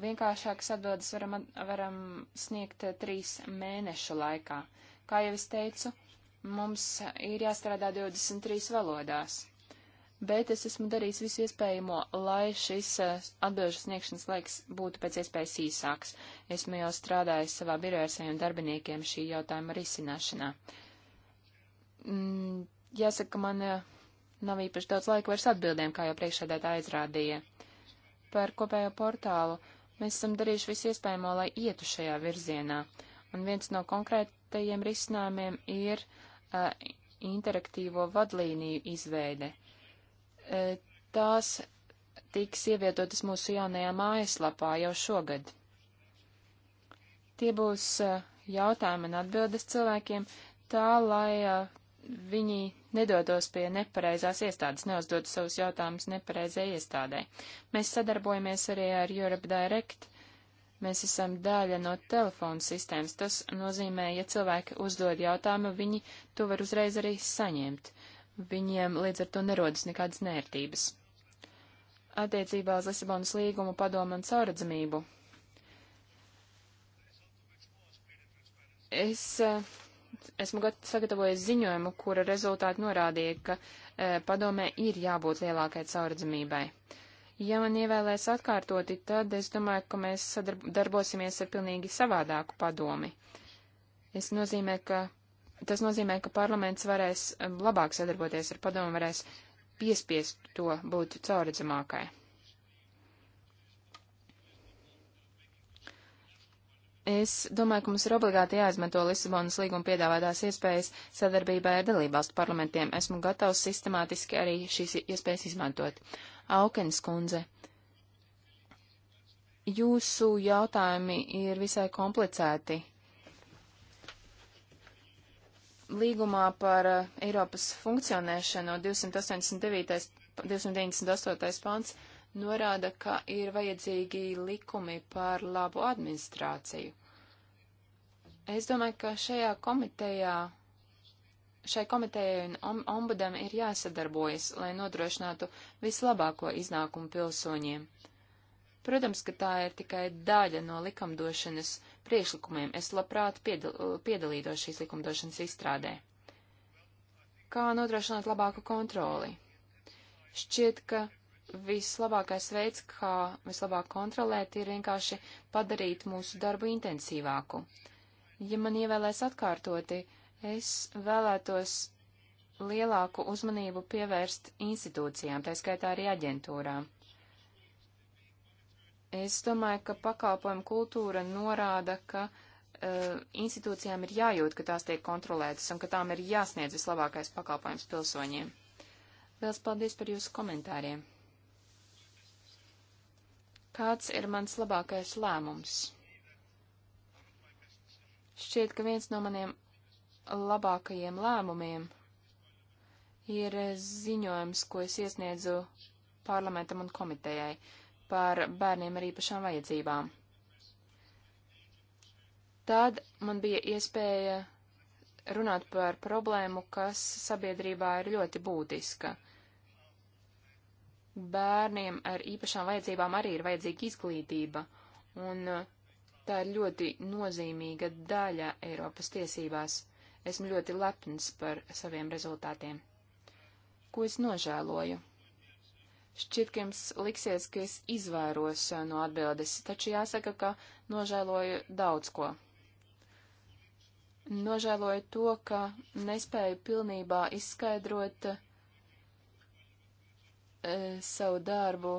vienkāršākas atbildes varam, varam sniegt eh, trīs mēnešu laikā. Kā jau es teicu, mums ir jāstrādā 23 valodās bet es esmu darījis visu iespējamo, lai šis eh, atbilžu sniegšanas laiks būtu pēc iespējas īsāks. Esmu jau strādājis savā birojā ar saviem darbiniekiem šī jautājuma risināšanā. Mm, jāsaka, man eh, nav īpaši daudz laika vairs atbildēm, kā jau priekšēdētā aizrādīja. Par kopējo portālu mēs esam darījuši visu iespējamo, lai ietu šajā virzienā. Un viens no konkrētajiem risinājumiem ir uh, interaktīvo vadlīniju izveide. E, tās tiks ievietotas mūsu jaunajā mājaslapā jau šogad. Tie būs e, jautājumi un atbildes cilvēkiem tā, lai e, viņi nedodos pie nepareizās iestādes, neuzdod savus jautājumus nepareizai iestādē. Mēs sadarbojamies arī ar Europe Direct. Mēs esam daļa no telefona sistēmas. Tas nozīmē, ja cilvēki uzdod jautājumu, viņi to var uzreiz arī saņemt. Uh, viņiem līdz ar to nerodas nekādas nērtības. Attiecībā uz Lisabonas līgumu padomu un cauradzamību. Es eh, esmu sagatavojis ziņojumu, kura rezultāti norādīja, ka e, padomē ir jābūt lielākai cauradzamībai. Ja man ievēlēs atkārtoti, tad es domāju, ka mēs sadarbosimies ar pilnīgi savādāku padomi. Es nozīmē, ka Tas nozīmē, ka parlaments varēs um, labāk sadarboties ar padomu, varēs piespiest to būt cauredzamākai. Es domāju, ka mums ir obligāti jāizmanto Lisabonas līguma piedāvātās iespējas sadarbībai ar dalībvalstu parlamentiem. Esmu gatavs sistemātiski arī šīs iespējas izmantot. Aukens kundze, jūsu jautājumi ir visai komplicēti līgumā par eh, Eiropas funkcionēšanu 289. 298. pants norāda, ka ir vajadzīgi likumi par labu administrāciju. Es domāju, ka šajā komitejā, šai komitejai un ombudam ir jāsadarbojas, lai nodrošinātu vislabāko iznākumu pilsoņiem. Protams, ka tā ir tikai daļa no likumdošanas priekšlikumiem. Es labprāt piedal piedalītos šīs likumdošanas izstrādē. Kā nodrošināt labāku kontroli? Šķiet, ka vislabākais veids, kā vislabāk kontrolēt, ir vienkārši padarīt mūsu darbu intensīvāku. Ja man ievēlēs atkārtoti, es vēlētos lielāku uzmanību pievērst institūcijām, tā skaitā arī aģentūrām. Es domāju, ka pakalpojuma kultūra norāda, ka uh, institūcijām ir jājūt, ka tās tiek kontrolētas un ka tām ir jāsniedz vislabākais pakalpojums pilsoņiem. Liels paldies par jūsu komentāriem. Kāds ir mans labākais lēmums? Šķiet, ka viens no maniem labākajiem lēmumiem ir ziņojums, ko es iesniedzu parlamentam un komitejai. Uh, par bērniem ar īpašām vajadzībām. Tad man bija iespēja runāt par problēmu, kas sabiedrībā ir ļoti būtiska. Bērniem ar īpašām vajadzībām arī ir vajadzīga izglītība, un uh, tā ir ļoti nozīmīga daļa Eiropas tiesībās. Esmu ļoti lepns par saviem rezultātiem. Ko es nožēloju? Šķiet, ka jums liksies, ka es izvairos eh, no atbildes, taču jāsaka, ka nožēloju daudz ko. Nožēloju to, ka nespēju pilnībā izskaidrot e, savu darbu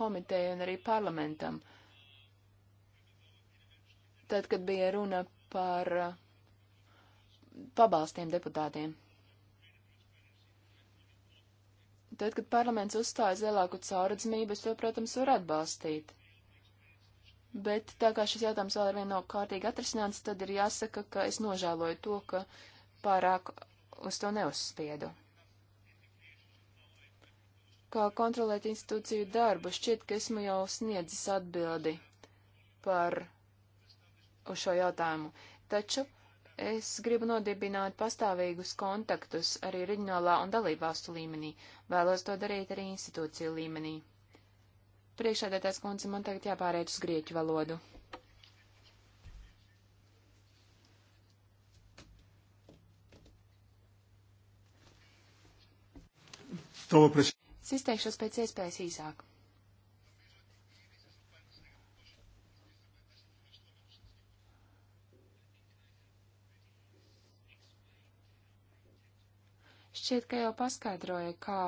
komiteju un arī parlamentam. Tad, kad bija runa par eh, pabalstiem deputātiem. Tad, kad parlaments uzstāja lielāku caurredzamību, es to, protams, varu atbalstīt. Bet tā kā šis jautājums vēl ar vienu nav kārtīgi atrisināts, tad ir jāsaka, ka es nožēloju to, ka pārāk uz to neuzspiedu. Kā kontrolēt institūciju darbu, šķiet, ka esmu jau sniedzis atbildi par uz šo jautājumu. Taču Es gribu nodibināt pastāvīgus kontaktus arī reģionālā un dalībvalstu līmenī. Vēlos to darīt arī institūciju līmenī. Priekšādētājs kundze man tagad jāpāriet uz grieķu valodu. Es izteikšos pēc iespējas īsāk. Šķiet, ka jau paskaidroju, kā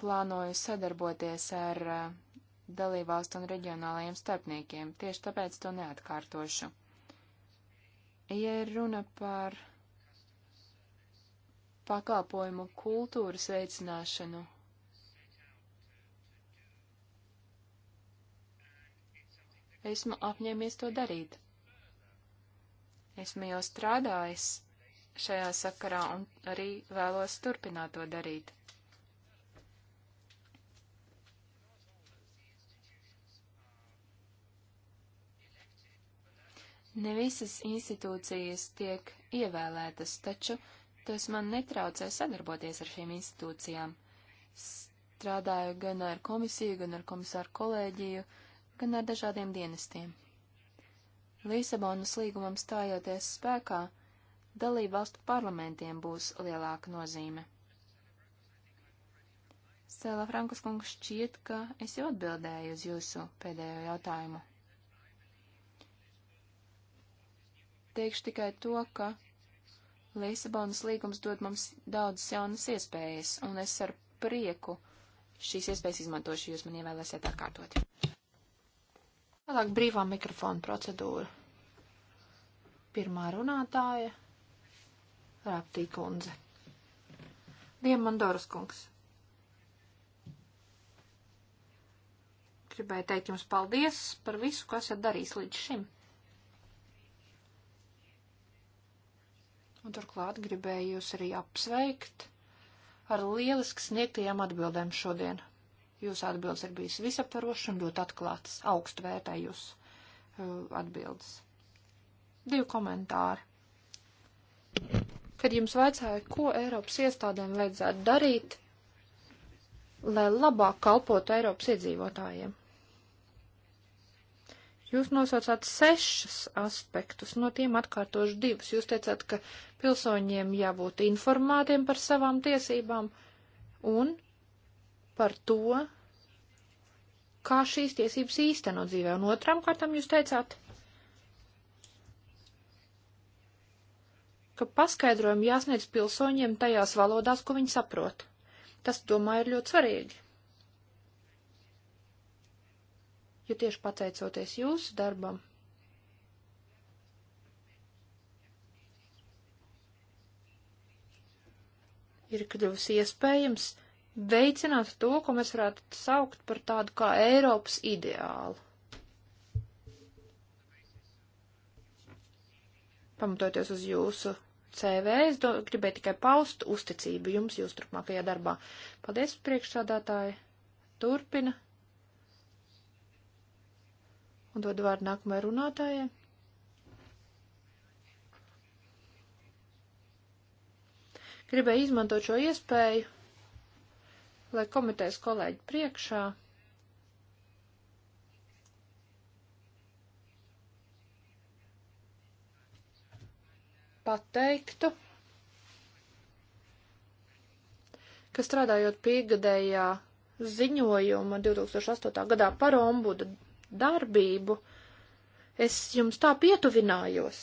plānoju sadarboties ar eh, dalībvalstu un reģionālajiem starpniekiem, tieši tāpēc to neatkārtošu. Ja runa par pakalpojumu kultūras veicināšanu, esmu apņēmies to darīt. Esmu jau strādājis šajā sakarā un arī vēlos turpināt to darīt. Ne visas institūcijas tiek ievēlētas, taču tas man netraucē sadarboties ar šīm institūcijām. Strādāju gan ar komisiju, gan ar komisāru kolēģiju, gan ar dažādiem dienestiem. Lisabonas līgumam stājoties spēkā, dalību valstu parlamentiem būs lielāka nozīme. Stēlā Frankus kungs šķiet, ka es jau atbildēju uz jūsu pēdējo jautājumu. Teikšu tikai to, ka Lisabonas līgums dod mums daudzas jaunas iespējas, un es ar prieku šīs iespējas izmantošu, jūs man ievēlēsiet atkārtot. Tālāk brīvā mikrofona procedūra. Pirmā runātāja Raptī kundze. Diemandoras kungs. Gribēju teikt jums paldies par visu, ko esat darījis līdz šim. Un turklāt gribēju jūs arī apsveikt ar lieliski sniegtajām atbildēm šodien. Jūsu atbildes ir bijis visaptvarošas un ļoti atklātas. Augstu vērtējus uh, atbildes. Divi komentāri kad jums vajadzēja, ko Eiropas iestādēm vajadzētu darīt, lai labāk kalpotu Eiropas iedzīvotājiem. Jūs nosaucāt sešas aspektus, no tiem atkārtošu divus. Jūs teicāt, ka pilsoņiem jābūt informātiem par savām tiesībām un par to, kā šīs tiesības īsteno dzīvē. Un otram kārtam jūs teicāt, ka paskaidrojumi jāsniedz pilsoņiem tajās valodās, ko viņi saprot. Tas, domāju, ir ļoti svarīgi. Jo tieši pateicoties jūsu darbam, ir kļuvis iespējams veicināt to, ko mēs varētu saukt par tādu kā Eiropas ideālu. Pamatoties uz jūsu CV. Es do, gribēju tikai paust uzticību jums jūs turpmākajā darbā. Paldies, priekšsādātāji. Turpina. Un dod vārdu nākamajai runātājai. Gribēju izmantot šo iespēju, lai komitejas kolēģi priekšā pateiktu, ka strādājot pie gadējā ziņojuma 2008. gadā par ombudu darbību, es jums tā pietuvinājos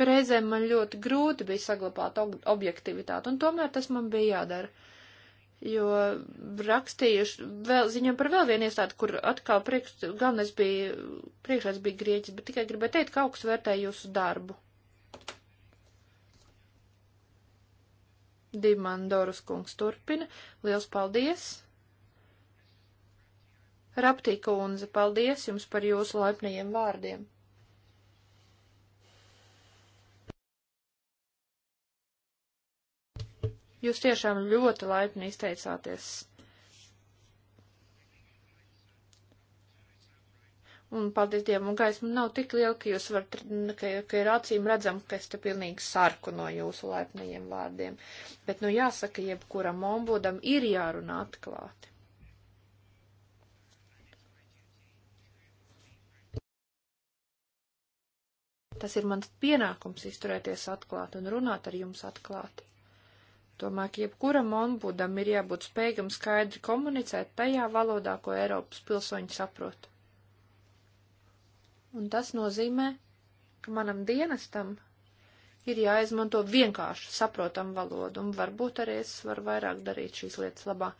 ka reizēm man ļoti grūti bija saglabāt ob objektivitāti, un tomēr tas man bija jādara. Jo rakstījuši vēl ziņām par vēl vienu iestādi, kur atkal priekš, galvenais bija, priekšās bija Grieķis, bet tikai gribēju teikt, ka augsts vērtē jūsu darbu. Dimandoras kungs turpina. Liels paldies! Raptīka Unze, paldies jums par jūsu laipnajiem vārdiem! Jūs tiešām ļoti laipni izteicāties. Un, paldies Dievam, un gaisma nav tik liela, ka jūs varat, ka, ka ir acīm redzam, ka es te pilnīgi sarku no jūsu laipnajiem vārdiem. Bet, nu, jāsaka, jebkuram ombudam ir jārunā atklāti. Tas ir mans pienākums izturēties atklāti un runāt ar jums atklāti. Domāju, ka jebkuram ombudam ir jābūt spējīgam skaidri komunicēt tajā valodā, ko Eiropas pilsoņi saprot. Un tas nozīmē, ka manam dienestam ir jāizmanto vienkārši saprotam valodu, un varbūt arī es varu vairāk darīt šīs lietas labā.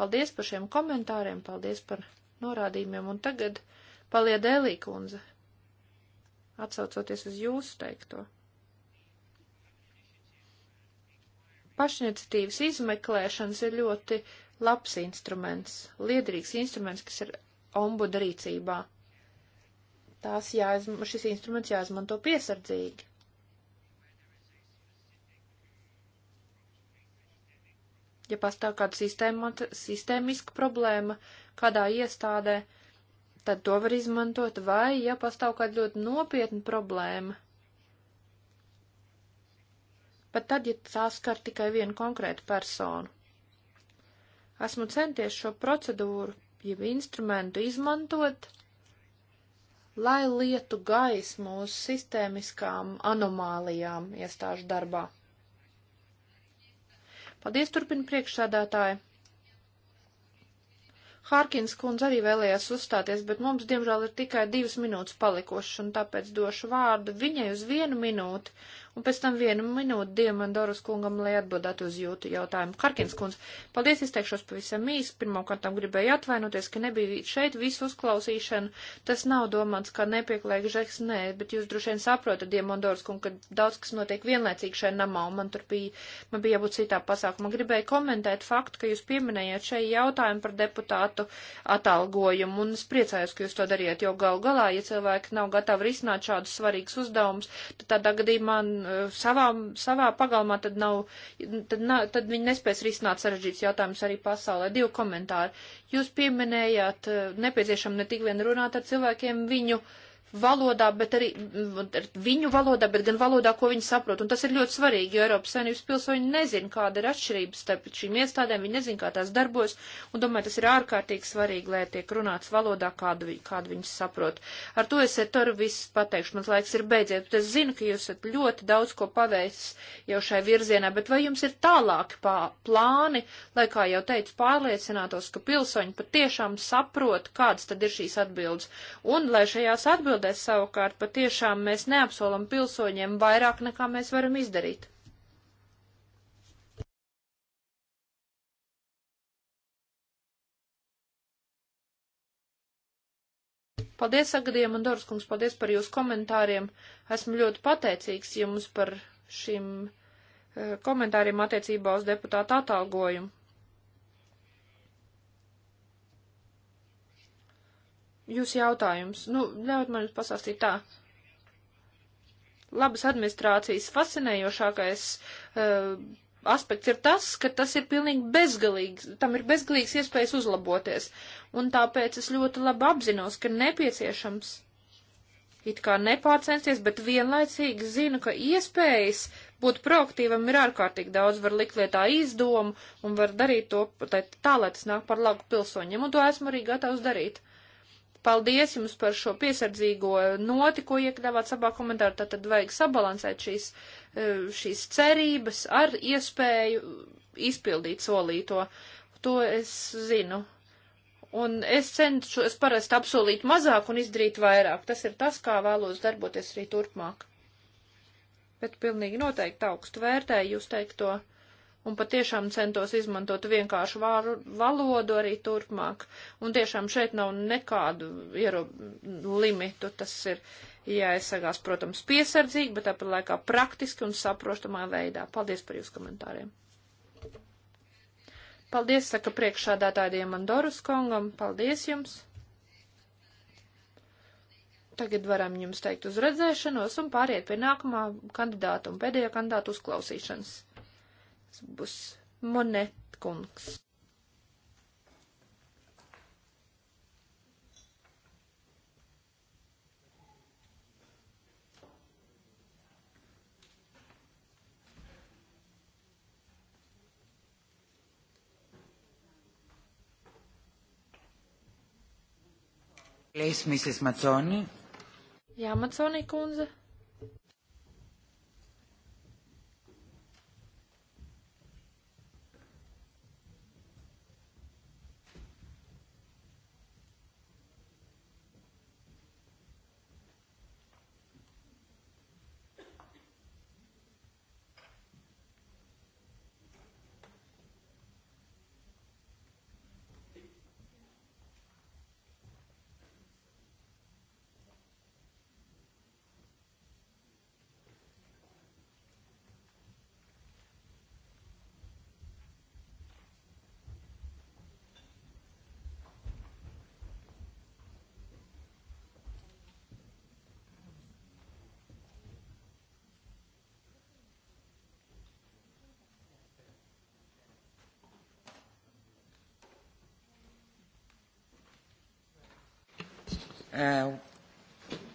Paldies par šiem komentāriem, paldies par norādījumiem, un tagad palied Elī kundze, atsaucoties uz jūsu teikto. Pašiniciatīvas izmeklēšanas ir ļoti labs instruments, liederīgs instruments, kas ir ombuda rīcībā. Tās jāizm, šis instruments jāizmanto piesardzīgi. Ja pastāv kāda sistēma, sistēmiska problēma kādā iestādē, tad to var izmantot, vai ja pastāv kāda ļoti nopietna problēma, pat tad, ja tā skar tikai vienu konkrētu personu. Esmu centies šo procedūru, jeb instrumentu izmantot, lai lietu gaismu uz sistēmiskām anomālijām iestāžu darbā. Paldies, turpina priekšsēdētāji. Hārkins kundze arī vēlējās uzstāties, bet mums, diemžēl, ir tikai divas minūtes palikušas, un tāpēc došu vārdu viņai uz vienu minūti, un pēc tam vienu minūti Diemandoras kungam, lai atbildētu uz jūtu jautājumu. Harkins kungs, paldies, izteikšos pavisam īsi. Pirmkārt, gribēju atvainoties, ka nebija šeit visu uzklausīšanu. Tas nav domāts kā nepieklājīgs žeks, nē, bet jūs droši vien saprotat, Diemandoras kungs, ka daudz kas notiek vienlaicīgi šajā namā, un man tur bija, man bija jābūt citā pasākumā. Gribēju komentēt faktu, ka jūs pieminējāt šai jautājumu par deputātu atalgojumu, un es priecājos, ka jūs to darījat, jo gal galā, ja cilvēki nav gatavi risināt šādus svarīgus uzdevumus, tad tādā gadījumā Eh, savā, savā pagalmā, tad, nav, tad, na, tad viņi nespēs risināt sarežģīts jautājums arī pasaulē. Divi komentāri. Jūs pieminējāt eh, nepieciešam ne tik vien runāt ar cilvēkiem viņu uh, valodā, bet arī mm, viņu valodā, bet gan valodā, ko viņi saprot. Un tas ir ļoti svarīgi, jo Eiropas Savienības pilsoņi nezin, kāda ir atšķirība starp šīm iestādēm, viņi nezin, kā tās darbojas, un domāju, tas ir ārkārtīgi svarīgi, lai tiek runāts valodā, kādu, kādu viņi saprot. Ar to es ar visu pateikšu, mans laiks ir beidziet, bet es zinu, ka jūs esat ļoti daudz ko paveicis jau šai virzienā, bet vai jums ir tālāki plāni, lai, kā jau teicu, pārliecinātos, ka pilsoņi patiešām saprot, kādas tad ir šīs atbildes, un lai šajās atbildes atbildē savukārt patiešām mēs neapsolam pilsoņiem vairāk nekā mēs varam izdarīt. Paldies, Agadiem un Dorskungs, paldies par jūsu komentāriem. Esmu ļoti pateicīgs jums par šīm eh, komentāriem attiecībā uz deputātu atalgojumu. Jūs jautājums, nu, ļaut man pasāstīt tā. Labas administrācijas fascinējošākais uh, aspekts ir tas, ka tas ir pilnīgi bezgalīgs, tam ir bezgalīgs iespējas uzlaboties. Un tāpēc es ļoti labi apzinos, ka nepieciešams it kā nepārcensties, bet vienlaicīgi zinu, ka iespējas būt proaktīvam ir ārkārtīgi daudz, var likt lietā izdomu un var darīt to tā, lai tas nāk par labu pilsoņiem, un to esmu arī gatavs darīt. Paldies jums par šo piesardzīgo noti, ko iekļāvāt savā komentārā. Tātad vajag sabalansēt šīs, e, šīs cerības ar iespēju izpildīt solīto. To es zinu. Un es cenšos parasti apsolīt mazāk un izdarīt vairāk. Tas ir tas, kā vēlos darboties arī turpmāk. Bet pilnīgi noteikti augstu vērtēju jūs teikto un patiešām centos izmantot vienkāršu vāru, valodu arī turpmāk. Un tiešām šeit nav nekādu iero, limitu, tas ir jāizsagās, protams, piesardzīgi, bet tāpat laikā praktiski un saprotamā veidā. Paldies par jūsu komentāriem. Paldies, saka priekšādātājiem Andorus kungam. Paldies jums. Tagad varam jums teikt uz redzēšanos un pāriet pie nākamā kandidāta un pēdējā kandidāta uzklausīšanas būs Monetkungs. Lēs, Mrs. Mazzoni. Jā, Mazzoni kundze. Uh,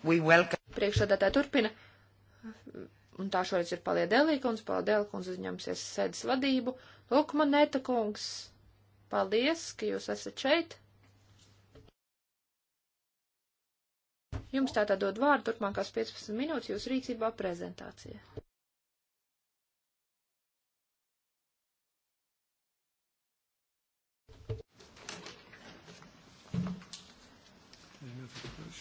we welcome... Priekšsēdētāji turpina. Un tā šoreiz ir Palie Delīkums. Palie Delīkums uzņemsies sēdes vadību. Lūk, Manēta kungs, paldies, ka jūs esat šeit. Jums tātad dod vārdu turpmākās 15 minūtes jūsu rīcībā prezentācija.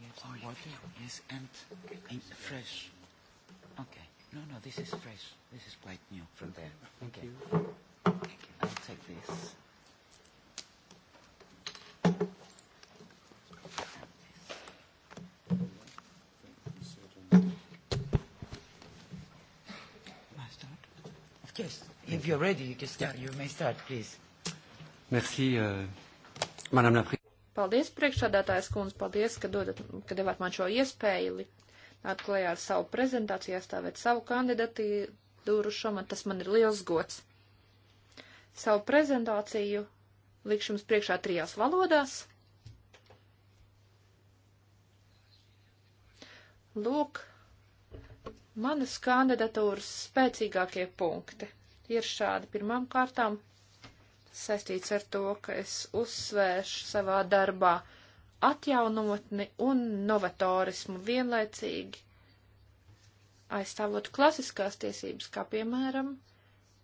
You have some water? Yes, and in fresh. Okay. No, no, this is fresh. This is quite new from there. Thank okay. you. Thank you. I'll take this. Yes, if you're ready, you can start. You may start, please. Merci, euh, Madame la Présidente. Paldies, priekšsādātājs kundze, paldies, ka, dodat, ka devāt man šo iespēju atklājāt savu prezentāciju, aizstāvēt savu kandidatūru šomēr, tas man ir liels gods. Savu prezentāciju likšu jums priekšā trijās valodās. Lūk, manas kandidatūras spēcīgākie punkti ir šādi. Pirmām kārtām saistīts ar to, ka es uzsvēršu savā darbā atjaunotni un novatorismu vienlaicīgi, aizstāvot klasiskās tiesības, kā piemēram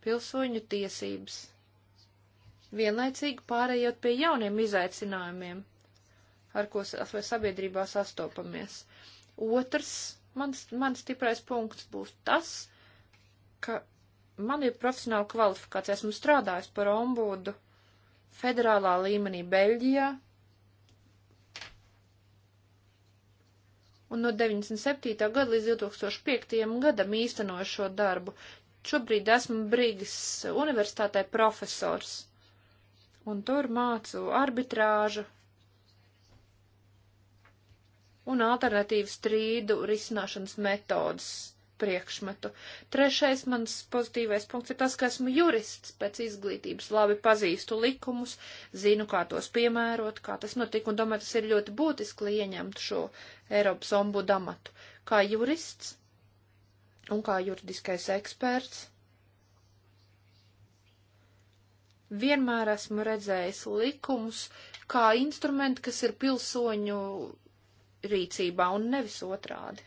pilsoņu tiesības, vienlaicīgi pārējot pie jauniem izaicinājumiem, ar ko sabiedrībā sastopamies. Otrs mans, mans stiprais punkts būs tas, ka Man ir profesionāla kvalifikācija, esmu strādājis par ombudu federālā līmenī Beļģijā. Un no 97. gada līdz 2005. gadam īstenoju šo darbu. Šobrīd esmu Brīgas universitātē profesors. Un tur mācu arbitrāžu un alternatīvu strīdu risināšanas metodas priekšmetu. Trešais mans pozitīvais punkts ir tas, ka esmu jurists pēc izglītības, labi pazīstu likumus, zinu, kā tos piemērot, kā tas notiek, un domāju, tas ir ļoti būtiski, lai ieņemtu šo Eiropas ombudu amatu. Kā jurists un kā juridiskais eksperts. Vienmēr esmu redzējis likumus kā instrumentu, kas ir pilsoņu rīcībā un nevis otrādi.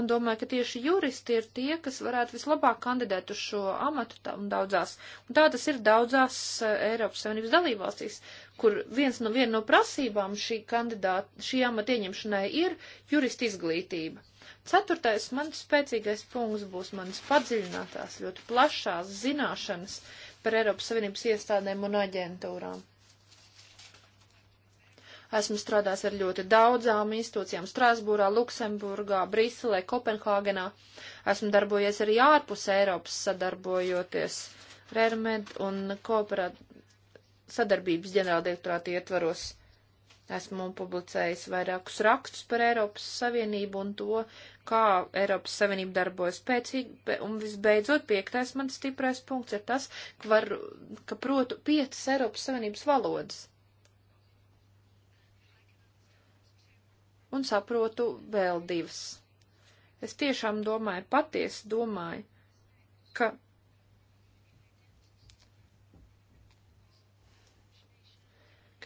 Un domāju, ka tieši juristi ir tie, kas varētu vislabāk kandidēt uz šo amatu tā, un daudzās. Un tā tas ir daudzās uh, Eiropas Savienības dalībvalstīs, kur viens no, viena no prasībām šī kandidāta, šī amata ieņemšanai ir jurista izglītība. Ceturtais mans spēcīgais punkts būs manas padziļinātās, ļoti plašās zināšanas par Eiropas Savienības iestādēm un aģentūrām. Esmu strādājis ar ļoti daudzām institūcijām Strasbūrā, Luksemburgā, Briselē, Kopenhāgenā. Esmu darbojies arī ārpus Eiropas, sadarbojoties RERMED un kooperāt sadarbības ģenerāldirektorāti ietvaros. Esmu publicējis vairākus rakstus par Eiropas Savienību un to, kā Eiropas Savienība darbojas spēcīgi, un visbeidzot piektais mans stiprais punkts ir tas, ka, var, ka protu piecas Eiropas Savienības valodas. un saprotu vēl divas. Es tiešām domāju, patiesi domāju, ka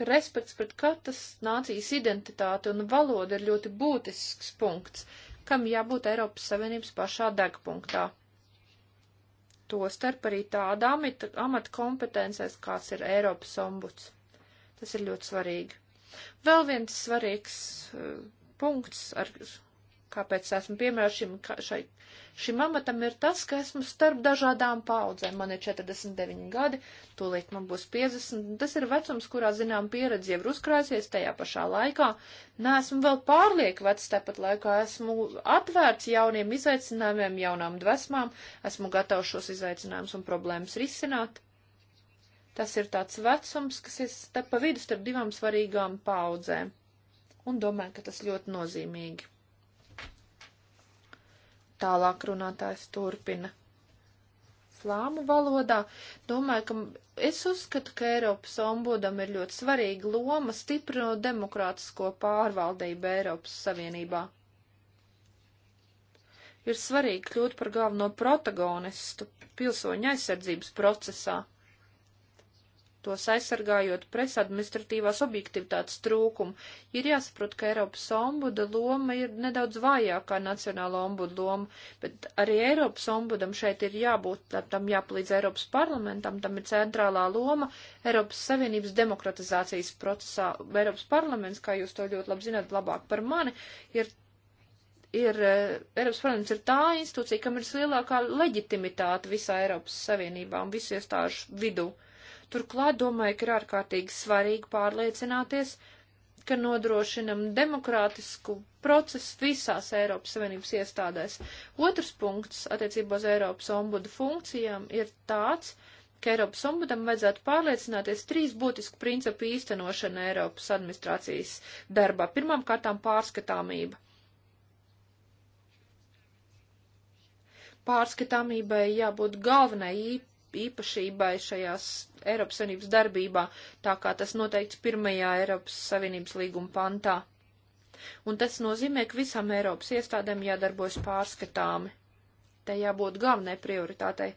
ka respekts pret katras nācijas identitāti un valodu ir ļoti būtisks punkts, kam jābūt Eiropas Savienības pašā degpunktā. Tostarp arī tādā amata kompetencēs, kāds ir Eiropas ombuds. Tas ir ļoti svarīgi. Vēl viens svarīgs uh, punkts, ar, kāpēc esmu piemēram šim, šai, šim amatam, ir tas, ka esmu starp dažādām paudzēm. Man ir 49 gadi, tūlīt man būs 50. Tas ir vecums, kurā, zinām, pieredze jau ir uzkrājusies tajā pašā laikā. Nesmu vēl pārlieku vecs, tāpat laikā esmu atvērts jauniem izaicinājumiem, jaunām dvesmām, esmu gatavs šos izaicinājumus un problēmas risināt. Tas ir tāds vecums, kas ir starp pa vidu starp divām svarīgām paudzēm. Un domāju, ka tas ļoti nozīmīgi. Tālāk runātājs turpina flāmu valodā. Domāju, ka es uzskatu, ka Eiropas ombudam ir ļoti svarīga loma stiprinot demokrātisko pārvaldību Eiropas Savienībā. Ir svarīgi kļūt par galveno protagonistu pilsoņu aizsardzības procesā tos aizsargājot pret administratīvās objektivitātes trūkumu, ir jāsaprot, ka Eiropas ombuda loma ir nedaudz vājākā nacionāla ombuda loma, bet arī Eiropas ombudam šeit ir jābūt, tam jāpalīdz Eiropas parlamentam, tam ir centrālā loma Eiropas Savienības demokratizācijas procesā. Eiropas parlaments, kā jūs to ļoti labi zināt, labāk par mani, ir. Ir, eh, Eiropas parlaments ir tā institūcija, kam ir vislielākā leģitimitāte visā Eiropas Savienībā un visu iestāžu vidū. Uh, Turklāt domāju, ka ir ārkārtīgi svarīgi pārliecināties, ka nodrošinam demokrātisku procesu visās Eiropas Savienības iestādēs. Otrs punkts attiecībā uz Eiropas ombudu funkcijām ir tāds, ka Eiropas ombudam vajadzētu pārliecināties trīs būtisku principu īstenošana Eiropas administrācijas darbā. Pirmām kārtām pārskatāmība. Pārskatāmībai jābūt galvenai īpašībai šajās Eiropas Savienības darbībā, tā kā tas noteikts pirmajā Eiropas Savienības līguma pantā. Un tas nozīmē, ka visām Eiropas iestādēm jādarbojas pārskatāmi. Te jābūt galvenai prioritātei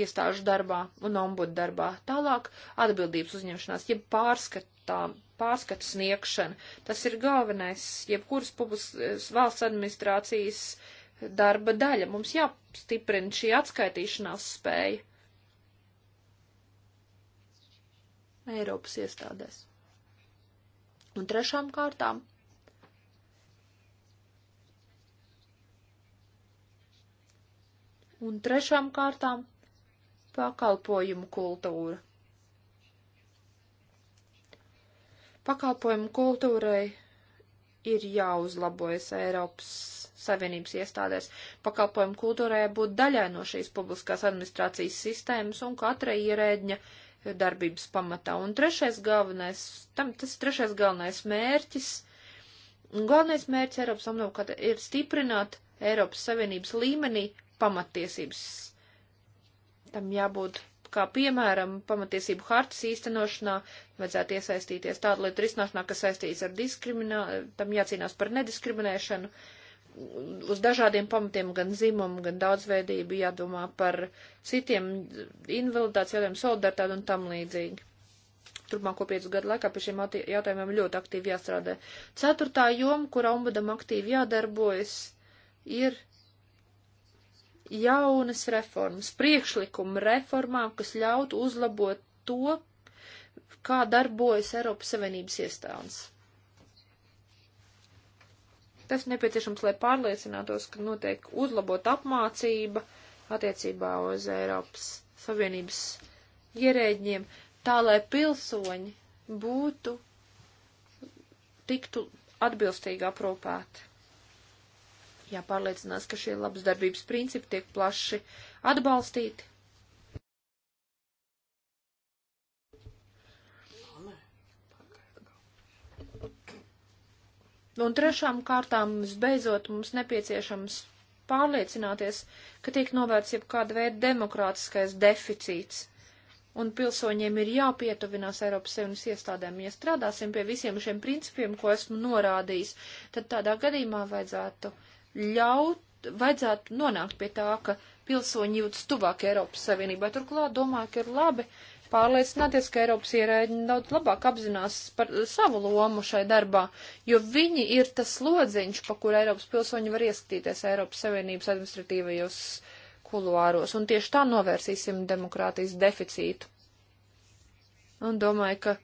iestāžu darbā un ombudu darbā. Tālāk atbildības uzņemšanās, jeb pārskatām, pārskatu sniegšana. Tas ir galvenais, jebkuras publiskas valsts administrācijas darba daļa. Mums jāstiprina šī atskaitīšanās spēja. Eiropas iestādēs. Un trešām kārtām un trešām kārtām pakalpojumu kultūra. Pakalpojumu kultūrai ir jāuzlabojas Eiropas Savienības iestādēs. Pakalpojumu kultūrai būtu daļai no šīs publiskās administrācijas sistēmas un katra ierēdņa darbības pamatā. Un trešais galvenais, tam, tas ir trešais galvenais mērķis. Un galvenais mērķis Eiropas Savienībā ir stiprināt Eiropas Savienības līmenī pamatiesības. Tam jābūt kā piemēram pamatiesību hartas īstenošanā vajadzētu iesaistīties tādu lietu risināšanā, kas saistīts ar diskrimināciju, tam jācīnās par nediskriminēšanu, uh, uz dažādiem pamatiem, gan dzimumu, gan daudzveidību, jādomā par citiem invaliditātes jautājumiem, solidaritāti un tam līdzīgi. Turpmāko piecu gadu laikā pie šiem jautājumiem ļoti aktīvi jāstrādā. Ceturtā joma, kurā ombudam aktīvi jādarbojas, ir jaunas reformas, priekšlikuma reformām, kas ļautu uzlabot to, kā darbojas Eiropas Savienības iestādes. Tas nepieciešams, lai pārliecinātos, ka notiek uzlabot apmācība attiecībā uz Eiropas Savienības ierēģiem, tā lai pilsoņi būtu, tiktu atbilstīgi aprūpēti. Jāpārliecinās, ka šie labsdarbības principi tiek plaši atbalstīti Un trešām kārtām, visbeidzot, mums nepieciešams pārliecināties, ka tiek novērts jebkāda veida demokrātiskais deficīts. Un pilsoņiem ir jāpietuvinās Eiropas Savienības iestādēm. Ja strādāsim pie visiem šiem principiem, ko esmu norādījis, tad tādā gadījumā vajadzētu ļaut, vajadzētu nonākt pie tā, ka pilsoņi jūtas tuvāk Eiropas Savienībai. Turklāt domāju, ka ir labi, pārliecināties, ka Eiropas ierēģi daudz labāk apzinās par savu lomu šai darbā, jo viņi ir tas lodziņš, pa kur Eiropas pilsoņi var ieskatīties Eiropas Savienības administratīvajos kuluāros, un tieši tā novērsīsim demokrātijas deficītu. Un domāju, ka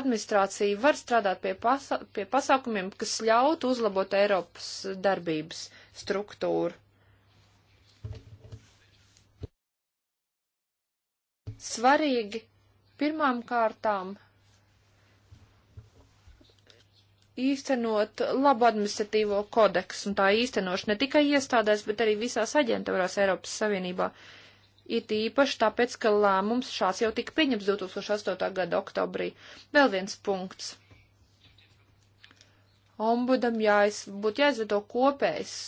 administrācija var strādāt pie, pasa pie pasākumiem, kas ļautu uzlabot Eiropas darbības struktūru svarīgi pirmām kārtām īstenot labu administratīvo kodeksu un tā īstenošanu ne tikai iestādēs, bet arī visās aģentūrās Eiropas Savienībā. It īpaši tāpēc, ka lēmums šāds jau tika pieņems 2008. gada oktobrī. Vēl viens punkts. Ombudam jāiz, būtu jāizveido kopējs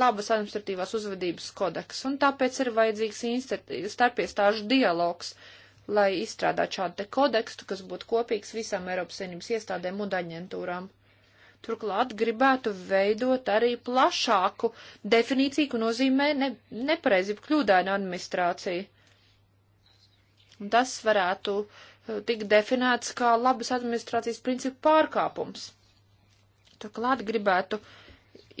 labas administratīvās uzvedības kodeks, un tāpēc ir vajadzīgs starpiestāžu dialogs, lai izstrādātu šādu te kodekstu, kas būtu kopīgs visām Eiropas Savienības iestādēm un aģentūrām. Turklāt gribētu veidot arī plašāku definīciju, ko nozīmē ne, nepareizi kļūdaina administrācija. Un tas varētu uh, tikt definēts kā labas administrācijas principu pārkāpums. Turklāt gribētu uh,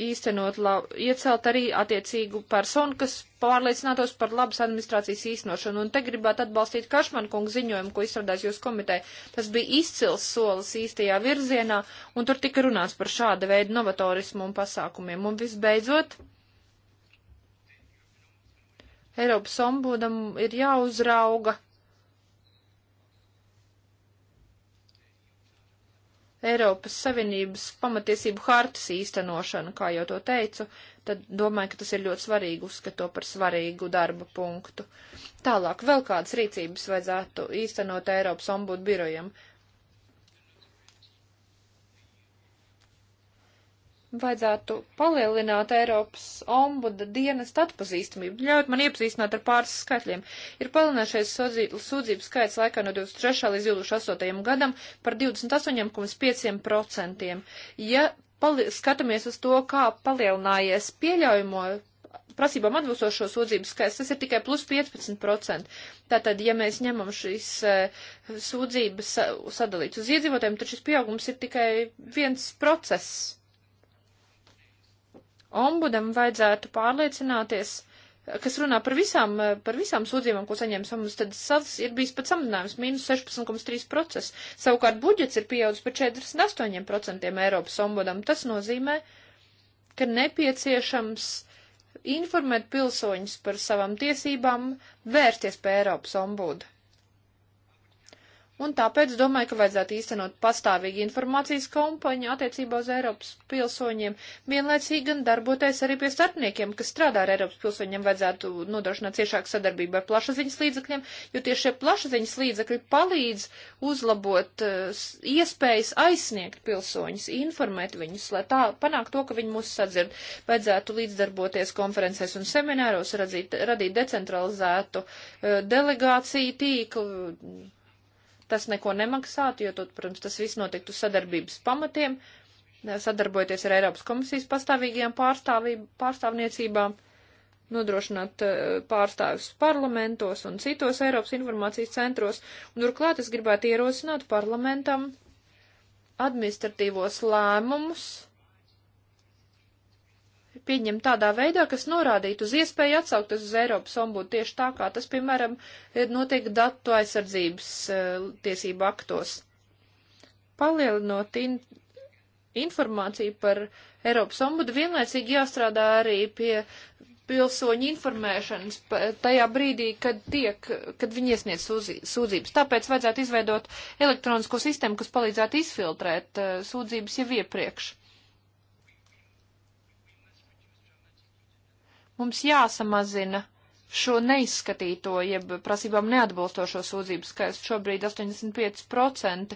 īstenot, lab, iecelt arī attiecīgu personu, kas pārliecinātos par labas administrācijas īstenošanu. Un te gribētu atbalstīt Kašman kungu ziņojumu, ko izstrādās jūs komitē. Tas bija izcils solis īstajā virzienā, un tur tika runāts par šāda veida novatorismu un pasākumiem. Un visbeidzot, Eiropas ombudam ir jāuzrauga Eiropas Savienības pamatiesību hartas īstenošanu, kā jau to teicu, tad domāju, ka tas ir ļoti svarīgi uzskato par svarīgu darba punktu. Tālāk vēl kādas rīcības vajadzētu īstenot Eiropas ombudu birojam. vajadzētu palielināt Eiropas ombuda dienas atpazīstamību. Ļaujiet man iepazīstināt ar pāris skaitļiem. Ir palielinājušies sūdzību skaits laikā no 23. līdz 28. gadam par 28,5%. Ja skatāmies uz to, kā palielinājies pieļaujamo prasībām atbilstošo sūdzību skaits, tas ir tikai plus 15%. Tātad, ja mēs ņemam šīs eh, sūdzības sadalītas uz iedzīvotājiem, tad šis pieaugums ir tikai viens process Ombudam vajadzētu pārliecināties, kas runā par visām, par visām sūdzībām, ko saņēma samazinājums, tad sals ir bijis pats samazinājums - mīnus 16,3%. Savukārt budžets ir pieaudzis par 48% Eiropas ombudam. Tas nozīmē, ka nepieciešams informēt pilsoņus par savām tiesībām, vērsties pie Eiropas ombuda. Un tāpēc domāju, ka vajadzētu īstenot pastāvīgi informācijas kompaņu attiecībā uz Eiropas pilsoņiem, vienlaicīgi gan darboties arī pie starpniekiem, kas strādā ar Eiropas pilsoņiem, vajadzētu nodrošināt ciešāku sadarbību ar plašaziņas līdzakļiem, jo tieši šie plašaziņas līdzakļi palīdz uzlabot uh, iespējas aizsniegt pilsoņus, informēt viņus, lai tā panāk to, ka viņi mūs sadzird. Vajadzētu līdzdarboties konferencēs un semināros, radzīt, radīt decentralizētu uh, delegāciju tīklu tas neko nemaksātu, jo, tad, protams, tas viss notiktu sadarbības pamatiem, sadarbojoties ar Eiropas komisijas pastāvīgajām pārstāvniecībām, nodrošināt eh, pārstāvis parlamentos un citos Eiropas informācijas centros, un turklāt es gribētu ierosināt parlamentam administratīvos lēmumus, pieņemt tādā veidā, kas norādītu uz iespēju atsaukties uz Eiropas ombudu tieši tā, kā tas, piemēram, notiek datu aizsardzības uh, tiesību aktos. Palielinot in informāciju par Eiropas ombudu, vienlaicīgi jāstrādā arī pie pilsoņu informēšanas tajā brīdī, kad tiek, kad viņi iesniedz sūdzības. Tāpēc vajadzētu izveidot elektronisko sistēmu, kas palīdzētu izfiltrēt uh, sūdzības jau iepriekš. Mums jāsamazina šo neizskatīto, jeb prasībām neatbilstošo sūdzību skaits. Šobrīd 85%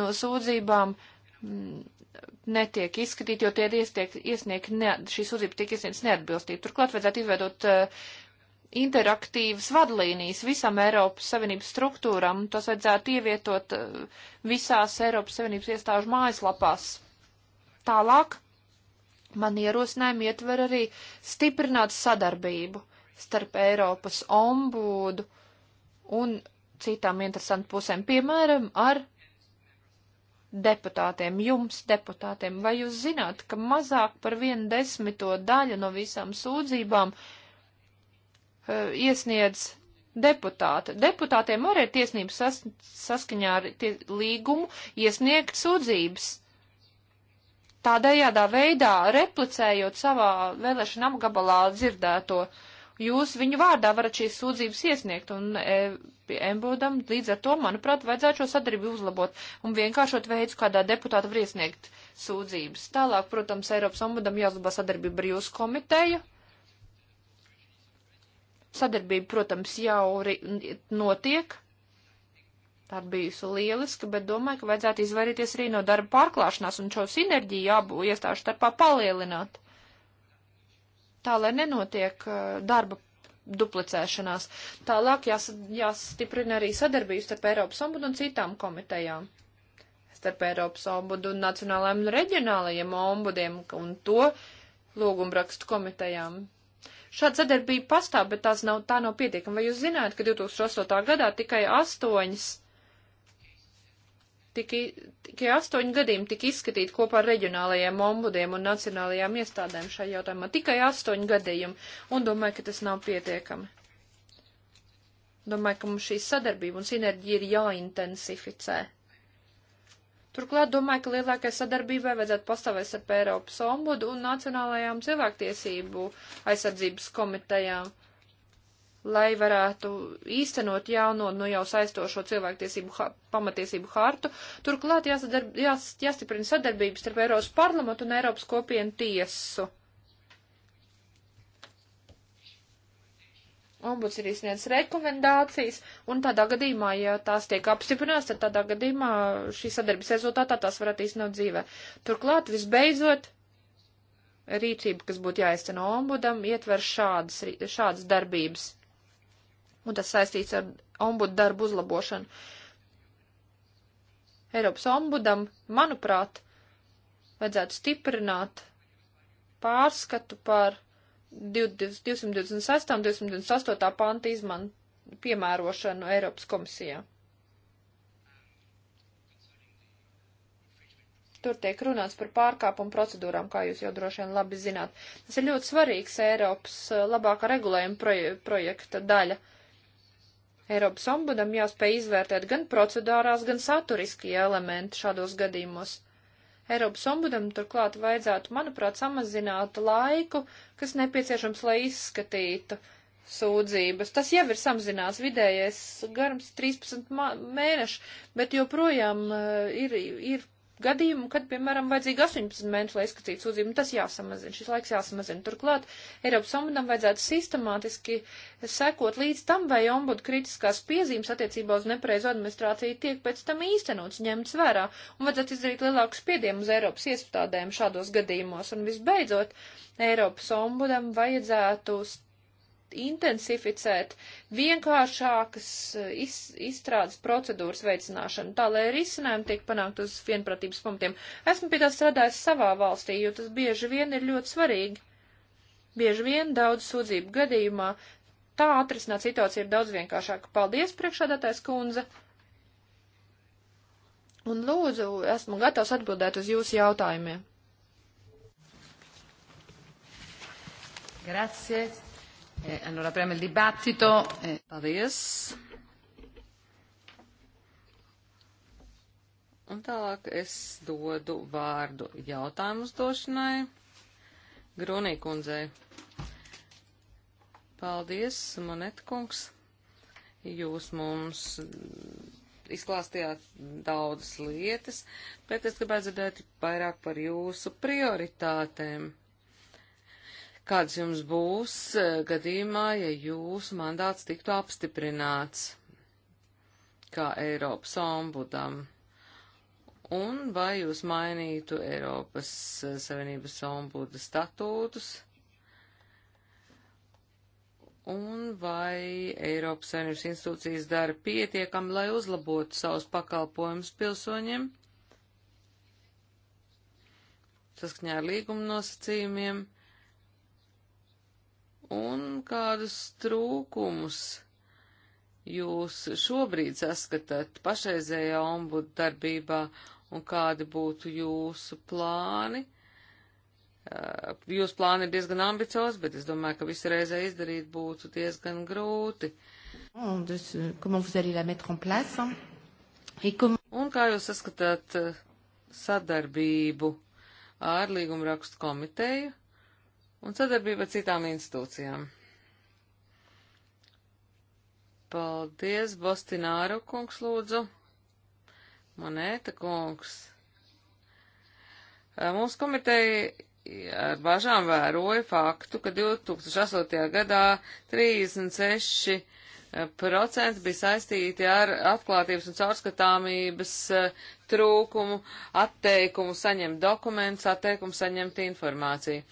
no sūdzībām mm, netiek izskatīti, jo tie iestiek, iesniegt, ne, šī sūdzība tiek iesniegts neatbilstīgi. Turklāt vajadzētu izveidot uh, interaktīvas vadlīnijas visam Eiropas Savienības struktūram, un tos vajadzētu ievietot uh, visās Eiropas Savienības iestāžu mājaslapās. Tālāk Man ierosinājumi ietver arī stiprināt sadarbību starp Eiropas ombūdu un citām interesantu pusēm, piemēram, ar deputātiem, jums deputātiem. Vai jūs zināt, ka mazāk par vienu desmito daļu no visām sūdzībām uh, iesniedz deputāti. Deputātiem arī ir tiesības sas, saskaņā ar tie, līgumu iesniegt sūdzības tādējādā veidā replicējot savā vēlēšana apgabalā dzirdēto. Jūs viņu vārdā varat šīs sūdzības iesniegt, un e, Embodam līdz ar to, manuprāt, vajadzētu šo sadarbību uzlabot un vienkāršot veidu, kādā deputāta var iesniegt sūdzības. Tālāk, protams, Eiropas ombudam jāuzlabā sadarbība ar jūsu komiteju. Sadarbība, protams, jau notiek Tā ir bijusi lieliska, bet domāju, ka vajadzētu izvairīties arī no darba pārklāšanās un šo sinerģiju abu iestāžu starpā palielināt. Tā, lai nenotiek uh, darba duplicēšanās. Tālāk jās, jāstiprina arī sadarbības starp Eiropas ombudu un citām komitejām. Starp Eiropas ombudu un nacionālajiem un reģionālajiem ombudiem un to lūgumrakstu komitejām. Šāda sadarbība pastāv, bet tās nav, tā nav pietiekama. Vai jūs zināt, ka 2008. gadā tikai astoņas tika, tikai astoņi gadījumi tika izskatīti kopā ar reģionālajiem ombudiem un nacionālajām iestādēm šajā jautājumā. Tikai astoņi gadījumi, un domāju, ka tas nav pietiekami. Domāju, ka mums šī sadarbība un sinerģija ir jāintensificē. Turklāt domāju, ka lielākai sadarbībai vajadzētu pastāvēt starp Eiropas ombudu un Nacionālajām cilvēktiesību aizsardzības komitejām lai varētu īstenot jauno, nu jau saistošo cilvēktiesību ha pamatiesību hartu. Turklāt jāsadarb, jās, jāstiprina sadarbības starp Eiropas parlamentu un Eiropas kopienu tiesu. ombuds ir izsniedzis rekomendācijas, un tādā gadījumā, ja tās tiek apstiprināts, tad tādā gadījumā šī sadarbības rezultātā tās varat īstenot dzīvē. Turklāt, visbeidzot, rīcība, kas būtu jāizteno ombudam, ietver šādas, šādas darbības un tas saistīts ar ombudu darbu uzlabošanu. Eiropas ombudam, manuprāt, vajadzētu stiprināt pārskatu par 226. un 228. panta izman piemērošanu Eiropas komisijā. Tur tiek runāts par pārkāpumu procedūrām, kā jūs jau droši vien labi zināt. Tas ir ļoti svarīgs Eiropas eh, labāka regulējuma proje projekta daļa. Uh, Eiropas ombudam jāspēj izvērtēt gan procedūrās, gan saturiskie elementi šādos gadījumos. Eiropas ombudam turklāt vajadzētu, manuprāt, samazināt laiku, kas nepieciešams, lai izskatītu sūdzības. Tas jau ir samazināts vidējais garums 13 mēneši, bet joprojām eh, ir, ir gadījumu, kad, piemēram, vajadzīgi 18 mēneši, lai izskatītu sūdzību, tas jāsamazina, šis laiks jāsamazina. Turklāt Eiropas ombudam vajadzētu sistemātiski sekot līdz tam, vai ombudu kritiskās piezīmes attiecībā uz nepareizu administrāciju tiek pēc tam īstenots, ņemts vērā, un vajadzētu izdarīt lielāku spiedienu uz Eiropas iestādēm šādos gadījumos. Un visbeidzot, Eiropas ombudam vajadzētu intensificēt vienkāršākas eh, iz, izstrādes procedūras veicināšanu, tā lai risinājumi tiek panākt uz vienpratības pamatiem. Esmu pie tā strādājis savā valstī, jo tas bieži vien ir ļoti svarīgi. Bieži vien daudz sūdzību gadījumā tā atrisināt situācija ir daudz vienkāršāka. Paldies, priekšādātais kundze! Un lūdzu, esmu gatavs atbildēt uz jūsu jautājumiem. Grazie, E, allora, preme il dibattito. E- Paldies. Un tālāk es dodu vārdu jautājumu uzdošanai Grunī kundzei. Paldies, Monet kungs. Jūs mums izklāstījāt daudzas lietas, bet es gribētu dzirdēt vairāk par jūsu prioritātēm kādas jums būs e, gadījumā, ja jūsu mandāts tiktu apstiprināts kā Eiropas ombudam? Un vai jūs mainītu Eiropas e, Savienības ombuda statūtus? Un vai Eiropas Savienības institūcijas dara pietiekami, lai uzlabotu savus pakalpojumus pilsoņiem? Saskaņā ar līguma nosacījumiem un kādus trūkumus jūs šobrīd saskatāt pašreizējā ombudu darbībā un kādi būtu jūsu plāni? Uh, jūsu plāni ir diezgan ambiciozi, bet es domāju, ka visu reizē izdarīt būtu diezgan grūti. Un kā jūs saskatāt uh, sadarbību ar līgumrakstu komiteju? un sadarbība ar citām institūcijām. Paldies, Bostināru kungs lūdzu. Monēta kungs. Mūsu komiteja ar bažām vēroja faktu, ka 2008. gadā 36% bija saistīti ar atklātības un caurskatāmības trūkumu, atteikumu saņemt dokumentus, atteikumu saņemt informāciju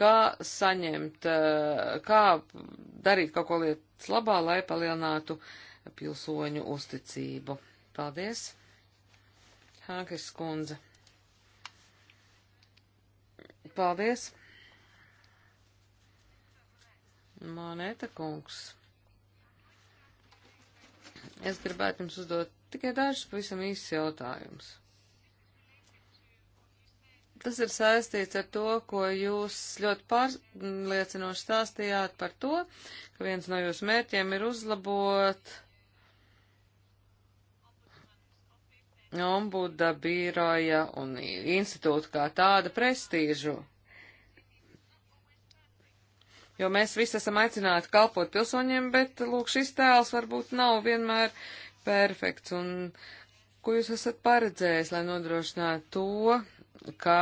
kā saņemt, eh, kā darīt kaut ko lietas labā, lai palielinātu pilsoņu uzticību. Paldies, Hankis kundze. Paldies. Monēta kungs. Es gribētu jums uzdot tikai dažus pavisam īsts jautājumus. Tas ir saistīts ar to, ko jūs ļoti pārliecinoši stāstījāt par to, ka viens no jūsu mērķiem ir uzlabot ombuda bīroja un institūta kā tāda prestīžu. Jo mēs visi esam aicināti kalpot pilsoņiem, bet, lūk, šis tēls varbūt nav vienmēr perfekts. Un ko jūs esat paredzējis, lai nodrošinātu to, ka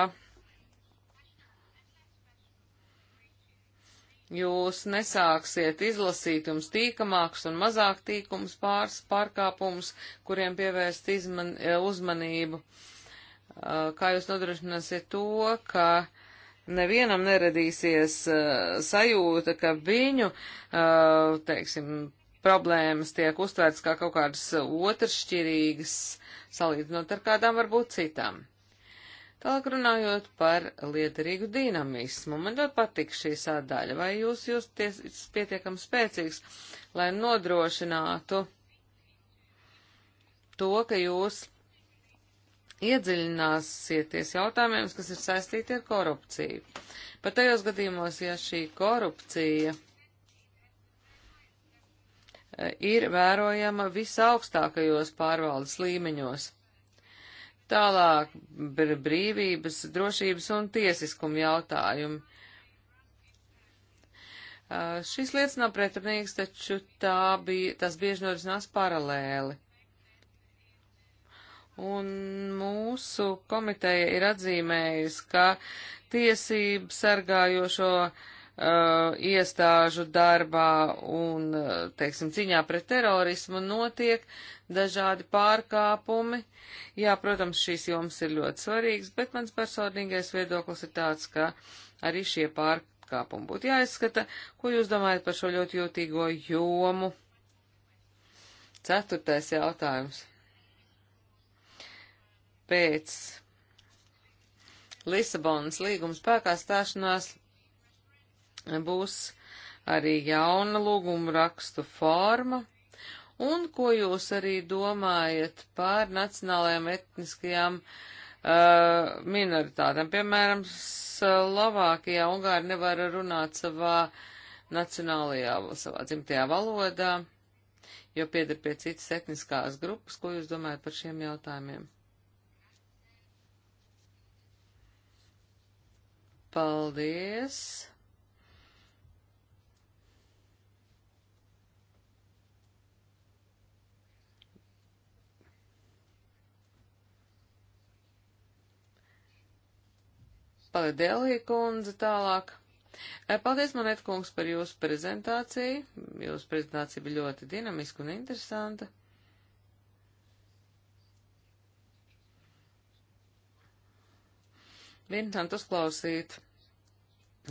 jūs nesāksiet izlasīt jums tīkamākus un mazāk tīkums pāris pārkāpumus, kuriem pievērst izman, eh, uzmanību. Eh, kā jūs nodrošināsiet to, ka nevienam neradīsies eh, sajūta, ka viņu, teiksim, problēmas tiek uztvērts kā kaut kādas otršķirīgas, salīdzinot ar kādām varbūt citām. Tālāk runājot par lietarīgu dinamismu, man ļoti patīk šī sādaļa. Vai jūs jūsties pietiekami spēcīgs, lai nodrošinātu to, ka jūs iedziļināsieties jautājumiem, kas ir saistīti ar korupciju? Pat tajos gadījumos, ja šī korupcija e, ir vērojama visaugstākajos pārvaldes līmeņos Tālāk brīvības, drošības un tiesiskuma jautājumi. Uh, šīs lietas nav pretrunīgas, taču tā bija, tas bieži norisinās paralēli. Un mūsu komiteja ir atzīmējusi, ka tiesību sargājošo uh, iestāžu darbā un, teiksim, ciņā pret terorismu notiek uh, dažādi pārkāpumi. Jā, protams, šīs jomas ir ļoti svarīgas, bet mans personīgais viedoklis ir tāds, ka arī šie pārkāpumi būtu jāizskata. Ko jūs domājat par šo ļoti jūtīgo jomu? Ceturtais jautājums. Pēc Lisabonas līguma spēkā stāšanās būs arī jauna lūguma rakstu forma Un ko jūs arī domājat par nacionālajām etniskajām uh, minoritātēm? Piemēram, Slovākijā Ungāri nevar runāt savā nacionālajā, savā dzimtajā valodā, jo pieder pie citas etniskās grupas. Ko jūs domājat par šiem jautājumiem? Paldies! Palidēlī kundze tālāk. Eh, paldies, Manet kungs, par jūsu prezentāciju. Jūsu prezentācija bija ļoti dinamiska un interesanta. Vienkārši uzklausīt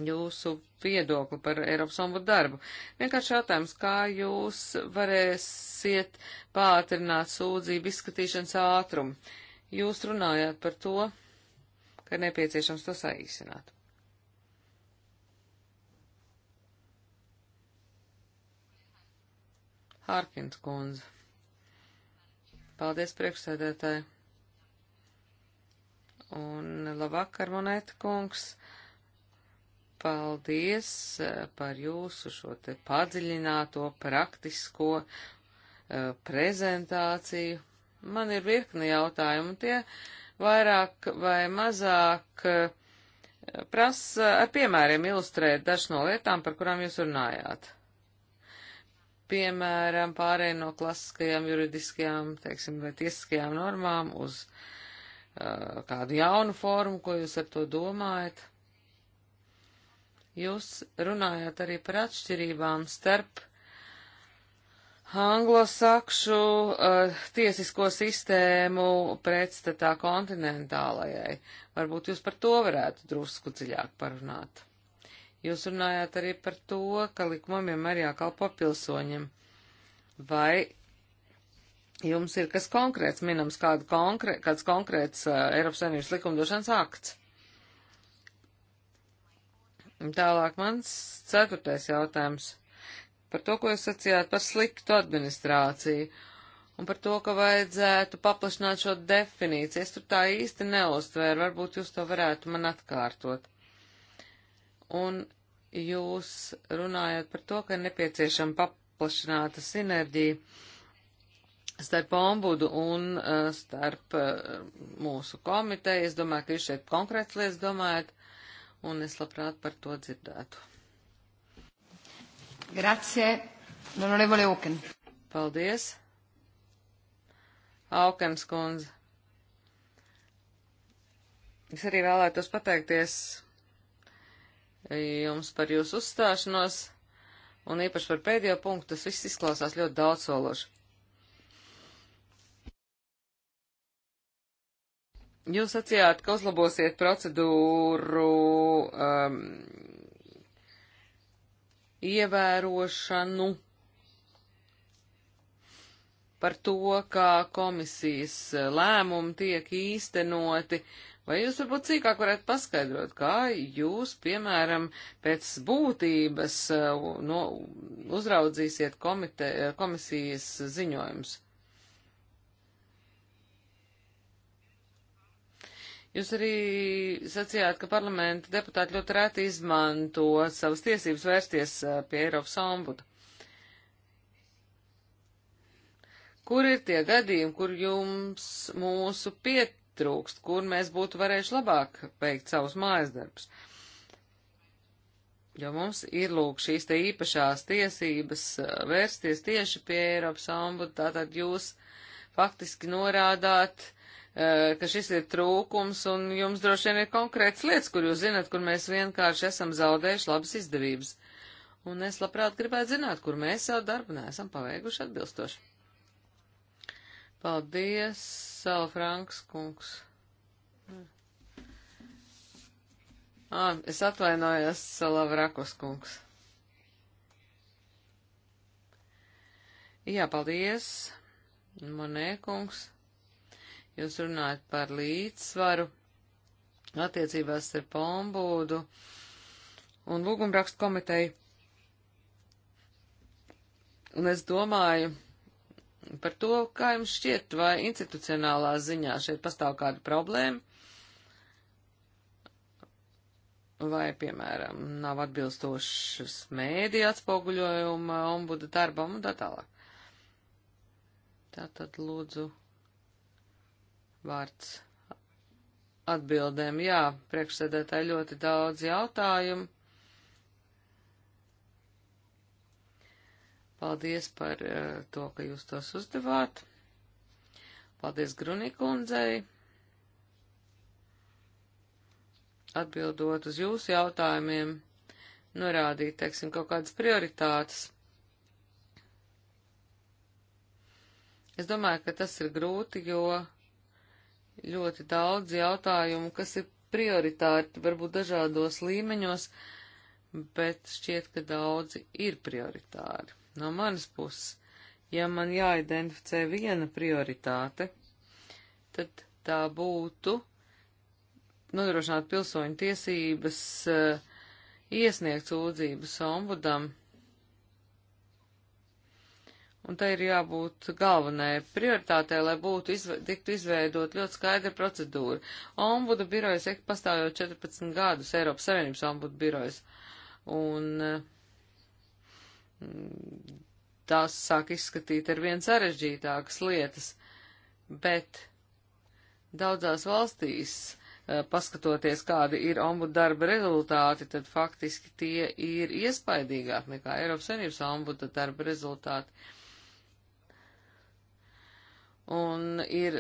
jūsu viedokli par Eiropas ombudu darbu. Vienkārši jautājums, kā jūs varēsiet pātrināt sūdzību izskatīšanas ātrumu? Jūs runājāt par to, ka ir nepieciešams to saīsināt. Hārkins kundze. Paldies priekšsēdētāji. Un labvakar, monēta kungs. Paldies eh, par jūsu šo te padziļināto praktisko uh, prezentāciju. Man ir virkne jautājumu, tie vairāk vai mazāk eh, prasa ar piemēriem ilustrēt dažas no lietām, par kurām jūs runājāt. Piemēram, pārēj no klasiskajām juridiskajām, teiksim, vai tiesiskajām normām uz uh, kādu jaunu formu, ko jūs ar to domājat. Jūs runājāt arī par atšķirībām starp anglosakšu uh, tiesisko sistēmu pretstatā kontinentālajai. Varbūt jūs par to varētu drusku dziļāk parunāt. Jūs runājāt arī par to, ka likumam vienmēr jākalpo pilsoņiem. Vai jums ir kas konkrēts, minams kādu konkrē, kāds konkrēts uh, Eiropas Savienības likumdošanas akts? Tālāk mans ceturtais jautājums par to, ko jūs sacījāt par sliktu administrāciju un par to, ka vajadzētu paplašināt šo definīciju. Es tur tā īsti neuztvēru, varbūt jūs to varētu man atkārtot. Un jūs runājat par to, ka nepieciešama paplašināta sinerģija starp ombudu un uh, starp uh, mūsu komiteju. Es domāju, ka jūs šeit konkrēts lietas domājat, un es labprāt par to dzirdētu. Grazie. Honorevole Auken. Paldies. Aukens kundze. Es arī vēlētos pateikties jums par jūsu uzstāšanos, un īpaši par pēdējo punktu, tas viss izklausās ļoti daudzsološi. Jūs sacījāt, ka uzlabosiet procedūru um, ievērošanu, par to, kā komisijas lēmumi tiek īstenoti, vai jūs varbūt cīkāk varētu paskaidrot, kā jūs, piemēram, pēc būtības uh, no, uzraudzīsiet komite, uh, komisijas ziņojums? Jūs arī sacījāt, ka parlamenta deputāti ļoti reti izmanto savas tiesības vērsties pie Eiropas ombuda. Kur ir tie gadījumi, kur jums mūsu pietrūkst, kur mēs būtu varējuši labāk veikt savus mājas darbus? Jo mums ir lūk šīs te īpašās tiesības vērsties tieši pie Eiropas ombuda, tātad jūs faktiski norādāt, uh, Eh, ka šis ir trūkums, un jums droši vien ir konkrēts lietas, kur jūs zinat, kur mēs vienkārši esam zaudējuši labas izdevības. Un es labprāt gribētu zināt, kur mēs savu darbu neesam paveikuši atbilstoši. Paldies, Sala Franks kungs. À, es atvainojos, Sala Vrakos kungs. Jā, paldies, Monē kungs. Jūs runājat par līdzsvaru attiecībās ar pombūdu un lūgumrakstu komiteju. Un es domāju par to, kā jums šķiet, vai institucionālā ziņā šeit pastāv kāda problēma, vai, piemēram, nav atbilstošas mēdī atspoguļojuma ombuda darbam un tā tālāk. Tātad lūdzu Vārds atbildēm. Jā, priekšsēdētāji ļoti daudz jautājumu. Paldies par uh, to, ka jūs tos uzdevāt. Paldies Grunikundzei. Atbildot uz jūsu jautājumiem, norādīt, teiksim, kaut kādas prioritātes. Es domāju, ka tas ir grūti, jo ļoti daudz jautājumu, kas ir prioritāti, varbūt dažādos līmeņos, bet šķiet, ka daudzi ir prioritāri. No manas puses, ja man jāidentificē viena prioritāte, tad tā būtu nodrošināt pilsoņu tiesības, eh, iesniegt sūdzības ombudam Un tai ir jābūt galvenai prioritātei, lai būtu izve tiktu izveidot ļoti skaidra procedūra. Ombudu birojas pastāv jau 14 gadus, Eiropas Savienības ombudu birojas. Un mm, tās sāk izskatīt ar vien sarežģītākas lietas, bet daudzās valstīs, eh, paskatoties, kādi ir ombudu darba rezultāti, tad faktiski tie ir iespaidīgāk nekā Eiropas Savienības ombuda darba rezultāti. Un ir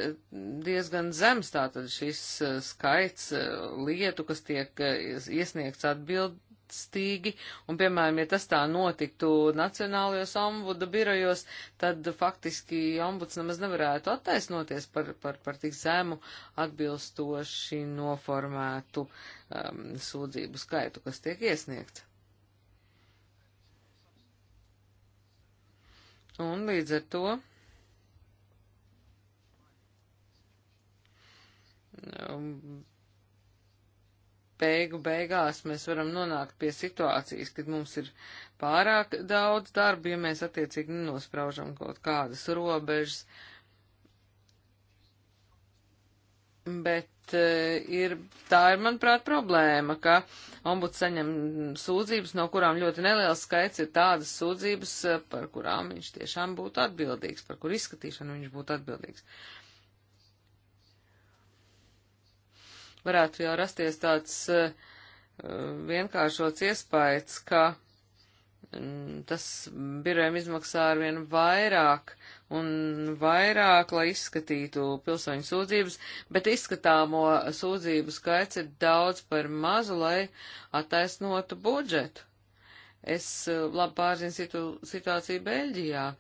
diezgan zems tātad šis eh, skaits eh, lietu, kas tiek eh, iesniegts atbildstīgi, un, piemēram, ja tas tā notiktu nacionālajos ombuda birojos, tad faktiski ombuds nemaz nevarētu attaisnoties par, par, par tik zemu atbilstoši noformētu um, sūdzību skaitu, kas tiek iesniegts. Un līdz ar to. Um, beigu beigās mēs varam nonākt pie situācijas, kad mums ir pārāk daudz darba, ja mēs attiecīgi nenospraužam kaut kādas robežas. Bet eh, ir, tā ir, manuprāt, problēma, ka ombuds saņem sūdzības, no kurām ļoti neliels skaits ir tādas sūdzības, eh, par kurām viņš tiešām būtu atbildīgs, par kur izskatīšanu viņš būtu atbildīgs. Uh, varētu jau rasties tāds uh, vienkāršots iespējas, ka um, tas birojiem izmaksā arvien vairāk un vairāk, lai izskatītu pilsoņu sūdzības, bet izskatāmo sūdzību skaits ir daudz par mazu, lai attaisnotu budžetu. Es uh, labi pārzinu situ, situāciju Beļģijā.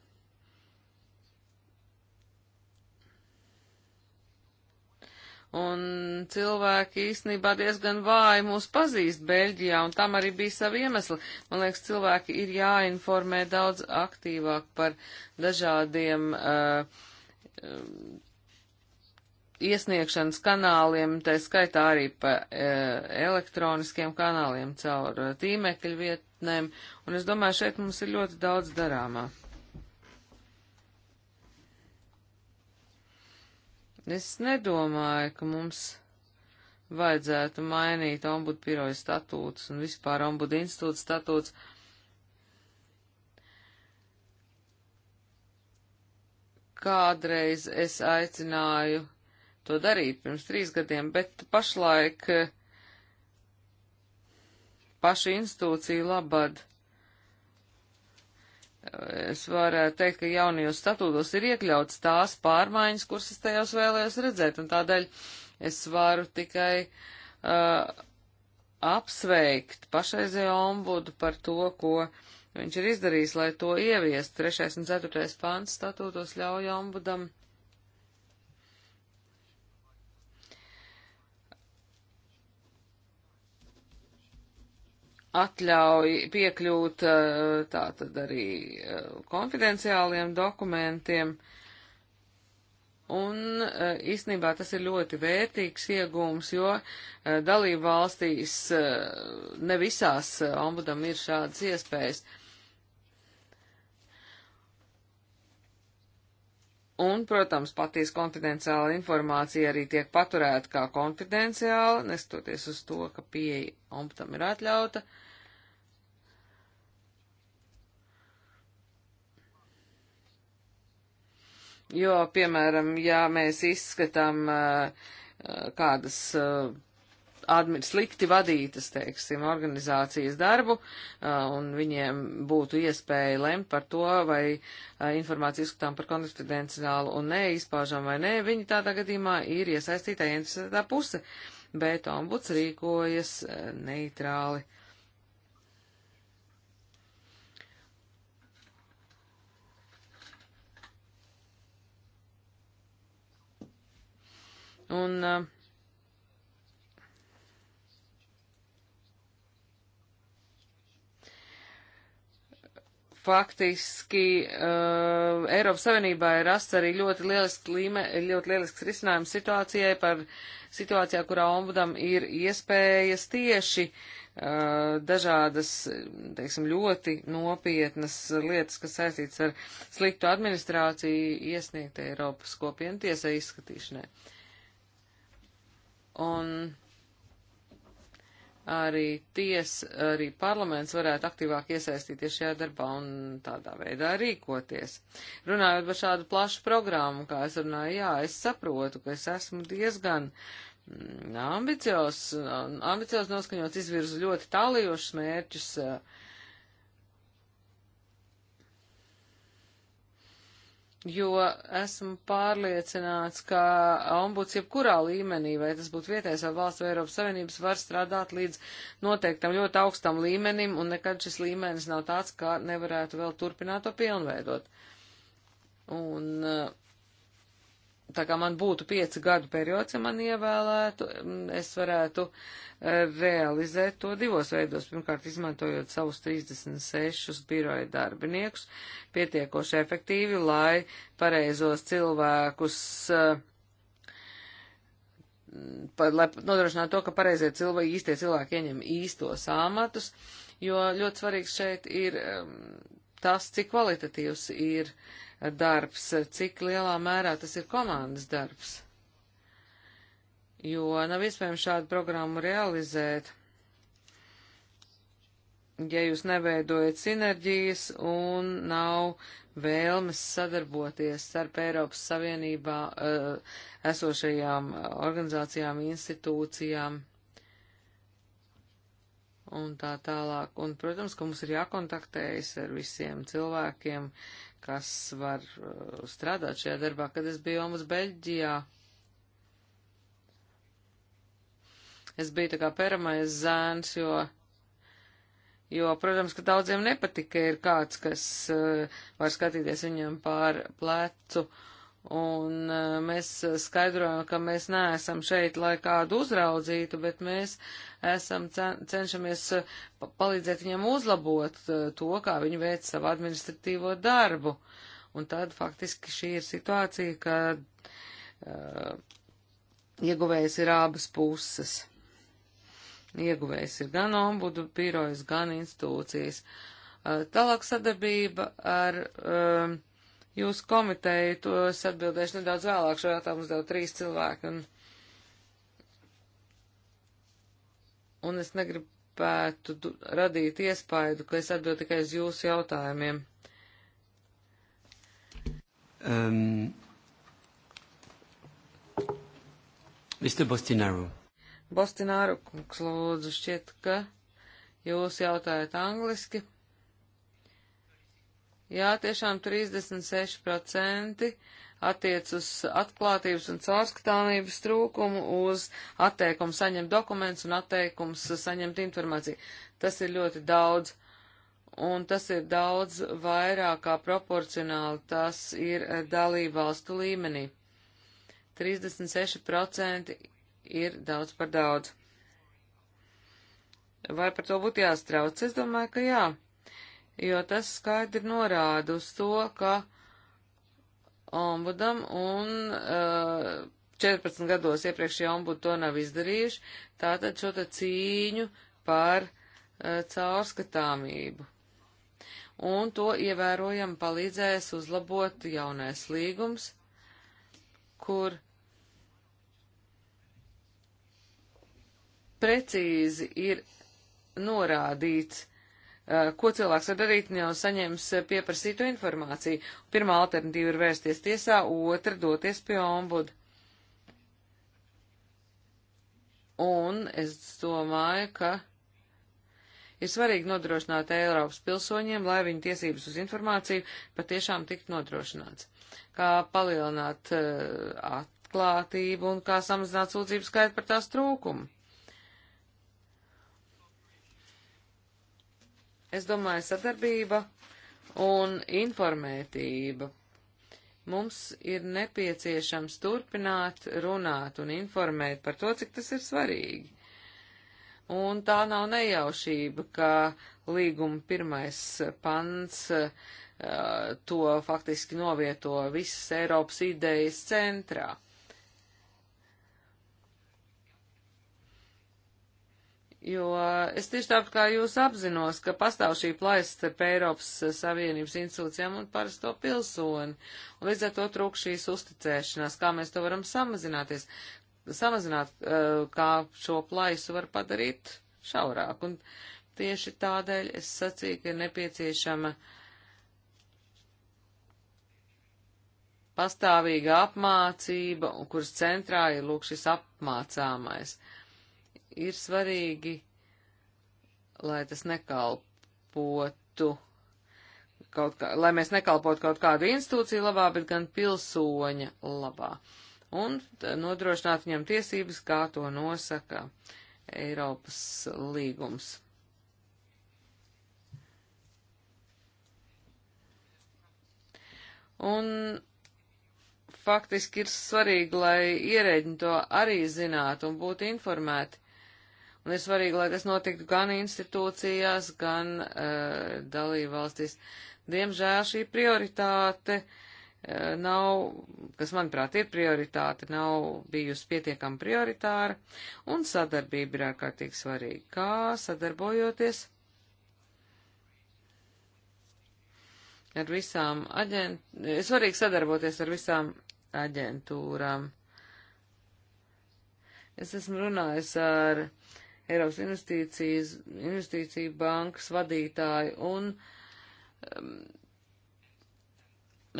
un cilvēki īstenībā diezgan vāji mūs pazīst Beļģijā, un tam arī bija savi iemesli. Man liekas, cilvēki ir jāinformē daudz aktīvāk par dažādiem uh, iesniegšanas kanāliem, tā skaitā arī pa uh, elektroniskiem kanāliem caur uh, tīmekļu vietnēm, un es domāju, šeit mums ir ļoti daudz darāmā. Es nedomāju, ka mums vajadzētu mainīt ombudu piroju statūtus un vispār ombudu institūtu statūtus. Kādreiz es aicināju to darīt pirms trīs gadiem, bet pašlaik eh, pašu institūciju labad es varētu teikt, ka jaunajos statūtos ir iekļauts tās pārmaiņas, kuras es tajos vēlējos redzēt, un tādēļ es varu tikai uh, apsveikt pašreizējo ombudu par to, ko viņš ir izdarījis, lai to ieviest. Trešais un ceturtais pants statūtos ļauj ombudam uh, atļauj piekļūt eh, tātad arī eh, konfidenciāliem dokumentiem. Un eh, īstenībā tas ir ļoti vērtīgs iegūms, jo dalību valstīs ne visās ombudam ir šādas iespējas. Un, protams, patīs konfidenciāla informācija arī tiek paturēta kā konfidenciāla, nestoties uz to, ka pieeja ombudam ir atļauta. Uh, Jo, piemēram, ja mēs izskatām kādas slikti vadītas, teiksim, organizācijas darbu, un viņiem būtu iespēja lemt par to, vai informācija izskatām par konfidenciālu un neizpaužam vai nē, viņi tādā gadījumā ir iesaistītā interesētā puse, bet ombuds rīkojas neitrāli. Un uh, faktiski uh, Eiropas Savienībā ir rasts arī ļoti lielisks, līme, ļoti lielisks risinājums situācijai par situācijā, kurā ombudam ir iespējas tieši uh, dažādas, teiksim, ļoti nopietnas lietas, kas saistīts ar sliktu administrāciju, iesniegt Eiropas kopienu tiesai izskatīšanai. Uh, un arī ties, arī parlaments varētu aktīvāk iesaistīties šajā darbā un tādā veidā rīkoties. Runājot par šādu plašu programmu, kā es runāju, jā, es saprotu, ka es esmu diezgan mm, ambiciozs, ambiciozs noskaņots izvirzu ļoti tālijošus mērķus uh, jo esmu pārliecināts, ka ombuds jebkurā līmenī, vai tas būtu vietējais vai valsts vai Eiropas Savienības, var strādāt līdz noteiktam ļoti augstam līmenim, un nekad šis līmenis nav tāds, kā nevarētu vēl turpināt to pilnveidot. Un uh, tā kā man būtu pieci gadu periods, ja man ievēlētu, es varētu e, realizēt to divos veidos. Pirmkārt, izmantojot savus 36 biroja darbiniekus pietiekoši efektīvi, lai pareizos cilvēkus, e, pa, lai nodrošinātu to, ka pareizie cilvēki, īstie cilvēki ieņem īstos amatus, jo ļoti svarīgs šeit ir tas, cik kvalitatīvs ir darbs, cik lielā mērā tas ir komandas darbs. Jo nav iespējams šādu programmu realizēt, ja jūs neveidojat sinerģijas un nav vēlmes sadarboties starp Eiropas Savienībā uh, esošajām organizācijām, institūcijām un tā tālāk. Un, protams, ka mums ir jākontaktējas ar visiem cilvēkiem, kas var uh, strādāt šajā darbā. Kad es biju omas Beļģijā, es biju tā kā peramais zēns, jo, jo, protams, ka daudziem nepatika ir kāds, kas uh, var skatīties viņam pār plecu. Uh, Un e, mēs skaidrojam, ka mēs neesam šeit, lai kādu uzraudzītu, bet mēs esam cenšamies e, palīdzēt viņam uzlabot e, to, kā viņi veic savu administratīvo darbu. Un tad faktiski šī ir situācija, kad uh, ieguvējs ir abas puses. Ieguvējs ir gan ombudu birojas, gan institūcijas. Uh, tālāk sadarbība ar. Uh, Jūs komiteju to es atbildēšu nedaudz vēlāk, šo jautājumu uzdev trīs cilvēki, un, un es negribētu radīt iespaidu, ka es atbildu tikai uz jūsu jautājumiem. Um, Mr. Bostināru. Bostināru kungs, lūdzu, šķiet, ka jūs jautājat angliski. Jā, tiešām 36% attiec uz atklātības un caurskatāmības trūkumu, uz atteikumu saņemt dokumentus un atteikums saņemt informāciju. Tas ir ļoti daudz, un tas ir daudz vairāk kā proporcionāli, tas ir dalība valstu līmenī. 36% ir daudz par daudz. Vai par to būtu jāstrauc? Es domāju, ka jā jo tas skaidri norāda uz to, ka ombudam un uh, eh, 14 gados iepriekšējie ombudi to nav izdarījuši, tātad šo te cīņu par uh, caurskatāmību. Un to ievērojam palīdzēs uzlabot jaunais līgums, kur precīzi ir norādīts, Eh, ko cilvēks var darīt, ja saņems eh, pieprasīto informāciju. Pirmā alternatīva ir vērsties tiesā, otra doties pie ombuda. Un es domāju, ka ir svarīgi nodrošināt Eiropas pilsoņiem, lai viņu tiesības uz informāciju patiešām tiktu nodrošināts. Kā palielināt uh, atklātību un kā samazināt sūdzību skaitu par tās trūkumu. es domāju, sadarbība un informētība. Mums ir nepieciešams turpināt runāt un informēt par to, cik tas ir svarīgi. Un tā nav nejaušība, ka līguma pirmais pants uh, to faktiski novieto visas Eiropas idejas centrā. jo es tieši tāpat kā jūs apzinos, ka pastāv šī plaisa starp Eiropas Savienības institūcijām un parasto pilsoni, un līdz ar to trūk šīs uzticēšanās, kā mēs to varam samazināties, samazināt, eh, kā šo plaisu var padarīt šaurāk, un tieši tādēļ es sacīju, ka ir nepieciešama pastāvīga apmācība, kuras centrā ir lūk šis apmācāmais ir svarīgi, lai tas nekalpotu kaut kā, lai mēs nekalpotu kaut kādu institūciju labā, bet gan pilsoņa labā. Un nodrošināt viņam tiesības, kā to nosaka Eiropas līgums. Un faktiski ir svarīgi, lai ierēģi to arī zinātu un būtu informēti Un ir svarīgi, lai tas notiktu gan institūcijās, gan uh, dalībvalstīs. Diemžēl šī prioritāte uh, nav, kas manuprāt ir prioritāte, nav bijusi pietiekami prioritāra, un sadarbība ir ārkārtīgi svarīga. Kā sadarbojoties ar visām aģentūrām, svarīgi sadarboties ar visām aģentūrām. Es esmu runājis ar uh, Eiropas investīcijas, investīcija bankas vadītāji, un um,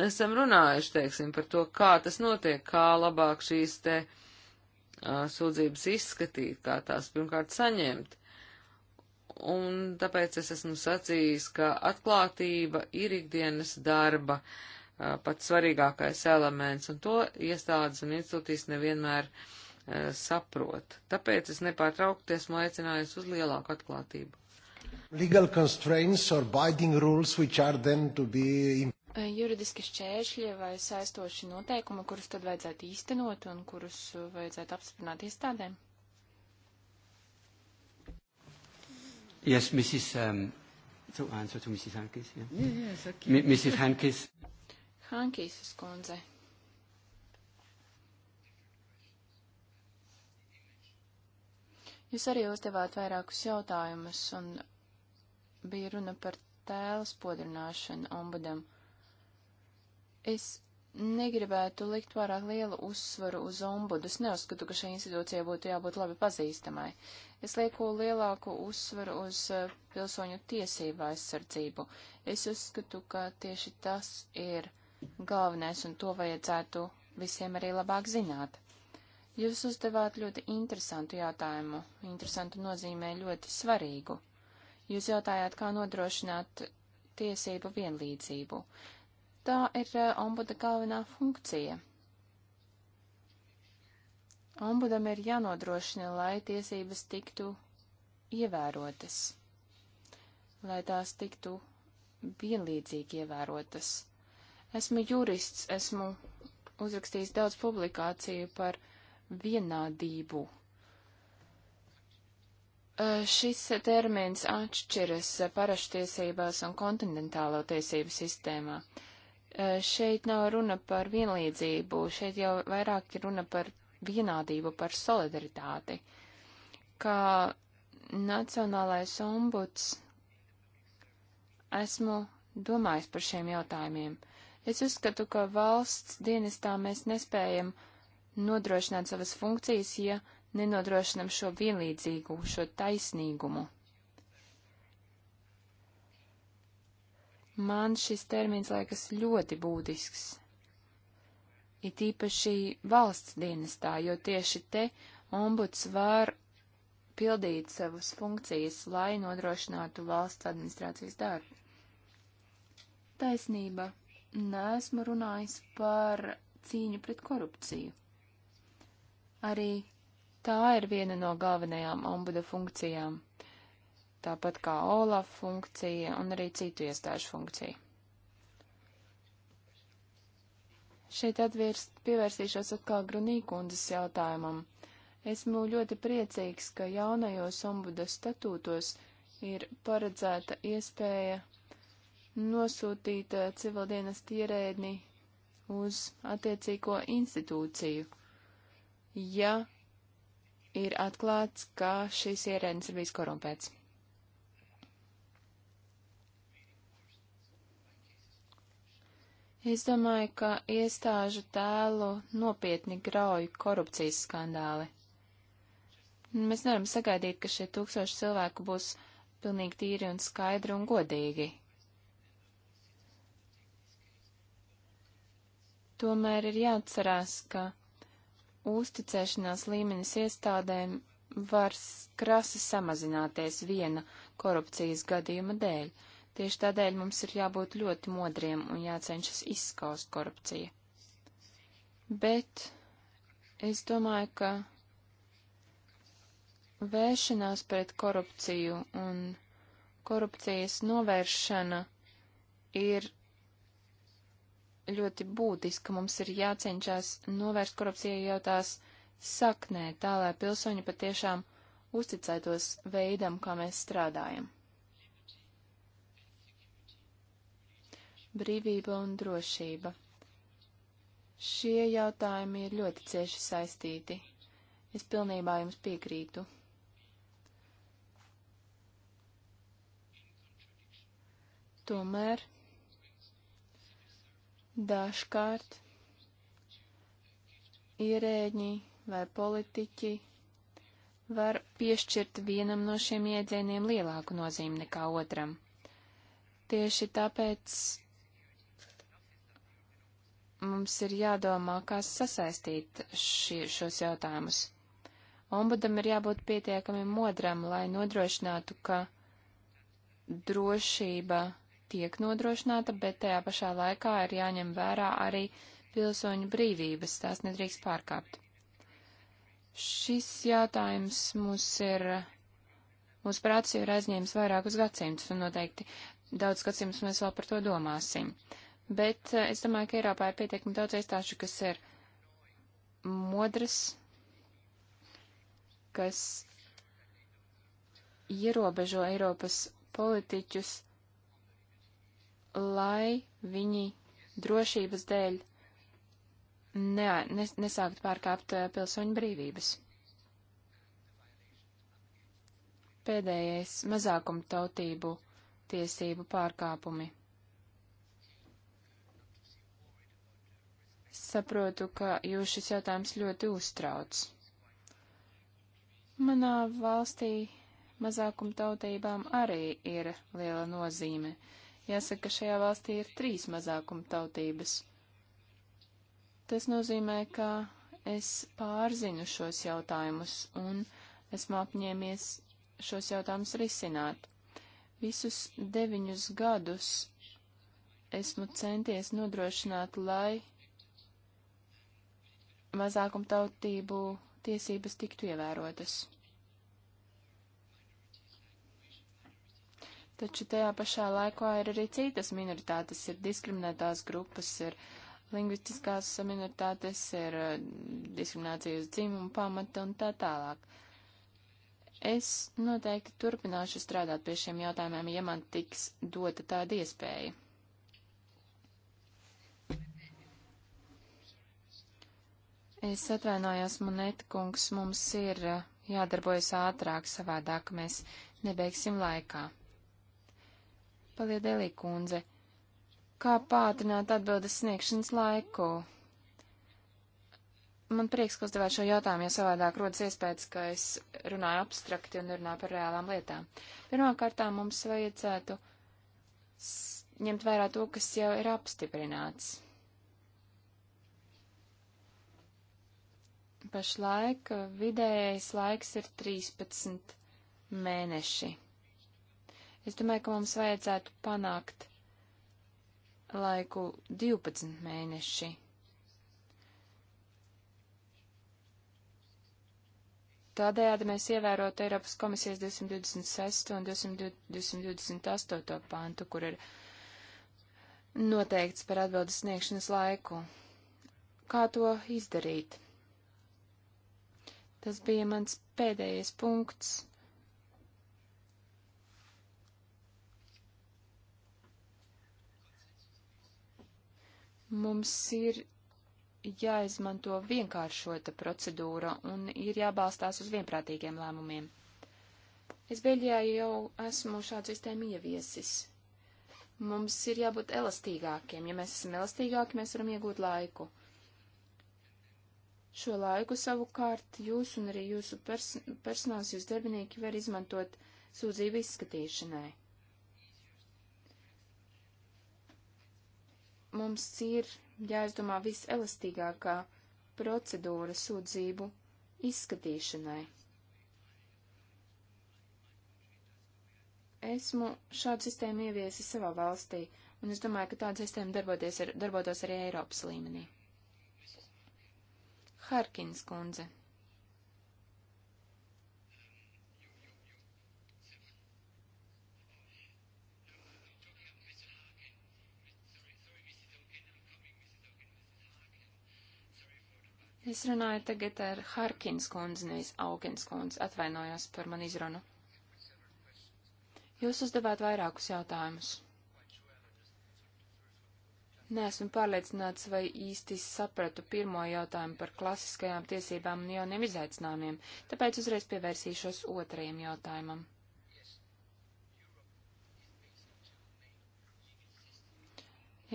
mēs esam runājuši, teiksim, par to, kā tas notiek, kā labāk šīs te uh, sūdzības izskatīt, kā tās pirmkārt saņemt. Un tāpēc es esmu sacījis, ka atklātība ir ikdienas darba uh, pats svarīgākais elements, un to iestādes un institūtīs nevienmēr uh, E, saprot. Tāpēc es nepārtraukti esmu aicinājusi uz lielāku atklātību. Legal constraints or binding rules which are then to be e, juridiski šķēršļi vai saistoši noteikumi, kurus tad vajadzētu īstenot un kurus vajadzētu apstiprināt iestādēm? Yes, Mrs. Um, to answer to Mrs. Hankis. Yeah? Yeah, yes, okay. M Mrs. Hankis. Hankis, skundze. Jūs arī uzdevāt vairākus jautājumus, un bija runa par tēlas podrināšanu ombudam. Es negribētu likt pārāk lielu uzsvaru uz ombudu. Es neuzskatu, ka šai institūcijai būtu jābūt labi pazīstamai. Es lieku lielāku uzsvaru uz eh, pilsoņu tiesību aizsardzību. Es uzskatu, ka tieši tas ir galvenais, un to vajadzētu visiem arī labāk zināt. Jūs uzdevāt ļoti interesantu jautājumu, interesantu nozīmē ļoti svarīgu. Jūs jautājāt, kā nodrošināt tiesību vienlīdzību. Tā ir eh, ombuda galvenā funkcija. Ombudam ir jānodrošina, lai tiesības tiktu ievērotas, lai tās tiktu vienlīdzīgi ievērotas. Esmu jurists, esmu uzrakstījis daudz publikāciju par vienādību. Šis termins atšķiras paraštiesībās un kontinentālo tiesību sistēmā. Šeit nav runa par vienlīdzību, šeit jau vairāk ir runa par vienādību, par solidaritāti. Kā nacionālais ombuds esmu domājis par šiem jautājumiem. Es uzskatu, ka valsts dienestā mēs nespējam uh, nodrošināt savas funkcijas, ja nenodrošinam šo vienlīdzīgu, šo taisnīgumu. Man šis termins liekas ļoti būtisks. It īpaši valsts dienestā, jo tieši te ombuds var pildīt savas funkcijas, lai nodrošinātu valsts administrācijas darbu. Taisnība. Nē, esmu runājis par cīņu pret korupciju. Arī tā ir viena no galvenajām ombuda funkcijām, tāpat kā Olaf funkcija un arī citu iestāžu funkcija. Šeit atvirst, pievērsīšos atkal Grunīkundzes jautājumam. Esmu ļoti priecīgs, ka jaunajos ombuda statūtos ir paredzēta iespēja nosūtīt eh, civildienas ierēdni uz attiecīgo institūciju ja ir atklāts, ka šis ierēnis ir bijis korumpēts. Es domāju, ka iestāžu tēlu nopietni grauj korupcijas skandāli. Mēs nevaram sagaidīt, ka šie tūkstoši cilvēku būs pilnīgi tīri un skaidri un godīgi. Tomēr ir jāatcerās, ka uzticēšanās līmenis iestādēm var krasi samazināties viena korupcijas gadījuma dēļ. Tieši tādēļ mums ir jābūt ļoti modriem un jācenšas izskaust korupciju. Bet es domāju, ka vēršanās pret korupciju un korupcijas novēršana ir ļoti būtiska. Mums ir jācenšas novērst korupciju jau tās saknē, tā lai pilsoņi patiešām uzticētos veidam, kā mēs strādājam. Brīvība un drošība. Šie jautājumi ir ļoti cieši saistīti. Es pilnībā jums piekrītu. Tomēr Dažkārt ierēģi vai politiķi var piešķirt vienam no šiem iedzieniem lielāku nozīmi nekā otram. Tieši tāpēc mums ir jādomā, kā sasaistīt šie, šos jautājumus. Ombudam ir jābūt pietiekami modram, lai nodrošinātu, ka drošība tiek nodrošināta, bet tajā pašā laikā ir jāņem vērā arī pilsoņu brīvības, tās nedrīkst pārkāpt. Šis jautājums mūs ir, mūsu prāts ir aizņēmis vairākus gadsimtus, un noteikti daudz gadsimtus mēs vēl par to domāsim. Bet eh, es domāju, ka Eiropā ir pietiekami daudz iestāšu, kas ir modras, kas ierobežo Eiropas politiķus lai viņi drošības dēļ ne, nes, nesākt pārkāpt eh, pilsoņu brīvības. Pēdējais mazākuma tautību tiesību pārkāpumi. Saprotu, ka jūs šis jautājums ļoti uztrauc. Manā valstī mazākuma tautībām arī ir liela nozīme. Uh, Jāsaka, ka šajā valstī ir trīs mazākuma tautības. Tas nozīmē, ka es pārzinu šos jautājumus un esmu apņēmies šos jautājumus risināt. Visus deviņus gadus esmu centies nodrošināt, lai mazākumtautību tiesības tiktu ievērotas. Taču tajā pašā laikā ir arī citas minoritātes, ir diskriminētās grupas, ir lingvistiskās minoritātes, ir eh, diskriminācijas dzimuma pamata un tā tālāk. Es noteikti turpināšu strādāt pie šiem jautājumiem, ja man tiks dota tāda iespēja. Es atvainojos, Monēta kungs, mums ir eh, jādarbojas ātrāk, savādāk mēs nebeigsim laikā. Paliedelī kundze, kā pātrināt atbildes sniegšanas laiku? Man prieks, ka uzdevāt šo jautājumu, jo ja savādāk rodas iespējas, ka es runāju abstrakti un runāju par reālām lietām. Pirmkārt, mums vajadzētu ņemt vērā to, kas jau ir apstiprināts. Pašlaik vidējais laiks ir 13 mēneši. Es domāju, ka mums vajadzētu panākt laiku 12 mēneši. Tādējādi mēs ievērotu Eiropas komisijas 226 un 228 pantu, kur ir noteikts par atbildes sniegšanas laiku. Kā to izdarīt? Tas bija mans pēdējais punkts. Mums ir jāizmanto vienkāršota procedūra un ir jābalstās uz vienprātīgiem lēmumiem. Es Beļģijā jau esmu šādu sistēmu ieviesis. Mums ir jābūt elastīgākiem. Ja mēs esam elastīgāki, mēs varam iegūt laiku. Šo laiku savukārt jūs un arī jūsu pers personāls, jūs darbinieki var izmantot sūdzību izskatīšanai. mums ir jāizdomā viselastīgākā procedūra sūdzību izskatīšanai. Esmu šādu sistēmu ieviesi savā valstī, un es domāju, ka tāda sistēma ar, darbotos arī Eiropas līmenī. Harkins kundze. Es runāju tagad ar Harkins kundzi, nevis Augens kundzi. Atvainojos par man izrunu. Jūs uzdevāt vairākus jautājumus. Neesmu pārliecināts, vai īsti sapratu pirmo jautājumu par klasiskajām tiesībām un jauniem izaicinājumiem, tāpēc uzreiz pievērsīšos otrajam jautājumam.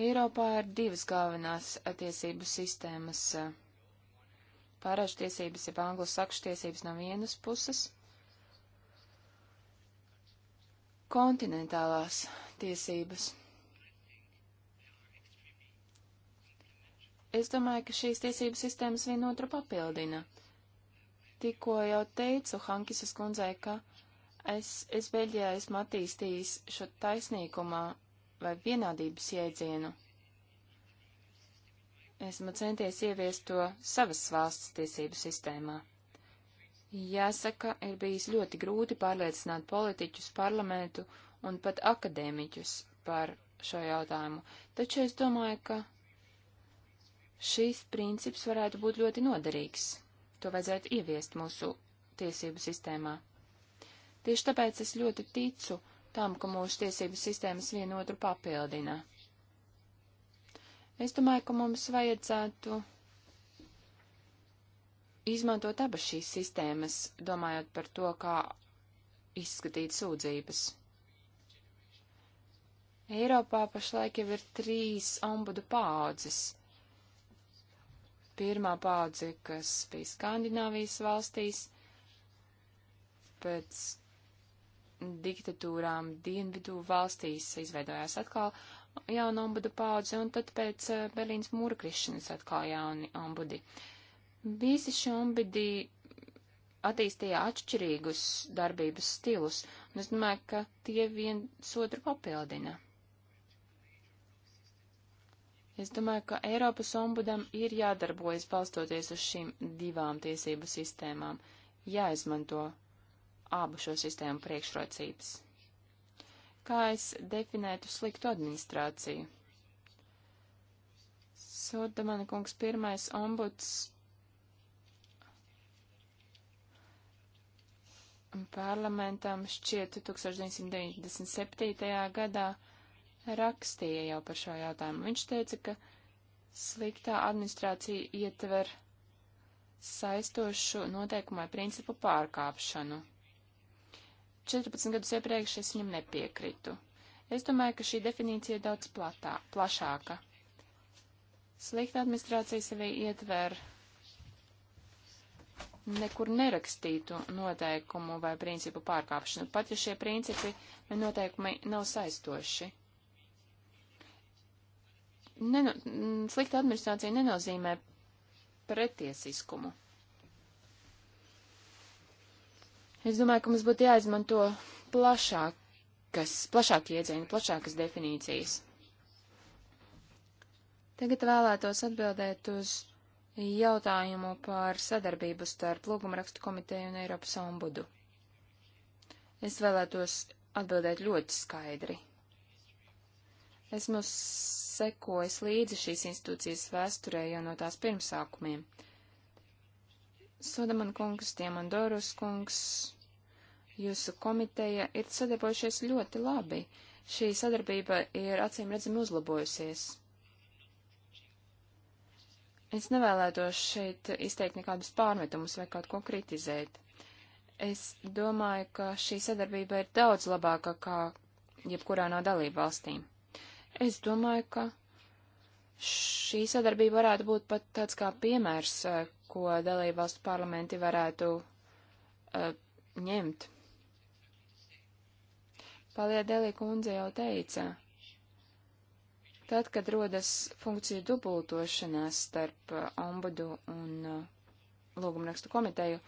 Eiropā ir divas galvenās tiesību sistēmas pārāžu tiesības, jeb anglu sakšu tiesības no vienas puses, kontinentālās tiesības. Es domāju, ka šīs tiesību sistēmas vienotru papildina. Tikko jau teicu Hankisas kundzei, ka es, es Beļģijā esmu attīstījis šo taisnīgumā vai vienādības jēdzienu esmu centies ieviest to savas valsts tiesību sistēmā. Jāsaka, ir bijis ļoti grūti pārliecināt politiķus, parlamentu un pat akadēmiķus par šo jautājumu, taču es domāju, ka šīs princips varētu būt ļoti noderīgs. To vajadzētu ieviest mūsu tiesību sistēmā. Tieši tāpēc es ļoti ticu tam, ka mūsu tiesību sistēmas vienotru papildina. Es domāju, ka mums vajadzētu izmantot abas šīs sistēmas, domājot par to, kā izskatīt sūdzības. Eiropā pašlaik jau ir trīs ombudu paaudzes. Pirmā paudze, kas bija Skandināvijas valstīs, pēc diktatūrām dienvidu valstīs izveidojās atkal jauna ombuda paudze, un tad pēc eh, Berlīnas mūra krišanas atkal jauni ombudi. Visi šie ombudi attīstīja atšķirīgus darbības stilus, un es domāju, ka tie viens otru papildina. Es domāju, ka Eiropas ombudam ir jādarbojas balstoties uz šīm divām tiesību sistēmām, jāizmanto abu šo sistēmu priekšrocības kā es definētu sliktu administrāciju. Sodamana kungs pirmais ombuds parlamentam šķiet 1997. gadā rakstīja jau par šo jautājumu. Viņš teica, ka sliktā administrācija ietver saistošu noteikumai principu pārkāpšanu. 14 gadus iepriekš es viņam nepiekritu. Es domāju, ka šī definīcija ir daudz platā, plašāka. Slikta administrācija sevī ietver nekur nerakstītu noteikumu vai principu pārkāpšanu, pat ja šie principi vai noteikumi nav saistoši. Neno, slikta administrācija nenozīmē pretiesiskumu. Es domāju, ka mums būtu jāizmanto plašākas, plašāk iedzieni, plašākas definīcijas. Tagad vēlētos atbildēt uz jautājumu par sadarbību starp Lūgumrakstu komiteju un Eiropas ombudu. Es vēlētos atbildēt ļoti skaidri. Esmu sekojis līdzi šīs institūcijas vēsturē jau no tās pirmsākumiem. Sodamana kungs, Diemandorus kungs, Jūsu komiteja ir sadarbojušies ļoti labi. Šī sadarbība ir acīm redzami uzlabojusies. Es nevēlētos šeit izteikt nekādus pārmetumus vai kaut ko kritizēt. Es domāju, ka šī sadarbība ir daudz labāka kā jebkurā no dalību valstīm. Es domāju, ka šī sadarbība varētu būt pat tāds kā piemērs, eh, ko dalībvalstu parlamenti varētu uh, ņemt. Paliedeli kundze jau teica, tad, kad rodas funkciju dubultošanās starp uh, ombudu un uh, lūgumrakstu komiteju,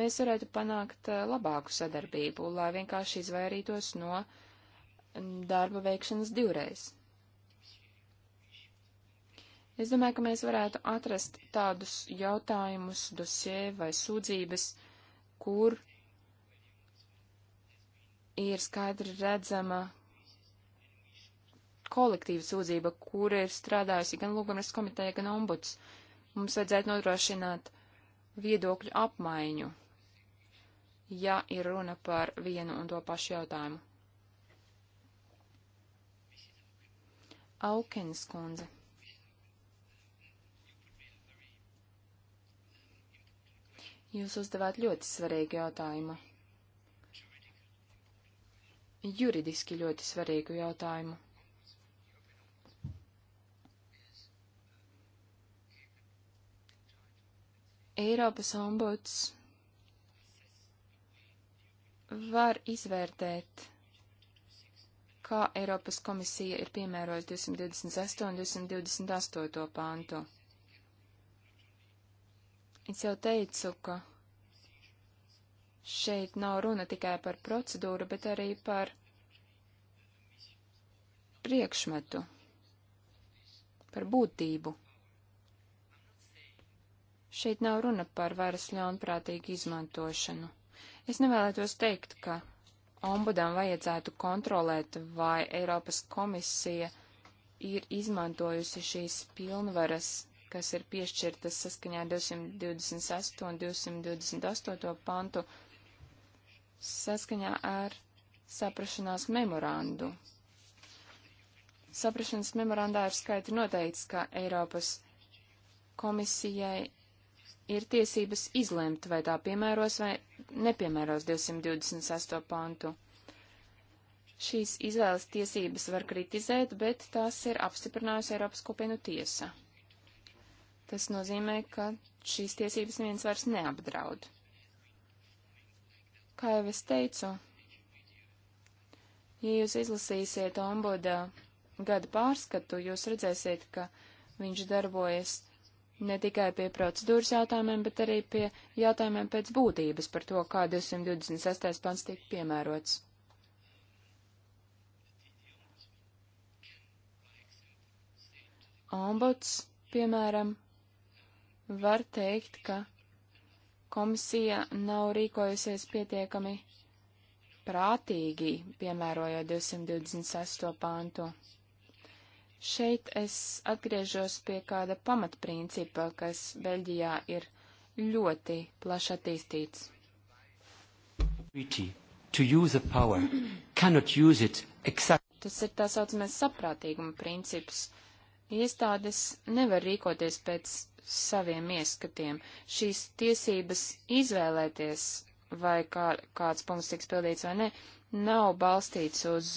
mēs varētu panākt uh, labāku sadarbību, lai vienkārši izvairītos no mm, darba veikšanas divreiz. Es domāju, ka mēs varētu atrast tādus jautājumus, dosē vai sūdzības, kur ir skaidri redzama kolektīva sūdzība, kur ir strādājusi gan lūgumas komiteja, gan ombuds. Mums vajadzētu nodrošināt viedokļu apmaiņu, ja ir runa par vienu un to pašu jautājumu. Aukens kundze. Jūs uzdevāt ļoti svarīgu jautājumu juridiski ļoti svarīgu jautājumu. Eiropas ombuds var izvērtēt, kā Eiropas komisija ir piemērojusi 228 un 228 pantu. Es jau teicu, ka Šeit nav runa tikai par procedūru, bet arī par priekšmetu, par būtību. Šeit nav runa par varas ļaunprātīgu izmantošanu. Es nevēlētos teikt, ka ombudam vajadzētu kontrolēt, vai Eiropas komisija ir izmantojusi šīs pilnvaras, kas ir piešķirtas saskaņā 228 un 228 pantu saskaņā ar saprašanās memorandu. Saprašanas memorandā ir skaidri noteikts, ka Eiropas komisijai ir tiesības izlemt, vai tā piemēros vai nepiemēros 228. pantu. Šīs izvēles tiesības var kritizēt, bet tās ir apstiprinājusi Eiropas kopienu tiesa. Tas nozīmē, ka šīs tiesības neviens vairs neapdraud. Kā jau es teicu, ja jūs izlasīsiet ombuda gada pārskatu, jūs redzēsiet, ka viņš darbojas ne tikai pie procedūras jautājumiem, bet arī pie jautājumiem pēc būtības par to, kā 226. pants tiek piemērots. Ombuds, piemēram, var teikt, ka Komisija nav rīkojusies pietiekami prātīgi, piemērojot 226. pāntu. Šeit es atgriežos pie kāda pamatprincipa, kas Beļģijā ir ļoti plaši attīstīts. Tas ir tā saucamais saprātīguma princips. Iestādes nevar rīkoties pēc saviem ieskatiem. Šīs tiesības izvēlēties, vai kā, kāds punkts tiks pildīts vai ne, nav balstīts uz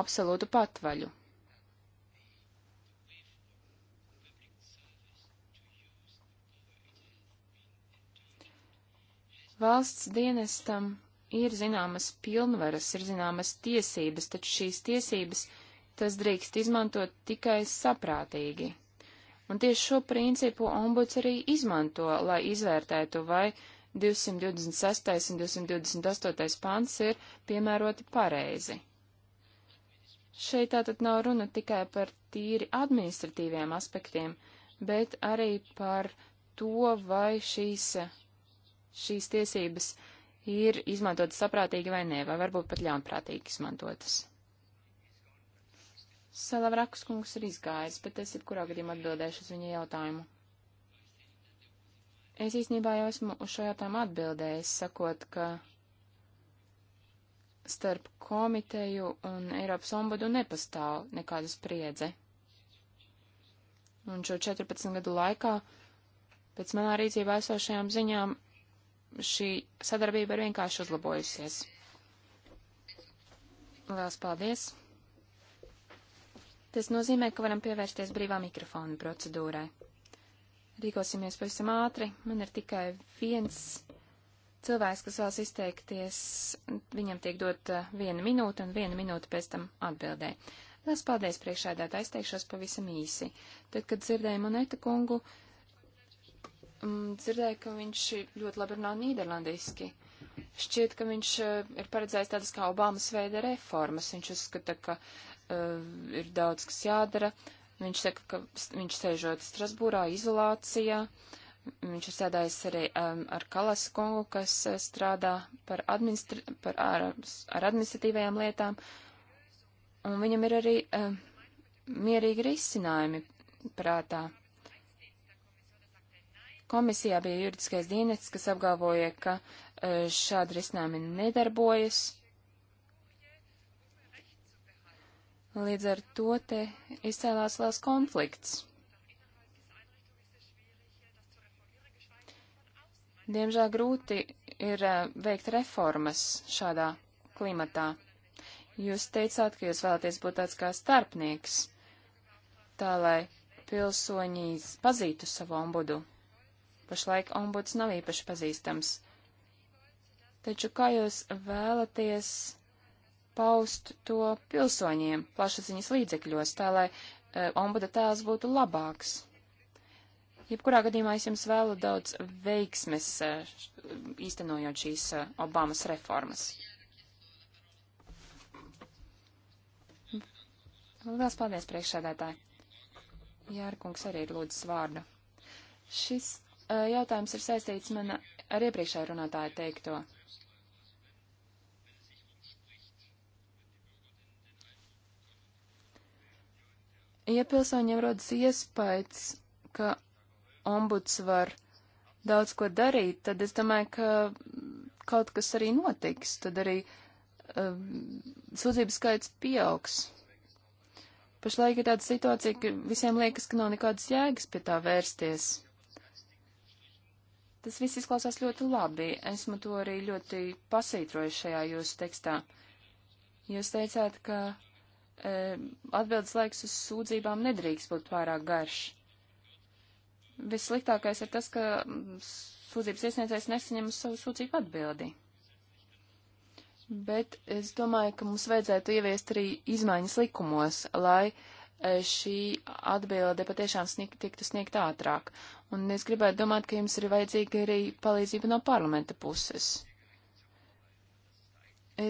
absolūtu patvaļu. Valsts dienestam ir zināmas pilnvaras, ir zināmas tiesības, taču šīs tiesības – tas drīkst izmantot tikai saprātīgi. Un tieši šo principu ombuds arī izmanto, lai izvērtētu, vai 226. un 228. pants ir piemēroti pareizi. Šeit tātad nav runa tikai par tīri administratīviem aspektiem, bet arī par to, vai šīs, šīs tiesības ir izmantotas saprātīgi vai nē, vai varbūt pat ļaunprātīgi izmantotas. Salavrakus kungs ir izgājis, bet es jebkurā gadījumā atbildēšu uz viņa jautājumu. Es īstenībā jau esmu uz šo jautājumu atbildējis, sakot, ka starp komiteju un Eiropas ombudu nepastāv nekāda spriedze. Un šo 14 gadu laikā, pēc manā rīcībā esošajām ziņām, šī sadarbība ir vienkārši uzlabojusies. Lielas paldies! Tas nozīmē, ka varam pievērsties brīvā mikrofona procedūrai. Rīkosimies pavisam ātri. Man ir tikai viens cilvēks, kas vēlas izteikties. Viņam tiek dot eh, viena minūte un viena minūte pēc tam atbildē. Lielas paldies priekšēdāt, aizteikšos pavisam īsi. Tad, kad dzirdēju monētu kungu, mm, dzirdēju, ka viņš ļoti labi runā nīderlandiski. Šķiet, ka viņš eh, ir paredzējis tādas kā Obamas veida reformas. Viņš uzskata, ka uh, Eh, ir daudz, kas jādara. Viņš saka, ka viņš sēžot Strasbūrā izolācijā. Viņš ir sēdājis arī um, ar Kalas kungu, kas eh, strādā par, administri par ar, ar administratīvajām lietām. Un viņam ir arī um, mierīgi risinājumi prātā. Komisijā bija juridiskais dienests, kas apgalvoja, ka uh, šādi risinājumi nedarbojas Līdz ar to te izcēlās liels konflikts. Diemžēl grūti ir eh, veikt reformas šādā klimatā. Jūs teicāt, ka jūs vēlaties būt tāds kā starpnieks, tā lai pilsoņi pazītu savu ombudu. Pašlaik ombuds nav īpaši pazīstams. Taču kā jūs vēlaties paust to pilsoņiem plašsaziņas līdzekļos, tā lai e, ombuda tēls būtu labāks. Jebkurā gadījumā es jums vēlu daudz veiksmes e, īstenojot šīs e, Obamas reformas. Lielas paldies priekšsēdētāji. Jārkungs arī ir lūdzis vārdu. Šis jautājums ir saistīts man ar iepriekšēju runātāju teikto. Ja pilsoņiem rodas iespējas, ka ombuds var daudz ko darīt, tad es domāju, ka kaut kas arī notiks, tad arī um, sūdzību skaits pieaugs. Pašlaik ir tāda situācija, ka visiem liekas, ka nav nekādas jēgas pie tā vērsties. Tas viss izklausās ļoti labi. Esmu to arī ļoti pasītrojuši šajā jūsu tekstā. Jūs teicāt, ka Eh, atbildes laiks uz sūdzībām nedrīkst būt pārāk garš. Vissliktākais ir tas, ka mm, sūdzības iesniedzējs nesaņem uz savu sūdzību atbildi. Bet es domāju, ka mums vajadzētu ieviest arī izmaiņas likumos, lai eh, šī atbilde patiešām sniegt, tiktu sniegt ātrāk. Un es gribētu domāt, ka jums ir vajadzīga arī palīdzība no parlamenta puses.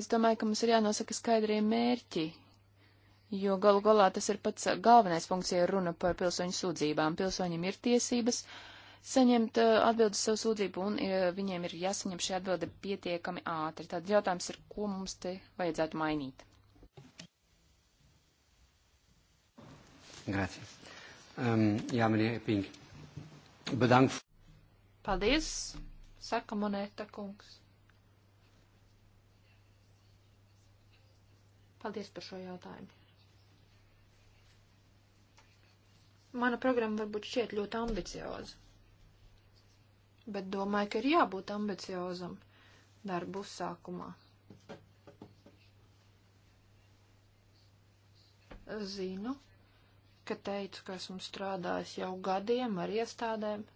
Es domāju, ka mums ir jānosaka skaidrie mērķi jo galu galā tas ir pats galvenais funkcija runa par pilsoņu sūdzībām. Pilsoņiem ir tiesības saņemt uh, atbildi savu sūdzību, un uh, viņiem ir jāsaņem šī atbilde pietiekami ātri. Tad jautājums ir, ko mums te vajadzētu mainīt. Grācija. Um, jā, man ir ping. Bedank. Paldies, saka monēta kungs. Paldies par šo jautājumu. Mana programma varbūt šķiet ļoti ambicioza, bet domāju, ka ir jābūt ambiciozam darbu uzsākumā. Zinu, ka teicu, ka esmu strādājis jau gadiem ar iestādēm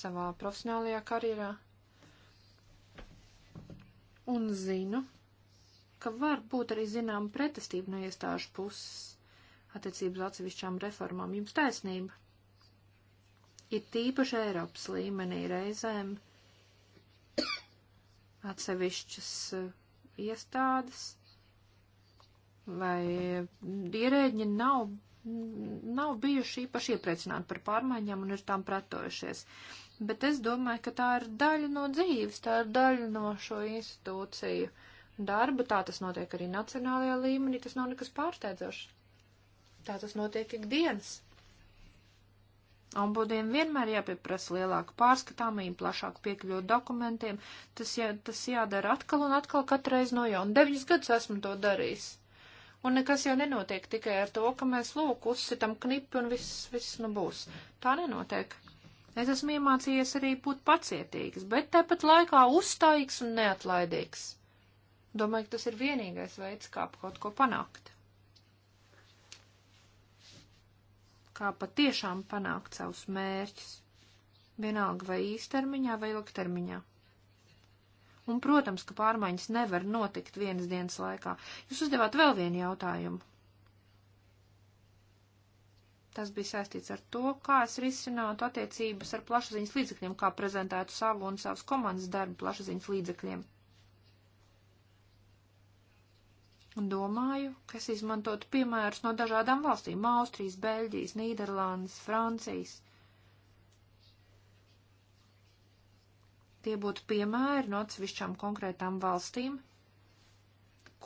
savā profesionālajā karjerā. Un zinu, ka var būt arī zinām pretestība no iestāžu puses attiecības atsevišķām reformām. Jums taisnība. Ir tīpaši Eiropas līmenī reizēm atsevišķas eh, iestādes vai ierēģi nav, nav bijuši īpaši iepriecināti par pārmaiņām un ir tām pretojušies. Bet es domāju, ka tā ir daļa no dzīves, tā ir daļa no šo institūciju darba, tā tas notiek arī nacionālajā līmenī, tas nav nekas pārsteidzošs. Tā tas notiek ikdienas. Ombudiem vienmēr jāpieprasa lielāka pārskatāmība, plašāk piekļūt dokumentiem. Tas, jā, tas jādara atkal un atkal katreiz no jauna. Deviņus gadus esmu to darījis. Un nekas jau nenotiek tikai ar to, ka mēs lūk uzsitam knipi un viss, viss nu būs. Tā nenotiek. Es esmu iemācījies arī būt pacietīgs, bet tāpat laikā uzstājīgs un neatlaidīgs. Domāju, ka tas ir vienīgais veids, kā kaut ko panākt. kā patiešām panākt savus mērķus, vienalga vai īstermiņā vai ilgtermiņā. Un, protams, ka pārmaiņas nevar notikt vienas dienas laikā. Jūs uzdevāt vēl vienu jautājumu. Tas bija saistīts ar to, kā es risinātu attiecības ar plašsaziņas līdzekļiem, kā prezentētu savu un savas komandas darbu plašsaziņas līdzekļiem. Un domāju, ka es izmantotu piemērus no dažādām valstīm - Austrijas, Beļģijas, Nīderlandes, Francijas. Tie būtu piemēri no atsevišķām konkrētām valstīm,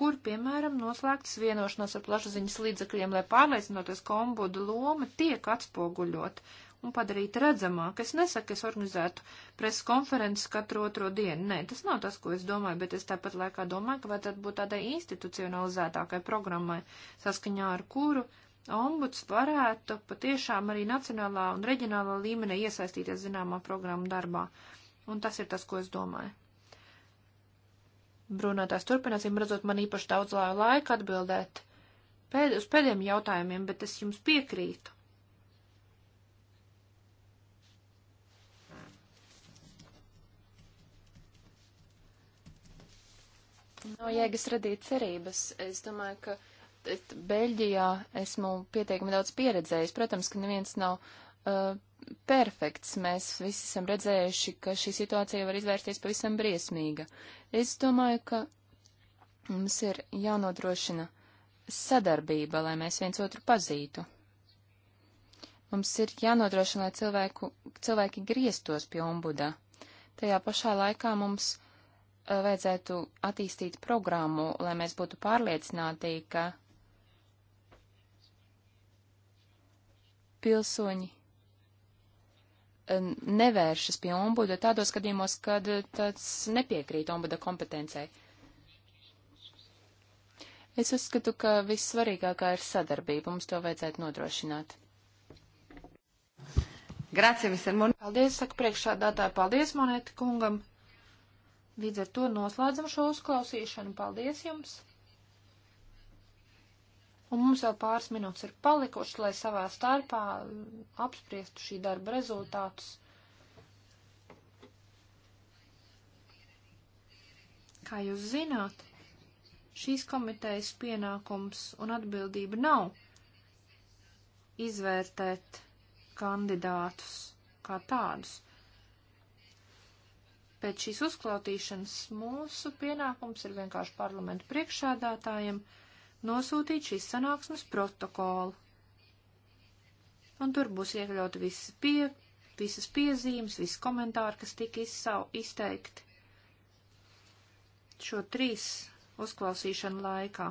kur, piemēram, noslēgtas vienošanās ar plašsaziņas līdzakļiem, lai pārliecinoties, ka ombudu loma tiek atspoguļot un padarīt redzamāk. Es nesaku, es organizētu preses konferences katru otro dienu. Nē, tas nav tas, ko es domāju, bet es tāpat laikā domāju, ka vajadzētu būt tādai institucionalizētākai programmai, saskaņā ar kuru ombuds varētu patiešām arī nacionālā un reģionālā līmenī iesaistīties zināmā programma darbā. Un tas ir tas, ko es domāju. Brunātājs turpināsim, redzot man īpaši daudz laika atbildēt pēd uz pēdējiem jautājumiem, bet es jums piekrītu. No jēgas radīt cerības. Es domāju, ka et, Beļģijā esmu pietiekami daudz pieredzējis. Protams, ka neviens nav uh, perfekts. Mēs visi esam redzējuši, ka šī situācija var izvērsties pavisam briesmīga. Es domāju, ka mums ir jānodrošina sadarbība, lai mēs viens otru pazītu. Mums ir jānodrošina, lai cilvēku, cilvēki grieztos pie ombuda. Tajā pašā laikā mums Eh, vajadzētu attīstīt programmu, lai mēs būtu pārliecināti, ka pilsoņi eh, nevēršas pie ombuda tādos gadījumos, kad eh, tāds nepiekrīt ombuda kompetencei. Es uzskatu, ka vissvarīgākā ir sadarbība, mums to vajadzētu nodrošināt. Grazie visiem. Paldies, saka priekšādātāji, paldies monēti kungam. Līdz ar to noslēdzam šo uzklausīšanu. Paldies jums! Un mums vēl pāris minūtes ir palikušas, lai savā starpā apspriestu šī darba rezultātus. Kā jūs zināt, šīs komitejas pienākums un atbildība nav izvērtēt kandidātus kā tādus. Pēc šīs uzklātīšanas mūsu pienākums ir vienkārši parlamentu priekšsēdētājiem nosūtīt šīs sanāksmes protokolu. Un tur būs iekļauti visi pie, visas piezīmes, visi komentāri, kas tika izsau, izteikti šo trīs uzklausīšanu laikā.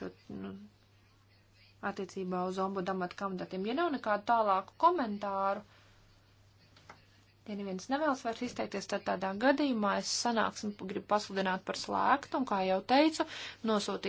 Šo, nu, attiecībā uz ombudu amatu kandidatiem. Ja nav nekādu tālāku komentāru, Ja neviens nevēlas vairs izteikties, tad tādā gadījumā es sanāksmi gribu pasludināt par slēgtu un, kā jau teicu, nosūtīt.